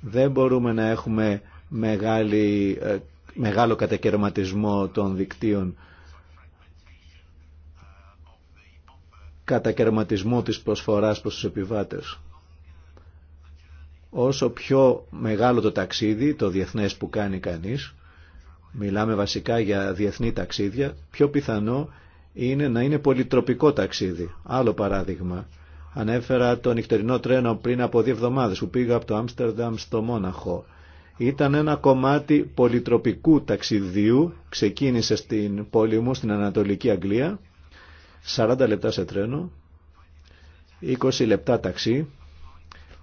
Δεν μπορούμε να έχουμε ε, μεγάλο κατακαιρματισμό των δικτύων κατακαιρματισμό της προσφοράς προς τους επιβάτες. Όσο πιο μεγάλο το ταξίδι, το διεθνές που κάνει κανείς, μιλάμε βασικά για διεθνή ταξίδια, πιο πιθανό είναι να είναι πολυτροπικό ταξίδι. Άλλο παράδειγμα. Ανέφερα το νυχτερινό τρένο πριν από δύο εβδομάδες που πήγα από το Άμστερνταμ στο Μόναχο. Ήταν ένα κομμάτι πολυτροπικού ταξιδιού, ξεκίνησε στην πόλη μου στην Ανατολική Αγγλία, 40 λεπτά σε τρένο, 20 λεπτά ταξί,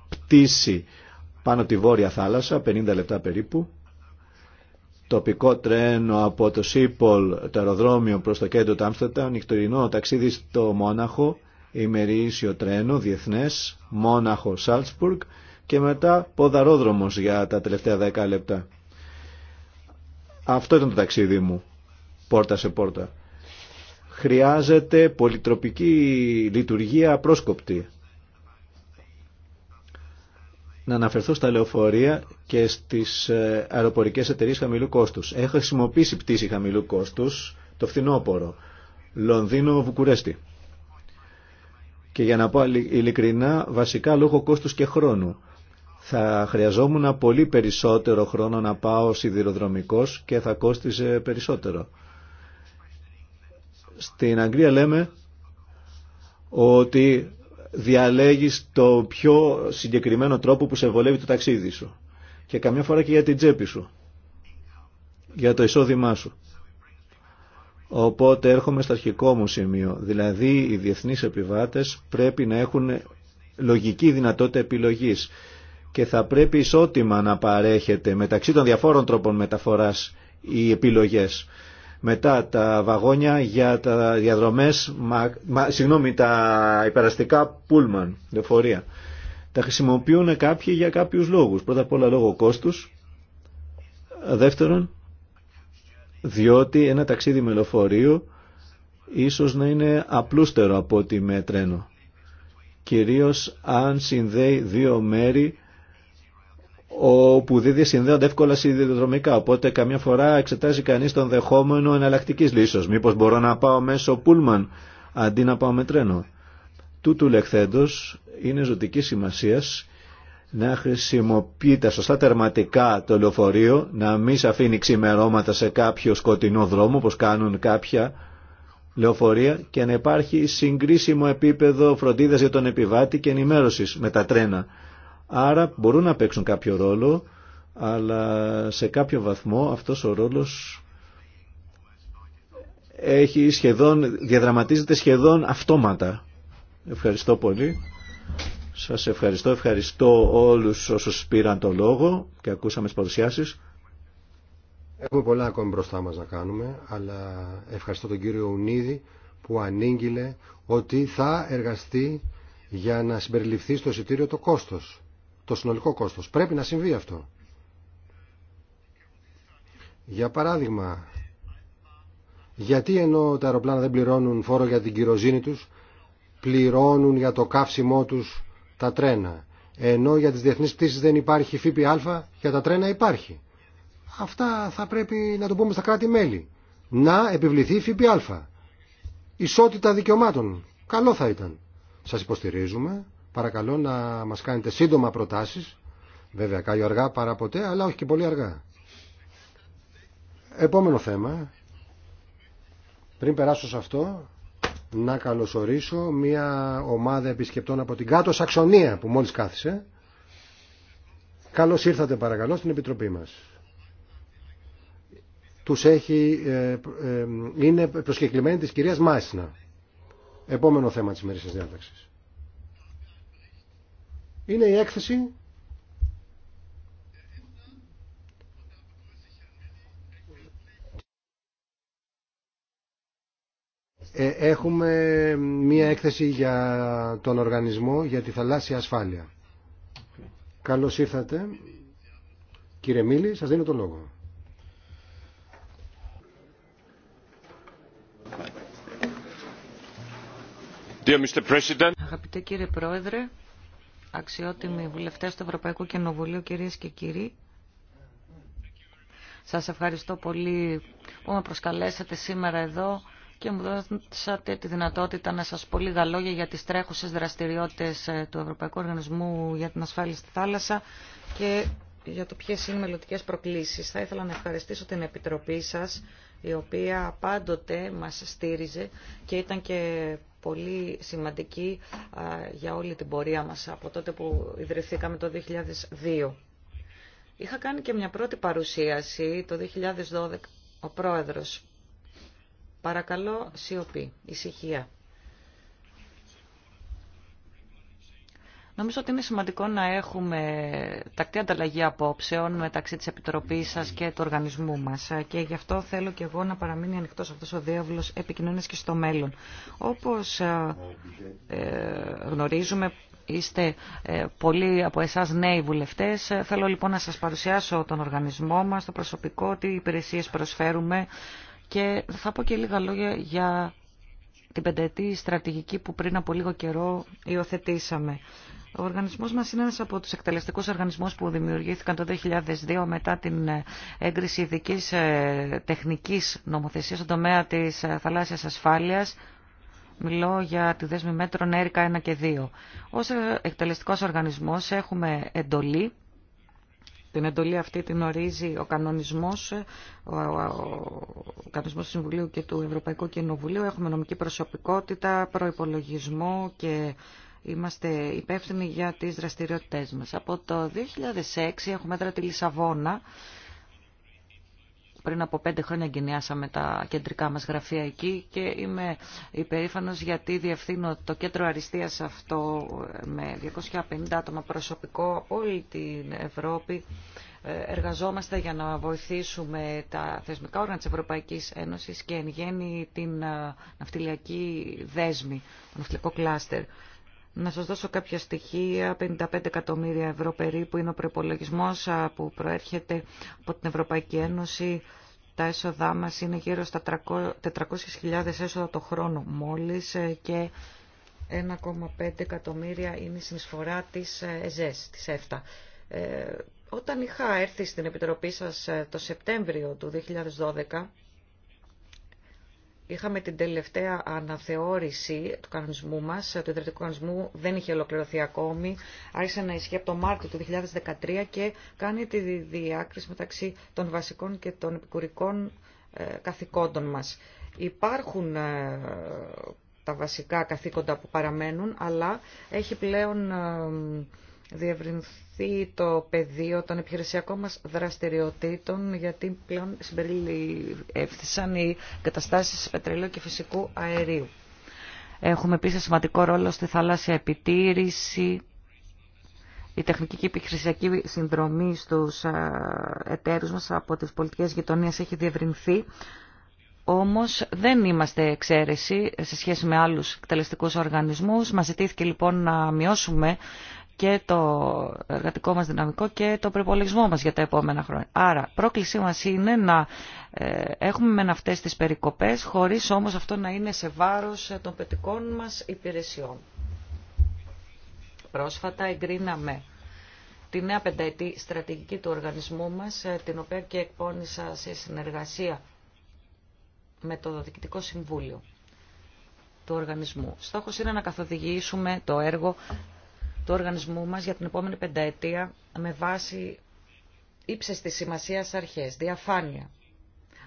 πτήση πάνω τη Βόρεια Θάλασσα, 50 λεπτά περίπου, τοπικό τρένο από το Σίπολ, το αεροδρόμιο προς το κέντρο του νυχτερινό ταξίδι στο Μόναχο, ημερήσιο τρένο διεθνές, Μόναχο Σάλτσπουργκ και μετά ποδαρόδρομος για τα τελευταία δεκά λεπτά. Αυτό ήταν το ταξίδι μου, πόρτα σε πόρτα. Χρειάζεται πολυτροπική λειτουργία πρόσκοπτη να αναφερθώ στα λεωφορεία και στις ε, αεροπορικές εταιρείες χαμηλού κόστους. Έχω χρησιμοποιήσει πτήση χαμηλού κόστους το φθινόπωρο, Λονδίνο-Βουκουρέστι. Και για να πω ειλικρινά, βασικά λόγω κόστους και χρόνου. Θα χρειαζόμουν πολύ περισσότερο χρόνο να πάω σιδηροδρομικός και θα κόστιζε περισσότερο. Στην Αγγλία λέμε ότι διαλέγεις το πιο συγκεκριμένο τρόπο που σε βολεύει το ταξίδι σου. Και καμιά φορά και για την τσέπη σου. Για το εισόδημά σου. Οπότε έρχομαι στο αρχικό μου σημείο. Δηλαδή οι διεθνείς επιβάτες πρέπει να έχουν λογική δυνατότητα επιλογής και θα πρέπει ισότιμα να παρέχεται μεταξύ των διαφόρων τρόπων μεταφοράς οι επιλογές. Μετά τα βαγόνια για τα διαδρομές, μα, συγγνώμη, τα υπεραστικά πούλμαν, λεωφορεία. Τα χρησιμοποιούν κάποιοι για κάποιους λόγους. Πρώτα απ' όλα λόγω κόστους. Δεύτερον, διότι ένα ταξίδι με λεωφορείο ίσως να είναι απλούστερο από ότι με τρένο. Κυρίως αν συνδέει δύο μέρη όπου δίδυ συνδέονται εύκολα σιδηροδρομικά. Οπότε καμιά φορά εξετάζει κανείς τον δεχόμενο εναλλακτική λύσεω. Μήπως μπορώ να πάω μέσω πούλμαν αντί να πάω με τρένο. Τούτου λεχθέντος είναι ζωτική σημασία να χρησιμοποιεί τα σωστά τερματικά το λεωφορείο, να μην σε αφήνει ξημερώματα σε κάποιο σκοτεινό δρόμο, όπως κάνουν κάποια λεωφορεία, και να υπάρχει συγκρίσιμο επίπεδο φροντίδας για τον επιβάτη και ενημέρωση με τα τρένα. Άρα μπορούν να παίξουν κάποιο ρόλο, αλλά σε κάποιο βαθμό αυτός ο ρόλος έχει σχεδόν, διαδραματίζεται σχεδόν αυτόματα. Ευχαριστώ πολύ. Σας ευχαριστώ, ευχαριστώ όλους όσους πήραν το λόγο και ακούσαμε τις παρουσιάσεις. Έχουμε πολλά ακόμη μπροστά μας να κάνουμε, αλλά ευχαριστώ τον κύριο Ουνίδη που ανήγγειλε ότι θα εργαστεί για να συμπεριληφθεί στο εισιτήριο το κόστος το συνολικό κόστος. Πρέπει να συμβεί αυτό. Για παράδειγμα, γιατί ενώ τα αεροπλάνα δεν πληρώνουν φόρο για την κυροζήνη τους, πληρώνουν για το καύσιμό τους τα τρένα. Ενώ για τις διεθνείς πτήσεις δεν υπάρχει ΦΠΑ, για τα τρένα υπάρχει. Αυτά θα πρέπει να το πούμε στα κράτη-μέλη. Να επιβληθεί ΦΠΑ. Ισότητα δικαιωμάτων. Καλό θα ήταν. Σας υποστηρίζουμε Παρακαλώ να μας κάνετε σύντομα προτάσεις. Βέβαια, κάλλιο αργά παρά ποτέ, αλλά όχι και πολύ αργά. Επόμενο θέμα. Πριν περάσω σε αυτό, να καλωσορίσω μια ομάδα επισκεπτών από την κάτω Σαξονία που μόλις κάθισε. Καλώς ήρθατε παρακαλώ στην Επιτροπή μας. Τους έχει, ε, ε, ε, είναι προσκεκλημένη της κυρίας Μάσινα. Επόμενο θέμα της ημερήσιας διάταξης είναι η έκθεση ε, Έχουμε μία έκθεση για τον οργανισμό για τη θαλάσσια ασφάλεια. Καλώς ήρθατε. Κύριε Μίλη, σας δίνω το λόγο. Αγαπητέ κύριε Πρόεδρε, αξιότιμοι βουλευτές του Ευρωπαϊκού Κοινοβουλίου, κυρίες και κύριοι. Σας ευχαριστώ πολύ που με προσκαλέσατε σήμερα εδώ και μου δώσατε τη δυνατότητα να σας πω λίγα λόγια για τις τρέχουσες δραστηριότητες ε, του Ευρωπαϊκού Οργανισμού για την Ασφάλεια στη Θάλασσα και για το ποιες είναι οι μελλοντικές προκλήσεις. Θα ήθελα να ευχαριστήσω την Επιτροπή σας η οποία πάντοτε μας στήριζε και ήταν και πολύ σημαντική για όλη την πορεία μας από τότε που ιδρυθήκαμε το 2002. Είχα κάνει και μια πρώτη παρουσίαση το 2012 ο πρόεδρος. Παρακαλώ σιωπή, ησυχία. Νομίζω ότι είναι σημαντικό να έχουμε τακτή ανταλλαγή απόψεων μεταξύ της Επιτροπής σας και του οργανισμού μας και γι' αυτό θέλω και εγώ να παραμείνει ανοιχτός αυτό ο διάβολο, επικοινωνία και στο μέλλον. Όπως ε, ε, γνωρίζουμε είστε ε, πολλοί από εσάς νέοι βουλευτές. Θέλω λοιπόν να σας παρουσιάσω τον οργανισμό μας, το προσωπικό, τι υπηρεσίες προσφέρουμε και θα πω και λίγα λόγια για την πενταετή στρατηγική που πριν από λίγο καιρό υιοθετήσαμε. Ο οργανισμό μα είναι ένα από του εκτελεστικού οργανισμού που δημιουργήθηκαν το 2002 μετά την ε, έγκριση ειδική ε, τεχνική νομοθεσία στον τομέα τη ε, θαλάσσιας ασφάλεια, Μιλώ για τη δέσμη μέτρων ΕΡΙΚΑ 1 και 2. Ως εκτελεστικό οργανισμό, έχουμε εντολή την εντολή αυτή την ορίζει ο κανονισμός, ο, κανονισμός του Συμβουλίου και του Ευρωπαϊκού Κοινοβουλίου. Έχουμε νομική προσωπικότητα, προϋπολογισμό και Είμαστε υπεύθυνοι για τις δραστηριότητές μας. Από το 2006 έχουμε έδρα τη Λισαβόνα. Πριν από πέντε χρόνια εγκαινιάσαμε τα κεντρικά μας γραφεία εκεί και είμαι υπερήφανος γιατί διευθύνω το κέντρο αριστείας αυτό με 250 άτομα προσωπικό όλη την Ευρώπη. Ε, εργαζόμαστε για να βοηθήσουμε τα θεσμικά όργανα της Ευρωπαϊκής Ένωσης και εν γέννη την ε, ναυτιλιακή δέσμη, το ναυτιλιακό κλάστερ. Να σας δώσω κάποια στοιχεία. 55 εκατομμύρια ευρώ περίπου είναι ο προπολογισμό που προέρχεται από την Ευρωπαϊκή Ένωση. Τα έσοδά μας είναι γύρω στα 400.000 έσοδα το χρόνο μόλις ε, και 1,5 εκατομμύρια είναι η συνεισφορά της ε, ΕΖΕΣ, της ΕΦΤΑ. Ε, όταν είχα έρθει στην Επιτροπή σας το Σεπτέμβριο του 2012, Είχαμε την τελευταία αναθεώρηση του κανονισμού μας, του ιδρυτικού κανονισμού, δεν είχε ολοκληρωθεί ακόμη. Άρχισε να ισχύει από το Μάρτιο του 2013 και κάνει τη διάκριση μεταξύ των βασικών και των επικουρικών ε, καθηκόντων μας. Υπάρχουν ε, τα βασικά καθήκοντα που παραμένουν, αλλά έχει πλέον ε, διευρυνθεί το πεδίο των επιχειρησιακών μας δραστηριοτήτων γιατί πλέον συμπεριληφθήσαν οι καταστάσεις πετρελαίου και φυσικού αερίου. Έχουμε επίσης σημαντικό ρόλο στη θαλάσσια επιτήρηση, η τεχνική και επιχειρησιακή συνδρομή στους εταίρους μας από τις πολιτικές γειτονίες έχει διευρυνθεί. Όμως δεν είμαστε εξαίρεση σε σχέση με άλλους εκτελεστικούς οργανισμούς. Μας ζητήθηκε λοιπόν να μειώσουμε και το εργατικό μας δυναμικό και το προπολογισμό μας για τα επόμενα χρόνια. Άρα, πρόκλησή μας είναι να ε, έχουμε μεν αυτές τις περικοπές, χωρίς όμως αυτό να είναι σε βάρος ε, των πετικών μας υπηρεσιών. Πρόσφατα εγκρίναμε τη νέα πενταετή στρατηγική του οργανισμού μας, ε, την οποία και εκπώνησα σε συνεργασία με το Διοικητικό Συμβούλιο του οργανισμού. Στόχος είναι να καθοδηγήσουμε το έργο του οργανισμού μας για την επόμενη πενταετία με βάση ύψες της σημασίας αρχές, διαφάνεια,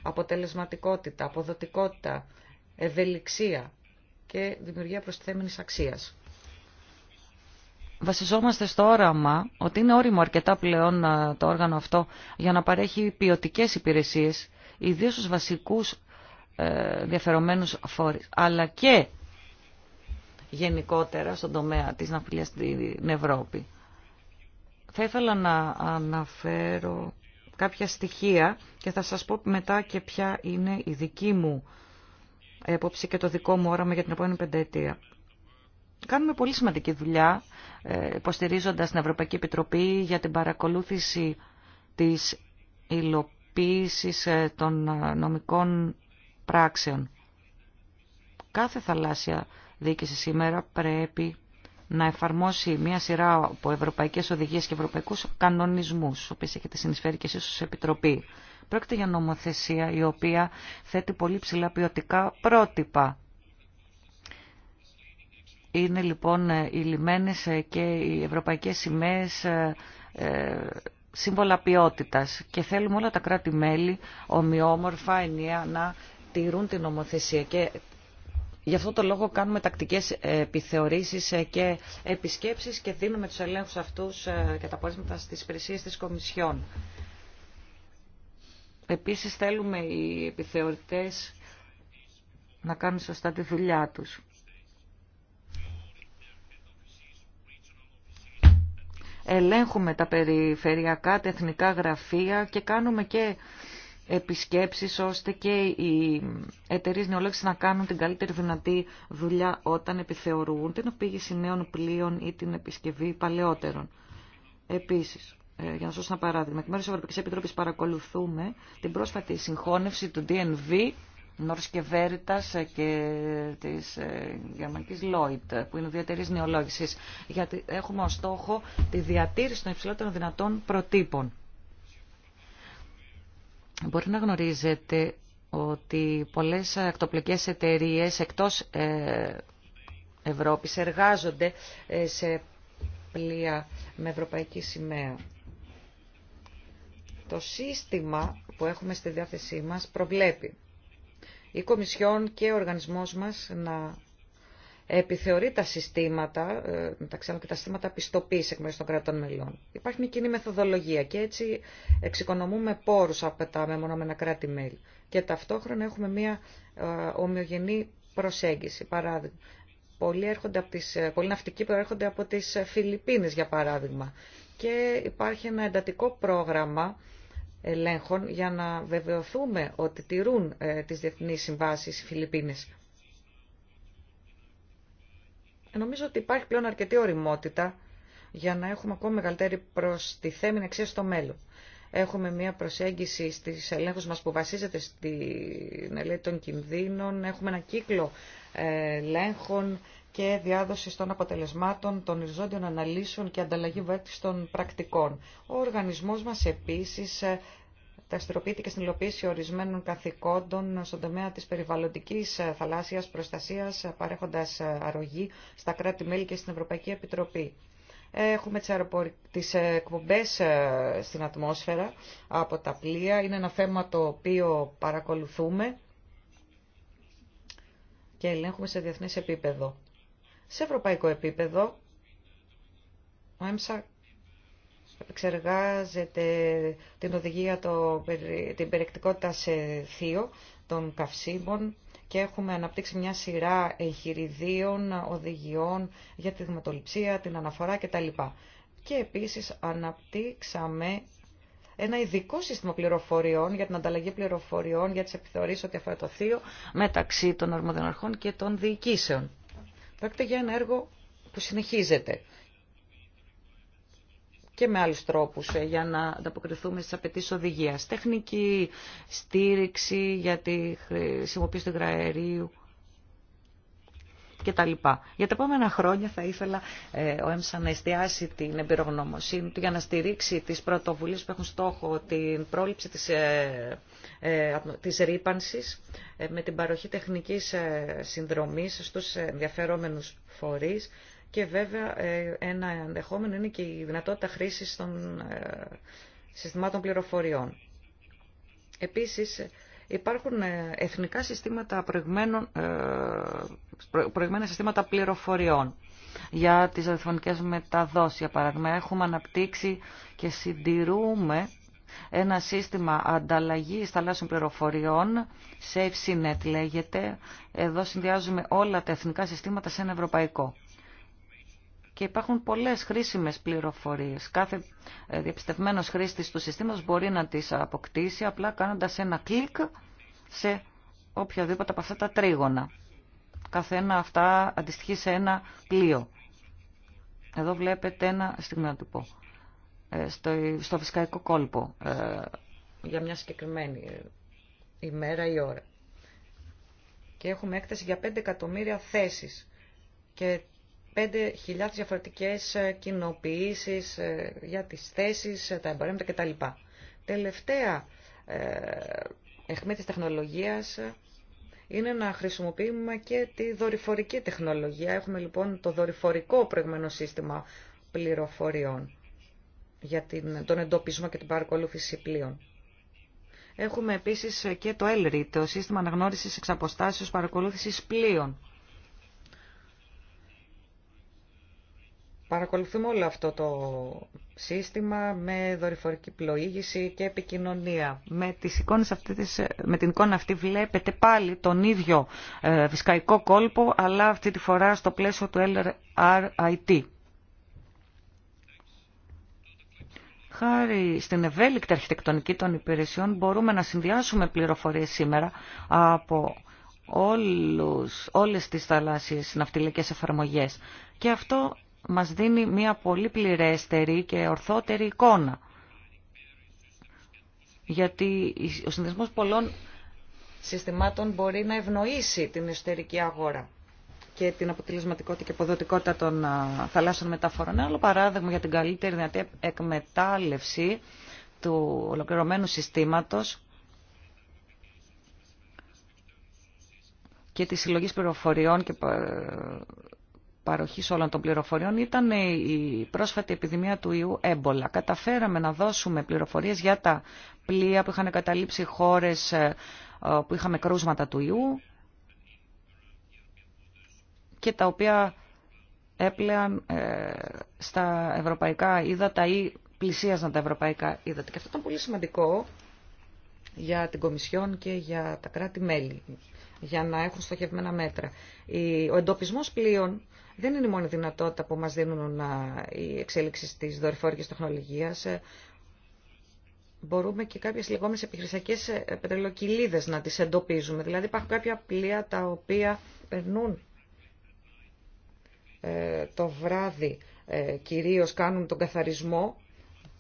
αποτελεσματικότητα, αποδοτικότητα, ευελιξία και δημιουργία προστιθέμενης αξίας. Βασιζόμαστε στο όραμα ότι είναι όριμο αρκετά πλέον ε, το όργανο αυτό για να παρέχει ποιοτικέ υπηρεσίες, ιδίως στους βασικούς ε, διαφερομένους φορείς, αλλά και γενικότερα στον τομέα της ναυπηλίας στην Ευρώπη. Θα ήθελα να αναφέρω κάποια στοιχεία και θα σας πω μετά και ποια είναι η δική μου έποψη και το δικό μου όραμα για την επόμενη πενταετία. Κάνουμε πολύ σημαντική δουλειά ε, υποστηρίζοντα την Ευρωπαϊκή Επιτροπή για την παρακολούθηση της υλοποίησης ε, των ε, νομικών πράξεων. Κάθε θαλάσσια διοίκηση σήμερα πρέπει να εφαρμόσει μια σειρά από ευρωπαϊκές οδηγίες και ευρωπαϊκούς κανονισμούς, οποίες έχετε συνεισφέρει και εσείς ως Επιτροπή. Πρόκειται για νομοθεσία η οποία θέτει πολύ ψηλά ποιοτικά πρότυπα. Είναι λοιπόν ε, οι λιμένες ε, και οι ευρωπαϊκές σημαίες ε, σύμβολα ποιότητας και θέλουμε όλα τα κράτη-μέλη ομοιόμορφα ενιαία να τηρούν την νομοθεσία και Γι' αυτό το λόγο κάνουμε τακτικές επιθεωρήσεις ε, και επισκέψεις και δίνουμε τους ελέγχους αυτούς ε, και τα πόρισματα στις υπηρεσίες της Κομισιόν. Επίσης θέλουμε οι επιθεωρητές να κάνουν σωστά τη δουλειά τους. Ελέγχουμε τα περιφερειακά, τα γραφεία και κάνουμε και επισκέψεις ώστε και οι εταιρείε νεολόγησης να κάνουν την καλύτερη δυνατή δουλειά όταν επιθεωρούν την οπίγηση νέων πλοίων ή την επισκευή παλαιότερων. Επίσης, ε, για να δώσω ένα παράδειγμα, εκ μέρους της Ευρωπαϊκής Επιτροπής παρακολουθούμε την πρόσφατη συγχώνευση του DNV Νόρς και Βέριτας ε, και της ε, γερμανικής Λόιτ, που είναι δύο εταιρείε νεολόγησης, γιατί έχουμε ως στόχο τη διατήρηση των υψηλότερων δυνατών προτύπων Μπορεί να γνωρίζετε ότι πολλές ακτοπλοκές εταιρείες εκτός ε, Ευρώπης εργάζονται ε, σε πλοία με ευρωπαϊκή σημαία. Το σύστημα που έχουμε στη διάθεσή μας προβλέπει η Κομισιόν και ο οργανισμός μας να επιθεωρεί τα συστήματα, ε, μεταξύ άλλων και τα συστήματα πιστοποίηση εκ μέρου των κρατών μελών. Υπάρχει μια κοινή μεθοδολογία και έτσι εξοικονομούμε πόρου από τα μεμονωμένα κράτη-μέλη. Και ταυτόχρονα έχουμε μια ε, ομοιογενή προσέγγιση. Παράδειγμα, πολλοί, έρχονται από τις, ε, πολλοί ναυτικοί προέρχονται από τι Φιλιππίνε, για παράδειγμα. Και υπάρχει ένα εντατικό πρόγραμμα ελέγχων για να βεβαιωθούμε ότι τηρούν τις διεθνείς συμβάσεις οι Φιλιππίνες. Νομίζω ότι υπάρχει πλέον αρκετή οριμότητα για να έχουμε ακόμα μεγαλύτερη προστιθέμενη αξία στο μέλλον. Έχουμε μια προσέγγιση στις ελέγχους μας που βασίζεται στην ελέγχη των κινδύνων. Έχουμε ένα κύκλο ελέγχων και διάδοση των αποτελεσμάτων, των οριζόντιων αναλύσεων και ανταλλαγή βέλτιστων των πρακτικών. Ο οργανισμός μας επίσης δραστηριοποιήθηκε στην υλοποίηση ορισμένων καθηκόντων στον τομέα της περιβαλλοντικής ε, θαλάσσιας προστασίας, ε, παρέχοντας ε, αρρωγή στα κράτη-μέλη και στην Ευρωπαϊκή Επιτροπή. Έχουμε τις εκπομπές στην ατμόσφαιρα από τα πλοία. Είναι ένα θέμα το οποίο παρακολουθούμε και ελέγχουμε σε διεθνές επίπεδο. Σε ευρωπαϊκό επίπεδο, ο ΕΜΣΑ εξεργάζεται την οδηγία το, την περιεκτικότητα σε θείο των καυσίμων και έχουμε αναπτύξει μια σειρά εγχειριδίων, οδηγιών για τη δημοτοληψία, την αναφορά κτλ. Και επίσης αναπτύξαμε ένα ειδικό σύστημα πληροφοριών για την ανταλλαγή πληροφοριών για τις επιθεωρήσεις ότι αφορά το θείο μεταξύ των αρμοδιών και των διοικήσεων. Πρόκειται για ένα έργο που συνεχίζεται και με άλλους τρόπους ε, για να ανταποκριθούμε στις απαιτήσεις οδηγίας. Τεχνική στήριξη για τη χρησιμοποίηση του υγραερίου και τα λοιπά. Για τα επόμενα χρόνια θα ήθελα ε, ο ΕΜΣΑ να εστιάσει την εμπειρογνωμοσύνη του για να στηρίξει τις πρωτοβουλίες που έχουν στόχο την πρόληψη της, ε, ε της ρήπανσης με την παροχή τεχνικής συνδρομής στους ενδιαφερόμενους φορείς και βέβαια ε, ένα ενδεχόμενο είναι και η δυνατότητα χρήσης των ε, συστημάτων πληροφοριών. Επίσης, υπάρχουν ε, εθνικά συστήματα προηγμένα συστήματα πληροφοριών για τις ραδιοφωνικές μεταδόσεις, για παράδειγμα. Έχουμε αναπτύξει και συντηρούμε ένα σύστημα ανταλλαγής θαλάσσιων πληροφοριών, SafeSynet λέγεται. Εδώ συνδυάζουμε όλα τα εθνικά συστήματα σε ένα ευρωπαϊκό και υπάρχουν πολλές χρήσιμες πληροφορίες. Κάθε ε, διαπιστευμένος χρήστης του συστήματος μπορεί να τις αποκτήσει απλά κάνοντας ένα κλικ σε οποιαδήποτε από αυτά τα τρίγωνα. Καθένα αυτά αντιστοιχεί σε ένα πλοίο. Εδώ βλέπετε ένα στιγμιότυπο ε, στο, στο φυσικαϊκό κόλπο ε, για μια συγκεκριμένη ημέρα ή ώρα. Και έχουμε έκθεση για 5 εκατομμύρια θέσεις. Και 5.000 διαφορετικές ε, κοινοποιήσεις ε, για τις θέσεις, ε, τα τα κτλ. Τελευταία εχμή της τεχνολογίας είναι να χρησιμοποιούμε και τη δορυφορική τεχνολογία. Έχουμε λοιπόν το δορυφορικό προηγμένο σύστημα πληροφοριών για την, τον εντοπισμό και την παρακολούθηση πλοίων. Έχουμε επίσης και το ELRI, το σύστημα αναγνώρισης εξαποστάσεως παρακολούθησης πλοίων Παρακολουθούμε όλο αυτό το σύστημα με δορυφορική πλοήγηση και επικοινωνία. Με, τις εικόνες αυτή με την εικόνα αυτή βλέπετε πάλι τον ίδιο ε, κόλπο, αλλά αυτή τη φορά στο πλαίσιο του LRIT. Χάρη στην ευέλικτη αρχιτεκτονική των υπηρεσιών μπορούμε να συνδυάσουμε πληροφορίες σήμερα από όλους, όλες τις θαλάσσιες ναυτιλικές εφαρμογές. Και αυτό μας δίνει μια πολύ πληρέστερη και ορθότερη εικόνα. Γιατί ο συνδεσμός πολλών συστημάτων μπορεί να ευνοήσει την εσωτερική αγορά και την αποτελεσματικότητα και αποδοτικότητα των θαλάσσιων μεταφορών. Ένα άλλο παράδειγμα για την καλύτερη δυνατή εκμετάλλευση του ολοκληρωμένου συστήματος και τη συλλογή πληροφοριών και παροχής όλων των πληροφοριών ήταν η πρόσφατη επιδημία του ιού έμπολα. Καταφέραμε να δώσουμε πληροφορίες για τα πλοία που είχαν καταλήψει χώρες ε, ε, που είχαμε κρούσματα του ιού και τα οποία έπλεαν ε, στα ευρωπαϊκά ύδατα ή πλησίαζαν τα ευρωπαϊκά ύδατα. Και αυτό ήταν πολύ σημαντικό για την Κομισιόν και για τα κράτη-μέλη για να έχουν στοχευμένα μέτρα. Ο εντοπισμός πλοίων δεν είναι η μόνη δυνατότητα που μας δίνουν οι εξέλιξεις της δορυφόρικης τεχνολογίας. Ε, μπορούμε και κάποιες λεγόμενες επιχειρησιακές ε, πετρελοκυλίδες να τις εντοπίζουμε. Δηλαδή υπάρχουν κάποια πλοία τα οποία περνούν ε, το βράδυ κυρίως κάνουν τον καθαρισμό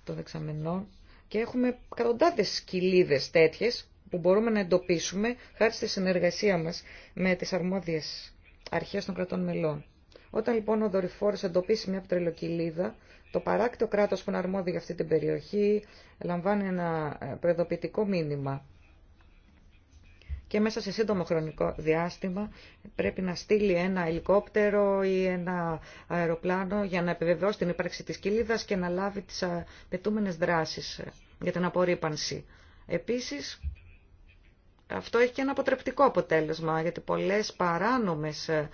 των δεξαμενών και έχουμε εκατοντάδες κοιλίδες τέτοιες που μπορούμε να εντοπίσουμε χάρη στη συνεργασία μας με τις αρμόδιες αρχές των κρατών μελών. Όταν λοιπόν ο δορυφόρος εντοπίσει μια πτρελοκυλίδα, το παράκτιο κράτος που είναι αρμόδιο για αυτή την περιοχή λαμβάνει ένα ε, προειδοποιητικό μήνυμα και μέσα σε σύντομο χρονικό διάστημα πρέπει να στείλει ένα ελικόπτερο ή ένα αεροπλάνο για να επιβεβαιώσει την ύπαρξη της κυλίδας και να λάβει τις απαιτούμενες δράσεις ε, για την απορρίπανση. Επίσης, αυτό έχει και ένα αποτρεπτικό αποτέλεσμα, γιατί πολλές παράνομες ε,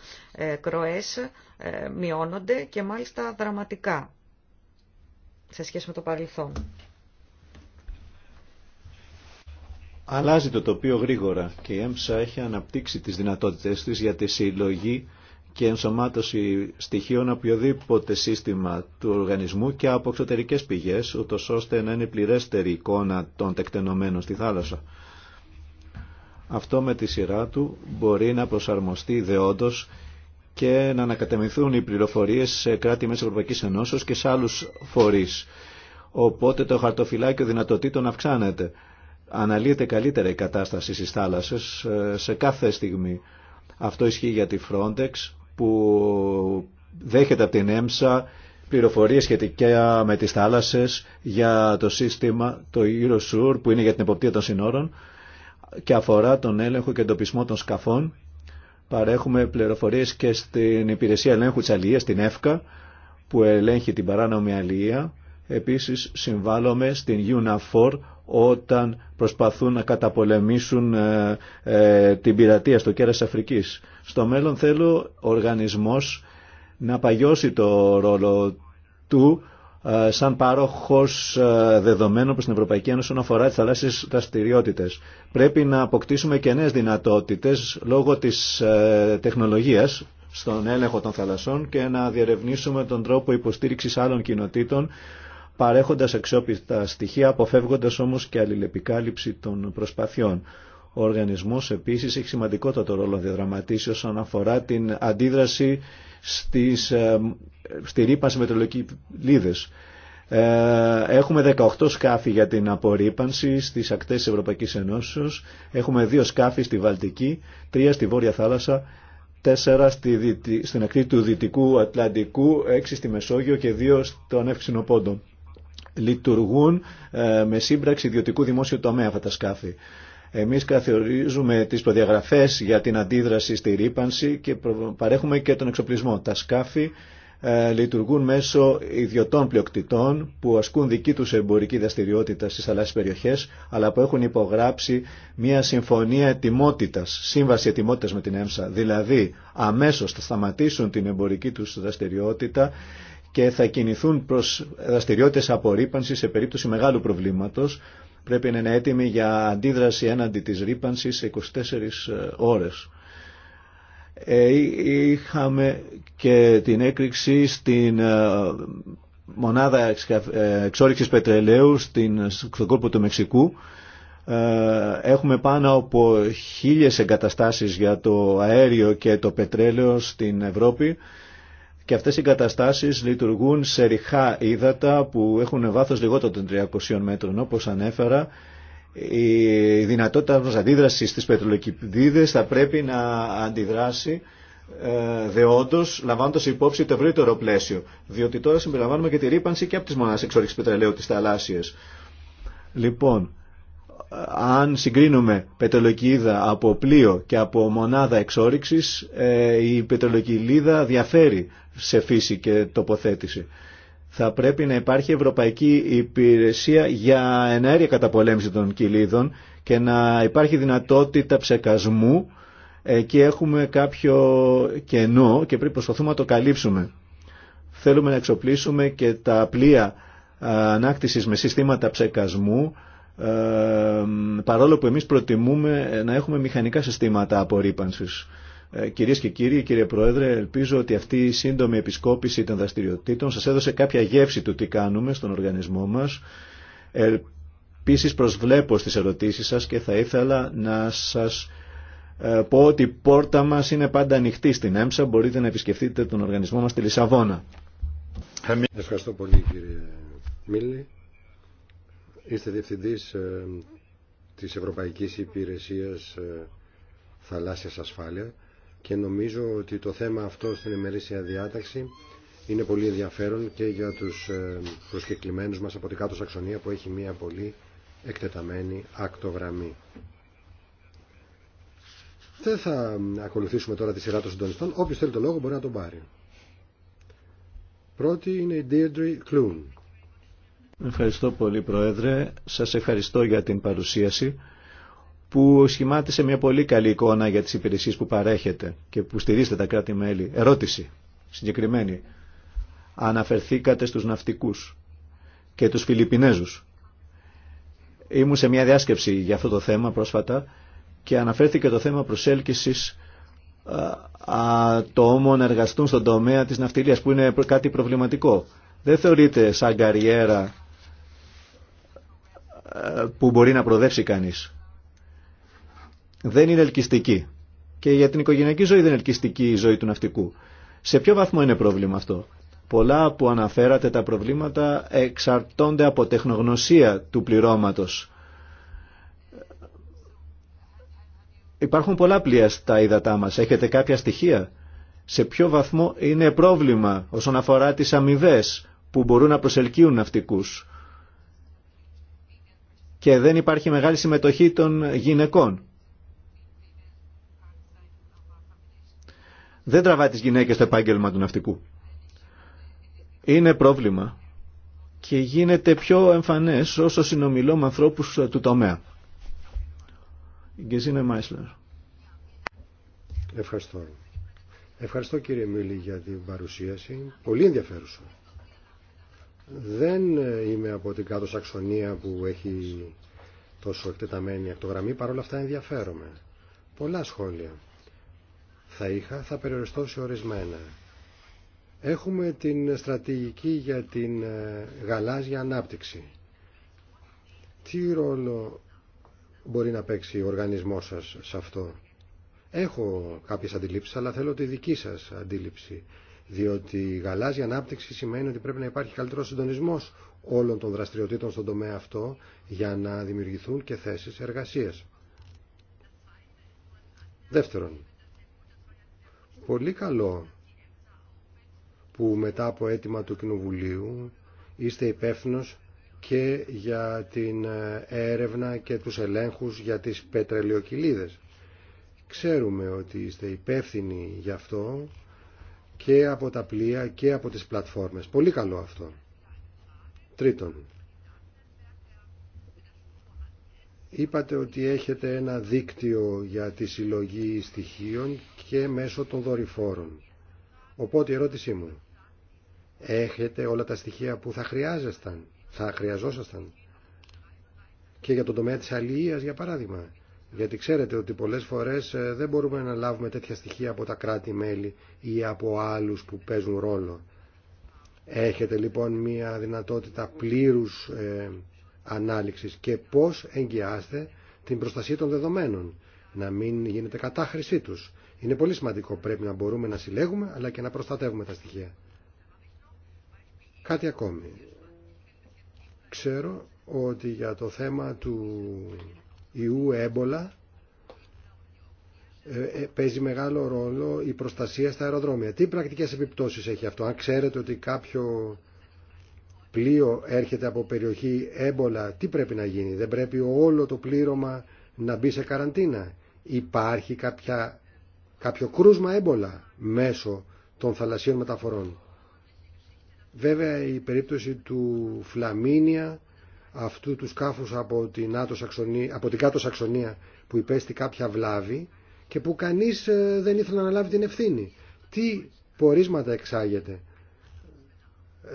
κροές ε, μειώνονται και μάλιστα δραματικά σε σχέση με το παρελθόν. Αλλάζει το τοπίο γρήγορα και η ΕΜΣΑ έχει αναπτύξει τις δυνατότητες της για τη συλλογή και ενσωμάτωση στοιχείων από οποιοδήποτε σύστημα του οργανισμού και από εξωτερικές πηγές, ούτως ώστε να είναι πληρέστερη εικόνα των τεκτενομένων στη θάλασσα αυτό με τη σειρά του μπορεί να προσαρμοστεί ιδεόντως και να ανακατεμηθούν οι πληροφορίες σε κράτη μέσα Ευρωπαϊκής Ενώσεως και σε άλλους φορείς. Οπότε το χαρτοφυλάκιο δυνατοτήτων αυξάνεται. Αναλύεται καλύτερα η κατάσταση στις θάλασσες ε, σε κάθε στιγμή. Αυτό ισχύει για τη Frontex που δέχεται από την ΕΜΣΑ πληροφορίες σχετικά με τις θάλασσες για το σύστημα, το Eurosur που είναι για την εποπτεία των συνόρων και αφορά τον έλεγχο και εντοπισμό των σκαφών. Παρέχουμε πληροφορίες και στην Υπηρεσία Ελέγχου της Αλληλείας, την ΕΦΚΑ, που ελέγχει την παράνομη αλληλεία. Επίσης συμβάλλουμε στην UNAFOR όταν προσπαθούν να καταπολεμήσουν ε, ε, την πειρατεία στο κέρας Αφρικής. Στο μέλλον θέλω ο οργανισμός να παγιώσει το ρόλο του ε, σαν πάροχο ε, δεδομένων προ την Ευρωπαϊκή Ένωση όσον αφορά τι θαλάσσιε δραστηριότητε. Πρέπει να αποκτήσουμε και νέε δυνατότητε λόγω τη ε, τεχνολογία στον έλεγχο των θαλασσών και να διερευνήσουμε τον τρόπο υποστήριξη άλλων κοινοτήτων παρέχοντας αξιόπιστα στοιχεία, αποφεύγοντας όμως και αλληλεπικάλυψη των προσπαθειών. Ο οργανισμός επίσης έχει σημαντικότατο ρόλο να διαδραματίσει όσον αφορά την αντίδραση στις στη ρήπανση μετρολογική λίδε. Ε, έχουμε 18 σκάφη για την απορρίπανση στις ακτέ τη Ευρωπαϊκή Ενώσεως. Έχουμε 2 σκάφη στη Βαλτική, 3 στη Βόρεια Θάλασσα, 4 στη, στην ακτή του Δυτικού Ατλαντικού, 6 στη Μεσόγειο και 2 στον Εύξηνο Πόντο. Λειτουργούν ε, με σύμπραξη ιδιωτικού δημόσιου τομέα αυτά τα σκάφη. Εμείς καθορίζουμε τις προδιαγραφές για την αντίδραση στη ρήπανση και παρέχουμε και τον εξοπλισμό. Τα σκάφη ε, λειτουργούν μέσω ιδιωτών πλειοκτητών που ασκούν δική τους εμπορική δραστηριότητα στις θαλάσσιες περιοχές αλλά που έχουν υπογράψει μια συμφωνία ετοιμότητας, σύμβαση ετοιμότητας με την ΕΜΣΑ. Δηλαδή αμέσως θα σταματήσουν την εμπορική τους δραστηριότητα και θα κινηθούν προς δραστηριότητες απορρίπανση σε περίπτωση μεγάλου προβλήματος πρέπει να είναι έτοιμοι για αντίδραση έναντι της ρήπανσης σε 24 ώρες. Ε, είχαμε και την έκρηξη στην ε, μονάδα ε, εξόριξης πετρελαίου στην, στον κόλπο του Μεξικού. Έχουμε πάνω από χίλιες εγκαταστάσεις για το αέριο και το πετρέλαιο στην Ευρώπη και αυτές οι εγκαταστάσεις λειτουργούν σε ρηχά ύδατα που έχουν βάθος λιγότερο των 300 μέτρων όπως ανέφερα η δυνατότητα μας αντίδρασης στις πετρελοκυπηδίδες θα πρέπει να αντιδράσει δεόντω, δεόντως λαμβάνοντας υπόψη το ευρύτερο πλαίσιο. Διότι τώρα συμπεριλαμβάνουμε και τη ρήπανση και από τις μονάδες εξόριξης πετρελαίου της θαλάσσιας. Λοιπόν, αν συγκρίνουμε πετρελοκυλίδα από πλοίο και από μονάδα εξόρυξης ε, η πετρελοκυλίδα διαφέρει σε φύση και τοποθέτηση θα πρέπει να υπάρχει ευρωπαϊκή υπηρεσία για ενέργεια καταπολέμηση των κυλίδων και να υπάρχει δυνατότητα ψεκασμού. Εκεί έχουμε κάποιο κενό και πρέπει προσπαθούμε να το καλύψουμε. Θέλουμε να εξοπλίσουμε και τα πλοία ε, ανάκτησης με συστήματα ψεκασμού ε, παρόλο που εμείς προτιμούμε να έχουμε μηχανικά συστήματα απορρίπανσης. Ε, κυρίες και κύριοι, κύριε Πρόεδρε, ελπίζω ότι αυτή η σύντομη επισκόπηση των δραστηριοτήτων σας έδωσε κάποια γεύση του τι κάνουμε στον οργανισμό μας. Επίσης προσβλέπω στις ερωτήσεις σας και θα ήθελα να σας ε, πω ότι η πόρτα μας είναι πάντα ανοιχτή στην ΕΜΣΑ. Μπορείτε να επισκεφτείτε τον οργανισμό μας στη Λισαβόνα. Ευχαριστώ πολύ κύριε Μίλη. Είστε διευθυντής ε, της Ευρωπαϊκής Υπηρεσίας Θαλάσσια Ασφάλειας και νομίζω ότι το θέμα αυτό στην ημερήσια διάταξη είναι πολύ ενδιαφέρον και για τους ε, προσκεκλημένους μας από την κάτω Σαξονία που έχει μια πολύ εκτεταμένη ακτογραμμή. Δεν θα ακολουθήσουμε τώρα τη σειρά των συντονιστών. Όποιος θέλει το λόγο μπορεί να τον πάρει. Πρώτη είναι η Deirdre Κλούν. Ευχαριστώ πολύ Πρόεδρε. Σας ευχαριστώ για την παρουσίαση που σχημάτισε μια πολύ καλή εικόνα για τις υπηρεσίες που παρέχετε και που στηρίζεται τα κράτη-μέλη. Ερώτηση συγκεκριμένη. Αναφερθήκατε στους ναυτικούς και τους Φιλιππινέζους. Ήμουν σε μια διάσκεψη για αυτό το θέμα πρόσφατα και αναφέρθηκε το θέμα προσέλκυσης ατόμων εργαστούν στον τομέα της ναυτιλίας που είναι κάτι προβληματικό. Δεν θεωρείται σαν καριέρα ε, που μπορεί να προδέψει κανείς δεν είναι ελκυστική. Και για την οικογενειακή ζωή δεν είναι ελκυστική η ζωή του ναυτικού. Σε ποιο βαθμό είναι πρόβλημα αυτό. Πολλά που αναφέρατε τα προβλήματα εξαρτώνται από τεχνογνωσία του πληρώματος. Υπάρχουν πολλά πλοία στα ύδατά μας. Έχετε κάποια στοιχεία. Σε ποιο βαθμό είναι πρόβλημα όσον αφορά τις αμοιβέ που μπορούν να προσελκύουν ναυτικούς. Και δεν υπάρχει μεγάλη συμμετοχή των γυναικών. δεν τραβάει τις γυναίκες στο επάγγελμα του ναυτικού. Είναι πρόβλημα και γίνεται πιο εμφανές όσο συνομιλώ με ανθρώπους ε, του τομέα. Γκεζίνε Μάισλερ. Ευχαριστώ. Ευχαριστώ κύριε Μίλη για την παρουσίαση. Πολύ ενδιαφέρουσα. Δεν ε, είμαι από την κάτω Σαξονία που έχει τόσο εκτεταμένη ακτογραμμή, παρόλα αυτά ενδιαφέρομαι. Πολλά σχόλια θα είχα, θα περιοριστώ σε ορισμένα. Έχουμε την στρατηγική για την ε, γαλάζια ανάπτυξη. Τι ρόλο μπορεί να παίξει ο οργανισμός σας σε αυτό. Έχω κάποιες αντιλήψεις, αλλά θέλω τη δική σας αντίληψη. Διότι η γαλάζια ανάπτυξη σημαίνει ότι πρέπει να υπάρχει καλύτερο συντονισμός όλων των δραστηριοτήτων στον τομέα αυτό για να δημιουργηθούν και θέσει εργασία. Δεύτερον, πολύ καλό που μετά από αίτημα του Κοινοβουλίου είστε υπεύθυνο και για την ε, έρευνα και τους ελέγχους για τις πετρελαιοκυλίδες. Ξέρουμε ότι είστε υπεύθυνοι γι' αυτό και από τα πλοία και από τις πλατφόρμες. Πολύ καλό αυτό. Τρίτον, Είπατε ότι έχετε ένα δίκτυο για τη συλλογή στοιχείων και μέσω των δορυφόρων. Οπότε η ερώτησή μου, έχετε όλα τα στοιχεία που θα χρειάζεσταν, θα χρειαζόσασταν και για τον τομέα της αλληλείας για παράδειγμα. Γιατί ξέρετε ότι πολλές φορές ε, δεν μπορούμε να λάβουμε τέτοια στοιχεία από τα κράτη-μέλη ή από άλλους που παίζουν ρόλο. Έχετε λοιπόν μια δυνατότητα πλήρους ε, και πώς εγγυάστε την προστασία των δεδομένων, να μην γίνεται κατάχρησή τους. Είναι πολύ σημαντικό, πρέπει να μπορούμε να συλλέγουμε αλλά και να προστατεύουμε τα στοιχεία. Κάτι ακόμη. Ξέρω ότι για το θέμα του ιού έμπολα ε, ε, παίζει μεγάλο ρόλο η προστασία στα αεροδρόμια. Τι πρακτικές επιπτώσεις έχει αυτό, αν ξέρετε ότι κάποιο πλοίο έρχεται από περιοχή έμπολα, τι πρέπει να γίνει, δεν πρέπει όλο το πλήρωμα να μπει σε καραντίνα. Υπάρχει κάποια, κάποιο κρούσμα έμπολα μέσω των θαλασσίων μεταφορών. Βέβαια η περίπτωση του Φλαμίνια, αυτού του σκάφους από την, Άτο από την κάτω Σαξονία που υπέστη κάποια βλάβη και που κανείς ε, δεν ήθελε να αναλάβει την ευθύνη. Τι πορίσματα εξάγεται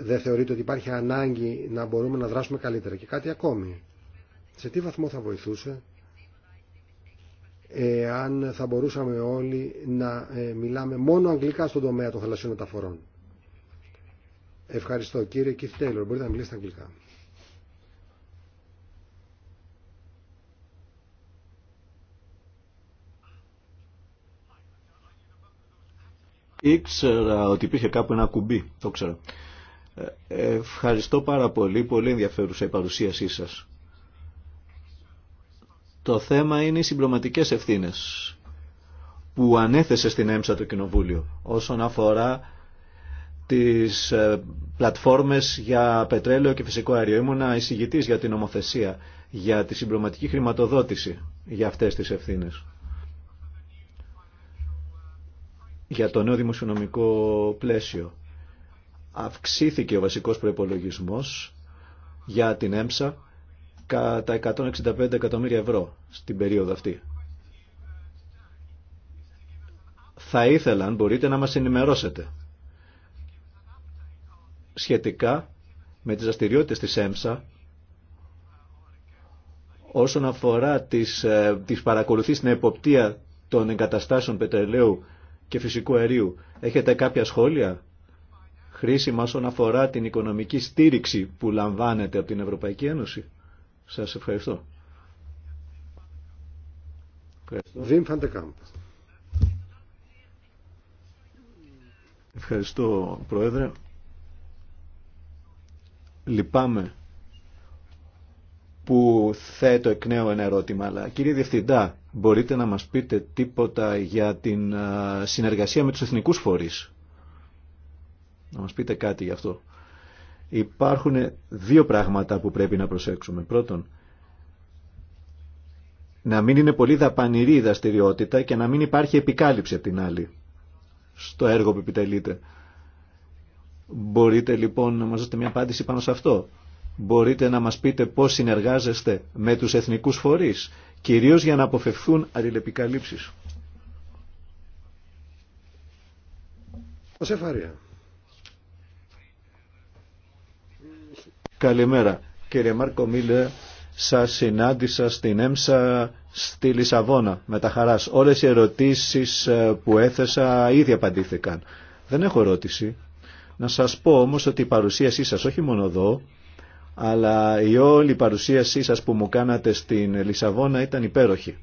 δεν θεωρείτε ότι υπάρχει ανάγκη να μπορούμε να δράσουμε καλύτερα. Και κάτι ακόμη. Σε τι βαθμό θα βοηθούσε αν θα μπορούσαμε όλοι να ε, μιλάμε μόνο αγγλικά στον τομέα των θαλασσιών μεταφορών. Ευχαριστώ. Κύριε Κίθ Taylor, μπορείτε να μιλήσετε αγγλικά. Ήξερα ότι υπήρχε κάπου ένα κουμπί, το ξέρω. Ευχαριστώ πάρα πολύ. Πολύ ενδιαφέρουσα η παρουσίασή σας. Το θέμα είναι οι συμπροματικές ευθύνες που ανέθεσε στην έμψα το Κοινοβούλιο όσον αφορά τις ε, πλατφόρμες για πετρέλαιο και φυσικό αέριο. Ήμουνα εισηγητής για την νομοθεσία, για τη συμπληρωματική χρηματοδότηση για αυτές τις ευθύνες. Για το νέο δημοσιονομικό πλαίσιο αυξήθηκε ο βασικός προϋπολογισμός για την ΕΜΣΑ κατά 165 εκατομμύρια ευρώ στην περίοδο αυτή. Θα ήθελα, αν μπορείτε, να μας ενημερώσετε σχετικά με τις δραστηριότητες της ΕΜΣΑ όσον αφορά τις, ε, τις παρακολουθείς στην εποπτεία των εγκαταστάσεων πετρελαίου και φυσικού αερίου. Έχετε κάποια σχόλια χρήσιμα όσον αφορά την οικονομική στήριξη που λαμβάνεται από την Ευρωπαϊκή Ένωση. Σας ευχαριστώ. Ευχαριστώ, ευχαριστώ Πρόεδρε. Λυπάμαι που θέτω εκ νέου ένα ερώτημα, αλλά κύριε Διευθυντά, μπορείτε να μας πείτε τίποτα για την συνεργασία με τους εθνικούς φορείς να μας πείτε κάτι γι' αυτό. Υπάρχουν δύο πράγματα που πρέπει να προσέξουμε. Πρώτον, να μην είναι πολύ δαπανηρή η δραστηριότητα και να μην υπάρχει επικάλυψη από την άλλη στο έργο που επιτελείται. Μπορείτε λοιπόν να μας δώσετε μια απάντηση πάνω σε αυτό. Μπορείτε να μας πείτε πώς συνεργάζεστε με τους εθνικούς φορείς, κυρίως για να αποφευθούν αλληλεπικαλύψεις. Ως εφαρία. Καλημέρα. Κύριε Μάρκο Μίλε, σας συνάντησα στην ΕΜΣΑ στη Λισαβόνα με τα χαράς. Όλες οι ερωτήσεις ε, που έθεσα ήδη απαντήθηκαν. Δεν έχω ερώτηση. Να σας πω όμως ότι η παρουσίασή σας όχι μόνο εδώ, αλλά η όλη παρουσίασή σας που μου κάνατε στην Λισαβόνα ήταν υπέροχη.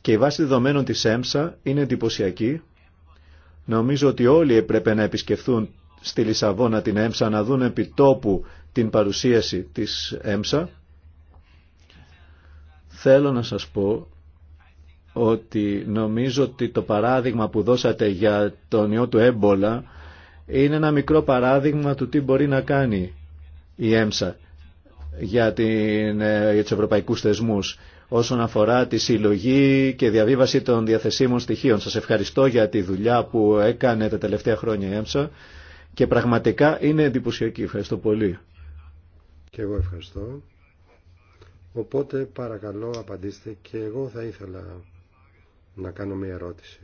Και η βάση δεδομένων της ΕΜΣΑ είναι εντυπωσιακή. Νομίζω ότι όλοι έπρεπε να επισκεφθούν στη Λισαβόνα την ΕΜΣΑ να δουν επιτόπου την παρουσίαση της ΕΜΣΑ. Θέλω να σας πω ότι νομίζω ότι το παράδειγμα που δώσατε για τον ιό του έμπολα είναι ένα μικρό παράδειγμα του τι μπορεί να κάνει η ΕΜΣΑ για, την, ε, για τους ευρωπαϊκούς θεσμούς όσον αφορά τη συλλογή και διαβίβαση των διαθεσίμων στοιχείων. Σας ευχαριστώ για τη δουλειά που έκανε τα τελευταία χρόνια η ΕΜΣΑ και πραγματικά είναι εντυπωσιακή. Ευχαριστώ πολύ. Και εγώ ευχαριστώ. Οπότε παρακαλώ απαντήστε και εγώ θα ήθελα να κάνω μια ερώτηση.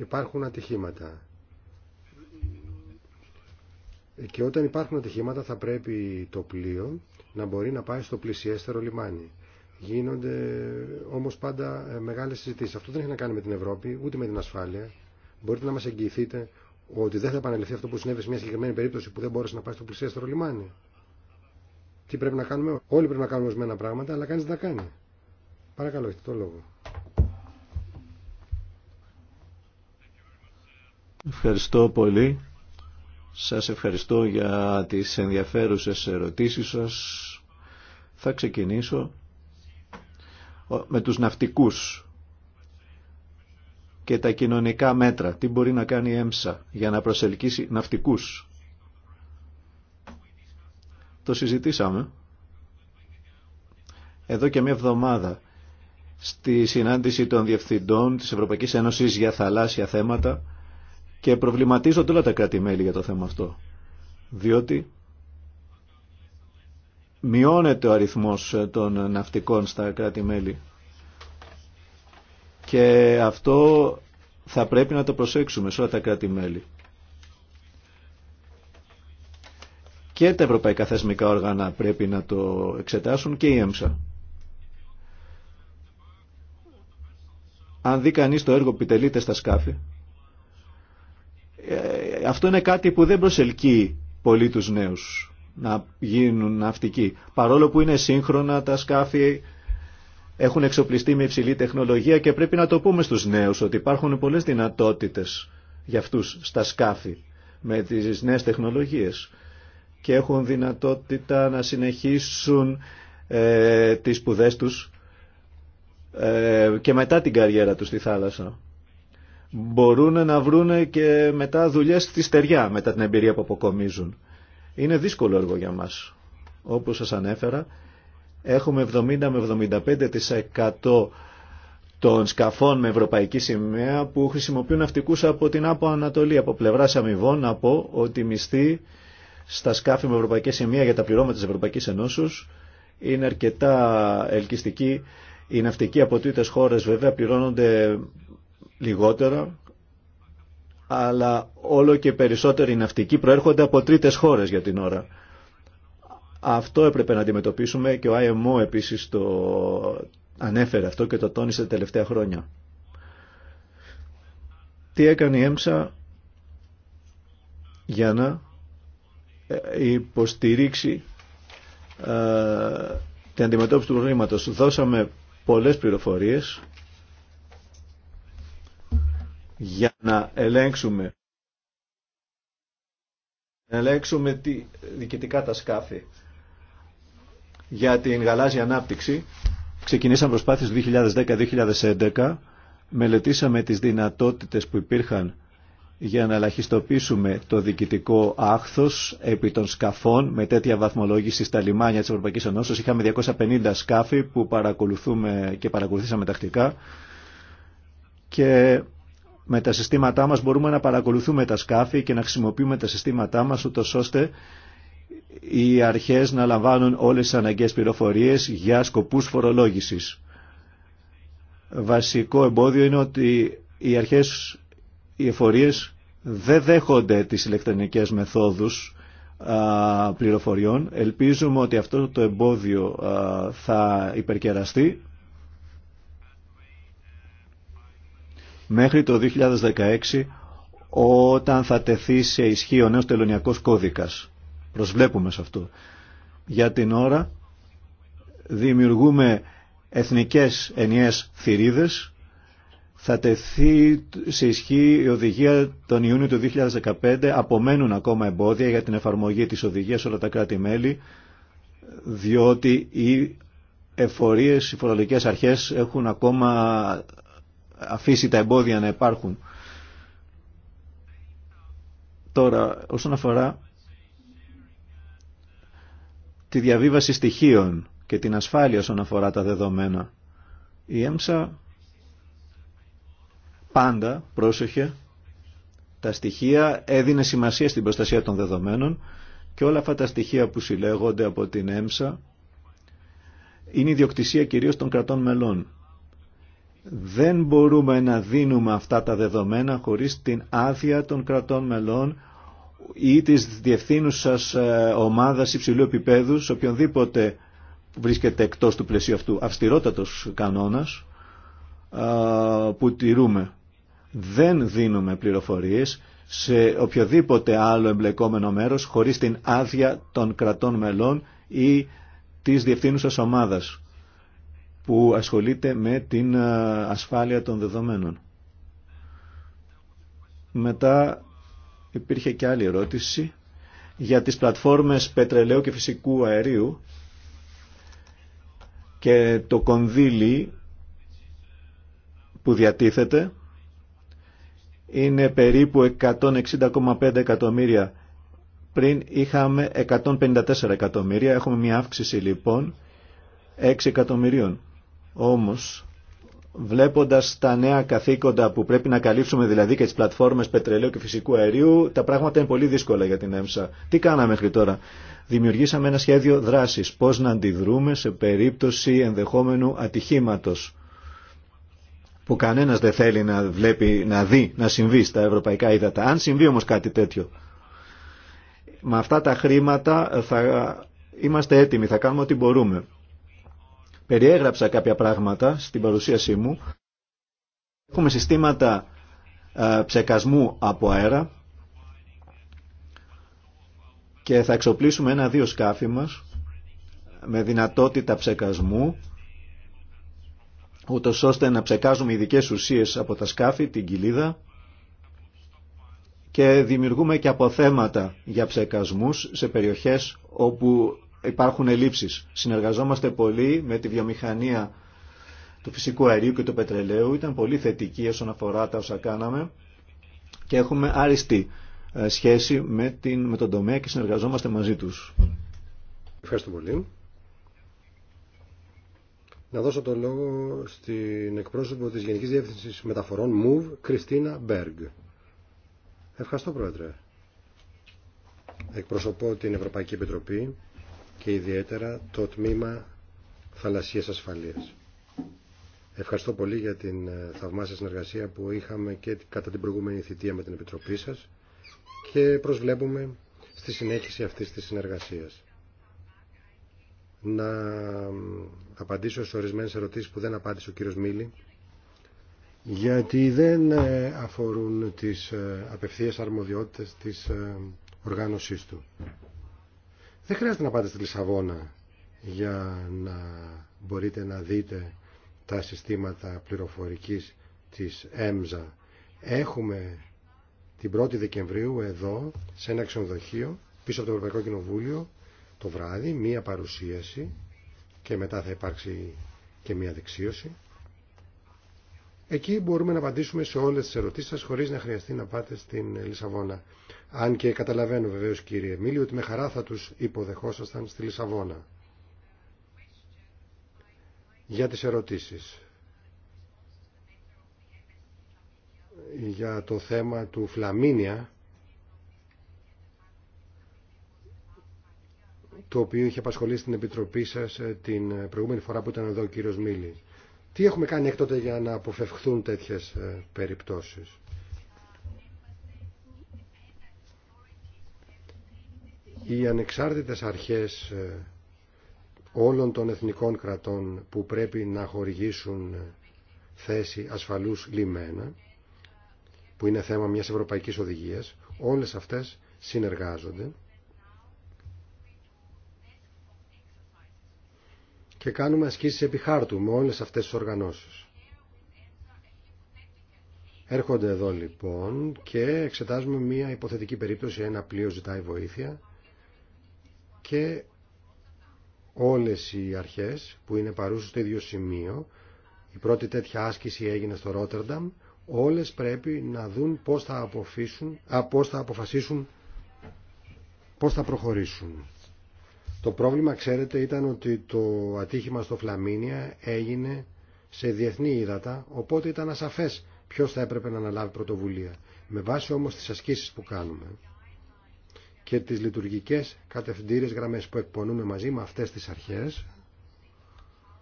υπάρχουν ατυχήματα. Και όταν υπάρχουν ατυχήματα θα πρέπει το πλοίο να μπορεί να πάει στο πλησιέστερο λιμάνι. Γίνονται όμως πάντα ε, μεγάλες συζητήσεις. Αυτό δεν έχει να κάνει με την Ευρώπη, ούτε με την ασφάλεια μπορείτε να μας εγγυηθείτε ότι δεν θα επαναληφθεί αυτό που συνέβη σε μια συγκεκριμένη περίπτωση που δεν μπόρεσε να πάει στο πλησιέστερο λιμάνι. Τι πρέπει να κάνουμε, όλοι πρέπει να κάνουμε ορισμένα πράγματα, αλλά κανείς δεν τα κάνει. Παρακαλώ, έχετε το λόγο. Ευχαριστώ πολύ. Σας ευχαριστώ για τις ενδιαφέρουσες ερωτήσεις σας. Θα ξεκινήσω με τους ναυτικούς και τα κοινωνικά μέτρα. Τι μπορεί να κάνει η ΕΜΣΑ για να προσελκύσει ναυτικούς. Το συζητήσαμε εδώ και μια εβδομάδα στη συνάντηση των διευθυντών της Ευρωπαϊκής Ένωσης για θαλάσσια θέματα και προβληματίζονται όλα τα κράτη-μέλη για το θέμα αυτό. Διότι μειώνεται ο αριθμός των ναυτικών στα κράτη-μέλη. Και αυτό θα πρέπει να το προσέξουμε σε όλα τα κράτη-μέλη. Και τα ευρωπαϊκά θεσμικά όργανα πρέπει να το εξετάσουν και η ΕΜΣΑ. Αν δει κανείς το έργο που επιτελείται στα σκάφη, ε, αυτό είναι κάτι που δεν προσελκύει πολύ τους νέους να γίνουν ναυτικοί. Παρόλο που είναι σύγχρονα τα σκάφη, έχουν εξοπλιστεί με υψηλή τεχνολογία και πρέπει να το πούμε στους νέους ότι υπάρχουν πολλές δυνατότητες για αυτούς στα σκάφη με τις νέες τεχνολογίες και έχουν δυνατότητα να συνεχίσουν ε, τις σπουδέ τους ε, και μετά την καριέρα τους στη θάλασσα. Μπορούν να βρουν και μετά δουλειές στη στεριά μετά την εμπειρία που αποκομίζουν. Είναι δύσκολο έργο για μας. Όπως σας ανέφερα, Έχουμε 70 με 75% των σκαφών με ευρωπαϊκή σημαία που χρησιμοποιούν ναυτικούς από την Άπο Ανατολή. Από πλευρά αμοιβών να πω ότι η στα σκάφη με ευρωπαϊκή σημαία για τα πληρώματα της Ευρωπαϊκής Ενώσεω είναι αρκετά ελκυστική. Οι ναυτικοί από τρίτε χώρες βέβαια πληρώνονται λιγότερα, αλλά όλο και περισσότεροι ναυτικοί προέρχονται από τρίτες χώρες για την ώρα. Αυτό έπρεπε να αντιμετωπίσουμε και ο IMO επίσης το ανέφερε αυτό και το τόνισε τα τελευταία χρόνια. Τι έκανε η ΕΜΣΑ για να ε, υποστηρίξει ε, την αντιμετώπιση του προβλήματος. Δώσαμε πολλές πληροφορίες για να ελέγξουμε να ελέγξουμε διοικητικά τα σκάφη για την γαλάζια ανάπτυξη. Ξεκινήσαμε προσπάθειες το 2010-2011, μελετήσαμε τις δυνατότητες που υπήρχαν για να ελαχιστοποιήσουμε το διοικητικό άχθος επί των σκαφών με τέτοια βαθμολόγηση στα λιμάνια της Ευρωπαϊκής Ενώσεως. Είχαμε 250 σκάφη που παρακολουθούμε και παρακολουθήσαμε τακτικά και με τα συστήματά μας μπορούμε να παρακολουθούμε τα σκάφη και να χρησιμοποιούμε τα συστήματά μας ούτως ώστε οι αρχές να λαμβάνουν όλες τις αναγκαίες πληροφορίες για σκοπούς φορολόγησης. Βασικό εμπόδιο είναι ότι οι αρχές, οι εφορίες δεν δέχονται τις ηλεκτρονικές μεθόδους α, πληροφοριών. Ελπίζουμε ότι αυτό το εμπόδιο θα υπερκεραστεί. Μέχρι το 2016 όταν θα τεθεί σε ισχύ ο νέος τελωνιακός κώδικας Προσβλέπουμε σε αυτό. Για την ώρα δημιουργούμε εθνικές ενιαίες θηρίδες. Θα τεθεί σε ισχύ η οδηγία τον Ιούνιο του 2015. Απομένουν ακόμα εμπόδια για την εφαρμογή της οδηγίας όλα τα κράτη-μέλη, διότι οι εφορίες, οι φορολογικές αρχές έχουν ακόμα αφήσει τα εμπόδια να υπάρχουν. Τώρα, όσον αφορά τη διαβίβαση στοιχείων και την ασφάλεια όσον αφορά τα δεδομένα. Η ΕΜΣΑ πάντα πρόσεχε τα στοιχεία, έδινε σημασία στην προστασία των δεδομένων και όλα αυτά τα στοιχεία που συλλέγονται από την ΕΜΣΑ είναι ιδιοκτησία κυρίως των κρατών μελών. Δεν μπορούμε να δίνουμε αυτά τα δεδομένα χωρίς την άδεια των κρατών μελών ή της διευθύνουσας ε, ομάδας υψηλού επίπεδου, σε οποιονδήποτε βρίσκεται εκτός του πλαισίου αυτού, αυστηρότατος κανόνας που τηρούμε. Δεν δίνουμε πληροφορίες σε οποιοδήποτε άλλο εμπλεκόμενο μέρος χωρίς την άδεια των κρατών μελών ή της διευθύνουσας ομάδας που ασχολείται με την ε, ασφάλεια των δεδομένων. Μετά Υπήρχε και άλλη ερώτηση για τις πλατφόρμες πετρελαίου και φυσικού αερίου και το κονδύλι που διατίθεται είναι περίπου 160,5 εκατομμύρια. Πριν είχαμε 154 εκατομμύρια, έχουμε μια αύξηση λοιπόν 6 εκατομμυρίων. Όμως βλέποντας τα νέα καθήκοντα που πρέπει να καλύψουμε, δηλαδή και τις πλατφόρμες πετρελαίου και φυσικού αερίου, τα πράγματα είναι πολύ δύσκολα για την ΕΜΣΑ. Τι κάναμε μέχρι τώρα. Δημιουργήσαμε ένα σχέδιο δράσης, πώς να αντιδρούμε σε περίπτωση ενδεχόμενου ατυχήματος που κανένας δεν θέλει να βλέπει, να δει, να συμβεί στα ευρωπαϊκά ύδατα. Αν συμβεί όμως κάτι τέτοιο, με αυτά τα χρήματα είμαστε έτοιμοι, θα κάνουμε ό,τι μπορούμε περιέγραψα κάποια πράγματα στην παρουσίασή μου. Έχουμε συστήματα ε, ψεκασμού από αέρα και θα εξοπλίσουμε ένα-δύο σκάφη μας με δυνατότητα ψεκασμού ούτω ώστε να ψεκάζουμε ειδικέ ουσίες από τα σκάφη, την κοιλίδα και δημιουργούμε και αποθέματα για ψεκασμούς σε περιοχές όπου υπάρχουν ελλείψεις. Συνεργαζόμαστε πολύ με τη βιομηχανία του φυσικού αερίου και του πετρελαίου. Ήταν πολύ θετική όσον αφορά τα όσα κάναμε και έχουμε άριστη ε, σχέση με, την, με τον τομέα και συνεργαζόμαστε μαζί τους. Ευχαριστώ πολύ. Να δώσω το λόγο στην εκπρόσωπο της Γενικής Διεύθυνσης Μεταφορών ΜΟΥΒ, Κριστίνα Μπέργκ. Ευχαριστώ, Πρόεδρε. Εκπροσωπώ την Ευρωπαϊκή Επιτροπή και ιδιαίτερα το τμήμα θαλασσίας ασφαλείας. Ευχαριστώ πολύ για την ε, θαυμάσια συνεργασία που είχαμε και κατά την προηγούμενη θητεία με την Επιτροπή σας και προσβλέπουμε στη συνέχιση αυτής της συνεργασίας. Να απαντήσω σε ορισμένες ερωτήσεις που δεν απάντησε ο κύριος Μίλη γιατί δεν ε, αφορούν τις ε, απευθείας αρμοδιότητες της οργάνωσής του. Δεν χρειάζεται να πάτε στη Λισαβόνα για να μπορείτε να δείτε τα συστήματα πληροφορικής της ΕΜΖΑ. Έχουμε την 1η Δεκεμβρίου εδώ, σε ένα ξενοδοχείο, πίσω από το Ευρωπαϊκό Κοινοβούλιο, το βράδυ, μία παρουσίαση και μετά θα υπάρξει και μία δεξίωση. Εκεί μπορούμε να απαντήσουμε σε όλες τις ερωτήσεις σας χωρίς να χρειαστεί να πάτε στην Λισαβόνα. Αν και καταλαβαίνω βεβαίω κύριε Μίλιο ότι με χαρά θα τους υποδεχόσασταν στη Λισαβόνα. Για τις ερωτήσεις. Για το θέμα του Φλαμίνια, το οποίο είχε απασχολήσει την Επιτροπή σας ε, την προηγούμενη φορά που ήταν εδώ ο κύριος Μίλη. Τι έχουμε κάνει έκτοτε για να αποφευχθούν τέτοιες ε, περιπτώσεις. οι ανεξάρτητες αρχές ε, όλων των εθνικών κρατών που πρέπει να χορηγήσουν ε, θέση ασφαλούς λιμένα, που είναι θέμα μιας ευρωπαϊκής οδηγίας, όλες αυτές συνεργάζονται και κάνουμε ασκήσεις επί χάρτου με όλες αυτές τις οργανώσεις. Έρχονται εδώ λοιπόν και εξετάζουμε μια υποθετική περίπτωση, ένα πλοίο ζητάει βοήθεια και όλες οι αρχές που είναι παρούσες στο ίδιο σημείο, η πρώτη τέτοια άσκηση έγινε στο Ρότερνταμ, όλες πρέπει να δουν πώς θα, αποφύσουν, θα αποφασίσουν, πώς θα προχωρήσουν. Το πρόβλημα, ξέρετε, ήταν ότι το ατύχημα στο Φλαμίνια έγινε σε διεθνή ύδατα, οπότε ήταν ασαφές ποιος θα έπρεπε να αναλάβει πρωτοβουλία. Με βάση όμως τις ασκήσεις που κάνουμε, και τις λειτουργικές κατευθυντήριες γραμμές που εκπονούμε μαζί με αυτές τις αρχές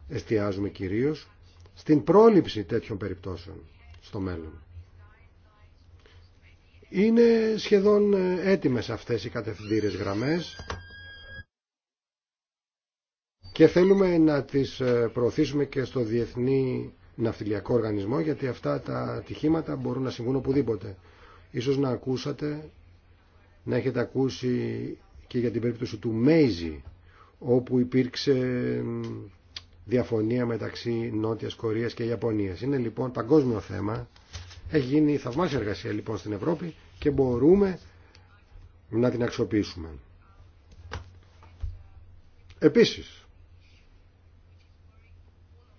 εστιάζουμε κυρίως στην πρόληψη τέτοιων περιπτώσεων στο μέλλον. Είναι σχεδόν έτοιμες αυτές οι κατευθυντήριες γραμμές και θέλουμε να τις ε, προωθήσουμε και στο Διεθνή Ναυτιλιακό Οργανισμό γιατί αυτά τα ατυχήματα μπορούν να συμβούν οπουδήποτε. Ίσως να ακούσατε να έχετε ακούσει και για την περίπτωση του Μέιζη όπου υπήρξε διαφωνία μεταξύ Νότιας Κορείας και Ιαπωνίας. Είναι λοιπόν παγκόσμιο θέμα. Έχει γίνει θαυμάσια εργασία λοιπόν στην Ευρώπη και μπορούμε να την αξιοποιήσουμε. Επίσης,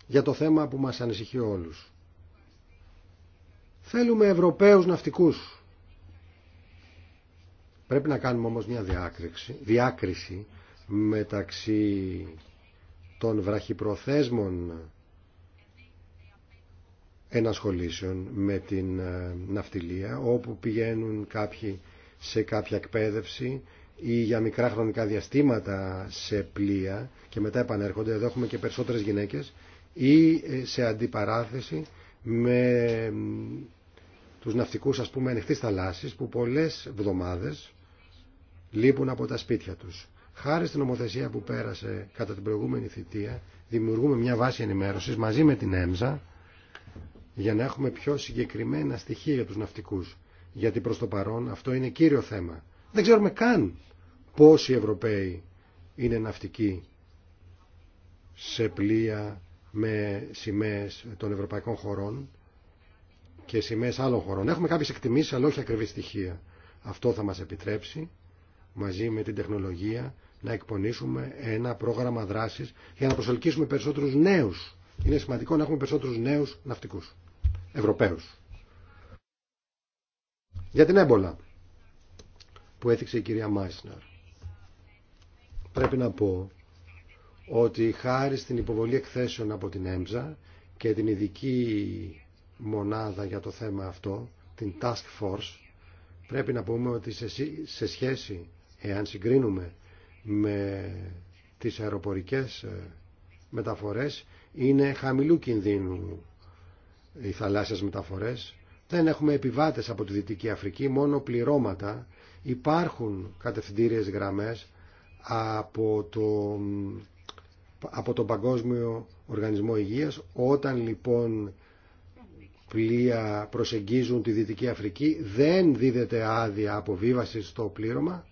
για το θέμα που μας ανησυχεί όλους. Θέλουμε Ευρωπαίους ναυτικούς Πρέπει να κάνουμε όμως μια διάκριση, διάκριση μεταξύ των βραχυπροθέσμων ενασχολήσεων με την ε, ναυτιλία όπου πηγαίνουν κάποιοι σε κάποια εκπαίδευση ή για μικρά χρονικά διαστήματα σε πλοία και μετά επανέρχονται. Εδώ έχουμε και περισσότερες γυναίκες ή ε, σε αντιπαράθεση με τους ναυτικούς ας πούμε ανοιχτής θαλάσσης που πολλές εβδομάδες λείπουν από τα σπίτια τους. Χάρη στην νομοθεσία που πέρασε κατά την προηγούμενη θητεία, δημιουργούμε μια βάση ενημέρωσης μαζί με την ΕΜΖΑ για να έχουμε πιο συγκεκριμένα στοιχεία για τους ναυτικούς. Γιατί προς το παρόν αυτό είναι κύριο θέμα. Δεν ξέρουμε καν πόσοι Ευρωπαίοι είναι ναυτικοί σε πλοία με σημαίε των ευρωπαϊκών χωρών και σημαίε άλλων χωρών. Έχουμε κάποιε εκτιμήσει αλλά όχι ακριβή στοιχεία. Αυτό θα μα επιτρέψει μαζί με την τεχνολογία να εκπονήσουμε ένα πρόγραμμα δράσης για να προσελκύσουμε περισσότερους νέους. Είναι σημαντικό να έχουμε περισσότερους νέους ναυτικούς, Ευρωπαίους. Για την έμπολα που έθιξε η κυρία Μάισναρ. Πρέπει να πω ότι χάρη στην υποβολή εκθέσεων από την ΕΜΖΑ και την ειδική μονάδα για το θέμα αυτό, την Task Force, πρέπει να πούμε ότι σε σχέση Εάν συγκρίνουμε με τις αεροπορικές ε, μεταφορές, είναι χαμηλού κινδύνου οι θαλάσσιες μεταφορές. Δεν έχουμε επιβάτες από τη Δυτική Αφρική, μόνο πληρώματα. Υπάρχουν κατευθυντήριες γραμμές από το από τον Παγκόσμιο Οργανισμό Υγείας. Όταν λοιπόν πλοία προσεγγίζουν τη Δυτική Αφρική δεν δίδεται άδεια αποβίβασης στο πλήρωμα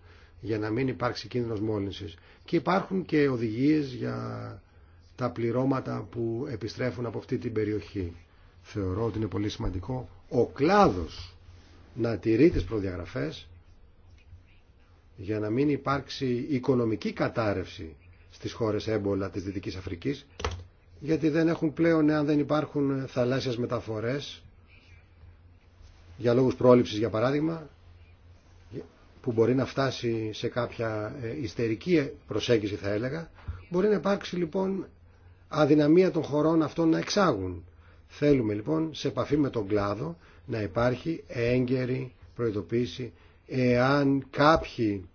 για να μην υπάρξει κίνδυνος μόλυνσης. Και υπάρχουν και οδηγίες για τα πληρώματα που επιστρέφουν από αυτή την περιοχή. Θεωρώ ότι είναι πολύ σημαντικό ο κλάδος να τηρεί τις προδιαγραφές για να μην υπάρξει οικονομική κατάρρευση στις χώρες έμπολα της Δυτικής Αφρικής γιατί δεν έχουν πλέον, αν δεν υπάρχουν θαλάσσιες μεταφορές για λόγους πρόληψης για παράδειγμα που μπορεί να φτάσει σε κάποια ε, ιστερική προσέγγιση θα έλεγα, μπορεί να υπάρξει λοιπόν αδυναμία των χωρών αυτών να εξάγουν. Θέλουμε λοιπόν σε επαφή με τον κλάδο να υπάρχει έγκαιρη προειδοποίηση εάν κάποιοι,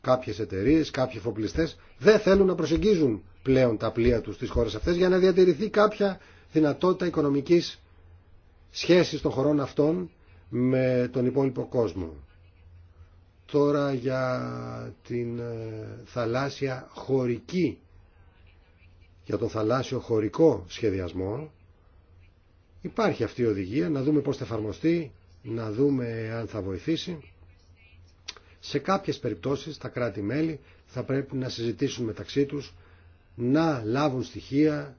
κάποιες εταιρείες, κάποιοι εφοπλιστές δεν θέλουν να προσεγγίζουν πλέον τα πλοία τους στις χώρες αυτές για να διατηρηθεί κάποια δυνατότητα οικονομικής σχέσης των χωρών αυτών με τον υπόλοιπο κόσμο. Τώρα για την ε, θαλάσσια χωρική, για τον θαλάσσιο χωρικό σχεδιασμό, υπάρχει αυτή η οδηγία, να δούμε πώς θα εφαρμοστεί, να δούμε αν θα βοηθήσει. Σε κάποιες περιπτώσεις τα κράτη-μέλη θα πρέπει να συζητήσουν μεταξύ τους, να λάβουν στοιχεία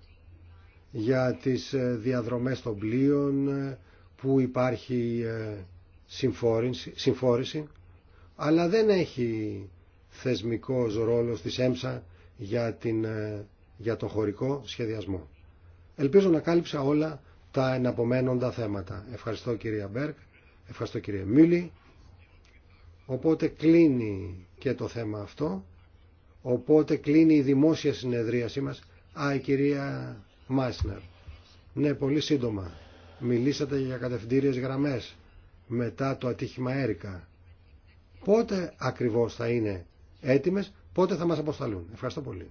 για τις ε, διαδρομές των πλοίων ε, που υπάρχει συμφόρηση, συμφόρηση αλλά δεν έχει θεσμικό ρόλο της ΕΜΣΑ για, την, ε, για το χωρικό σχεδιασμό. Ελπίζω να κάλυψα όλα τα εναπομένοντα θέματα. Ευχαριστώ κυρία Μπέρκ, ευχαριστώ κυρία Μιλή. Οπότε κλείνει και το θέμα αυτό. Οπότε κλείνει η δημόσια συνεδρίασή μας. Α, η κυρία Μάισνερ. Ναι, πολύ σύντομα. Μιλήσατε για κατευθυντήριες γραμμές μετά το ατύχημα Έρικα πότε ακριβώς θα είναι έτοιμες, πότε θα μας αποσταλούν. Ευχαριστώ πολύ.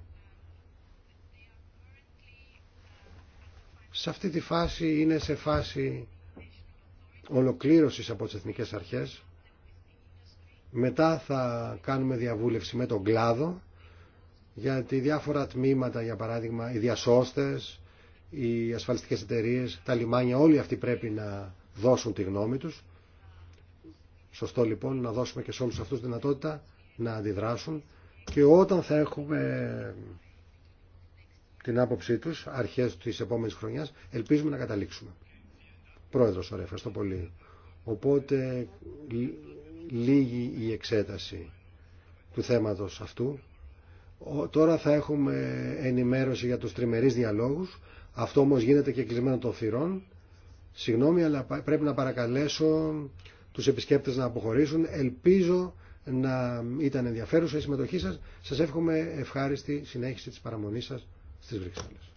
Σε αυτή τη φάση είναι σε φάση ολοκλήρωσης από τις εθνικές αρχές. Μετά θα κάνουμε διαβούλευση με τον κλάδο γιατί διάφορα τμήματα, για παράδειγμα, οι διασώστες, οι ασφαλιστικές εταιρείες, τα λιμάνια, όλοι αυτοί πρέπει να δώσουν τη γνώμη τους Σωστό λοιπόν να δώσουμε και σε όλους αυτούς δυνατότητα να αντιδράσουν και όταν θα έχουμε την άποψή τους, αρχές της επόμενης χρονιάς, ελπίζουμε να καταλήξουμε. Πρόεδρος, ωραία, ευχαριστώ πολύ. Οπότε λίγη η εξέταση του θέματος αυτού. Τώρα θα έχουμε ενημέρωση για τους τριμερείς διαλόγους. Αυτό όμως γίνεται και κλεισμένο των θυρών. Συγγνώμη, αλλά πρέπει να παρακαλέσω τους επισκέπτες να αποχωρήσουν. Ελπίζω να ήταν ενδιαφέρουσα η συμμετοχή σας. Σας εύχομαι ευχάριστη συνέχιση της παραμονής σας στις Βρυξέλλες.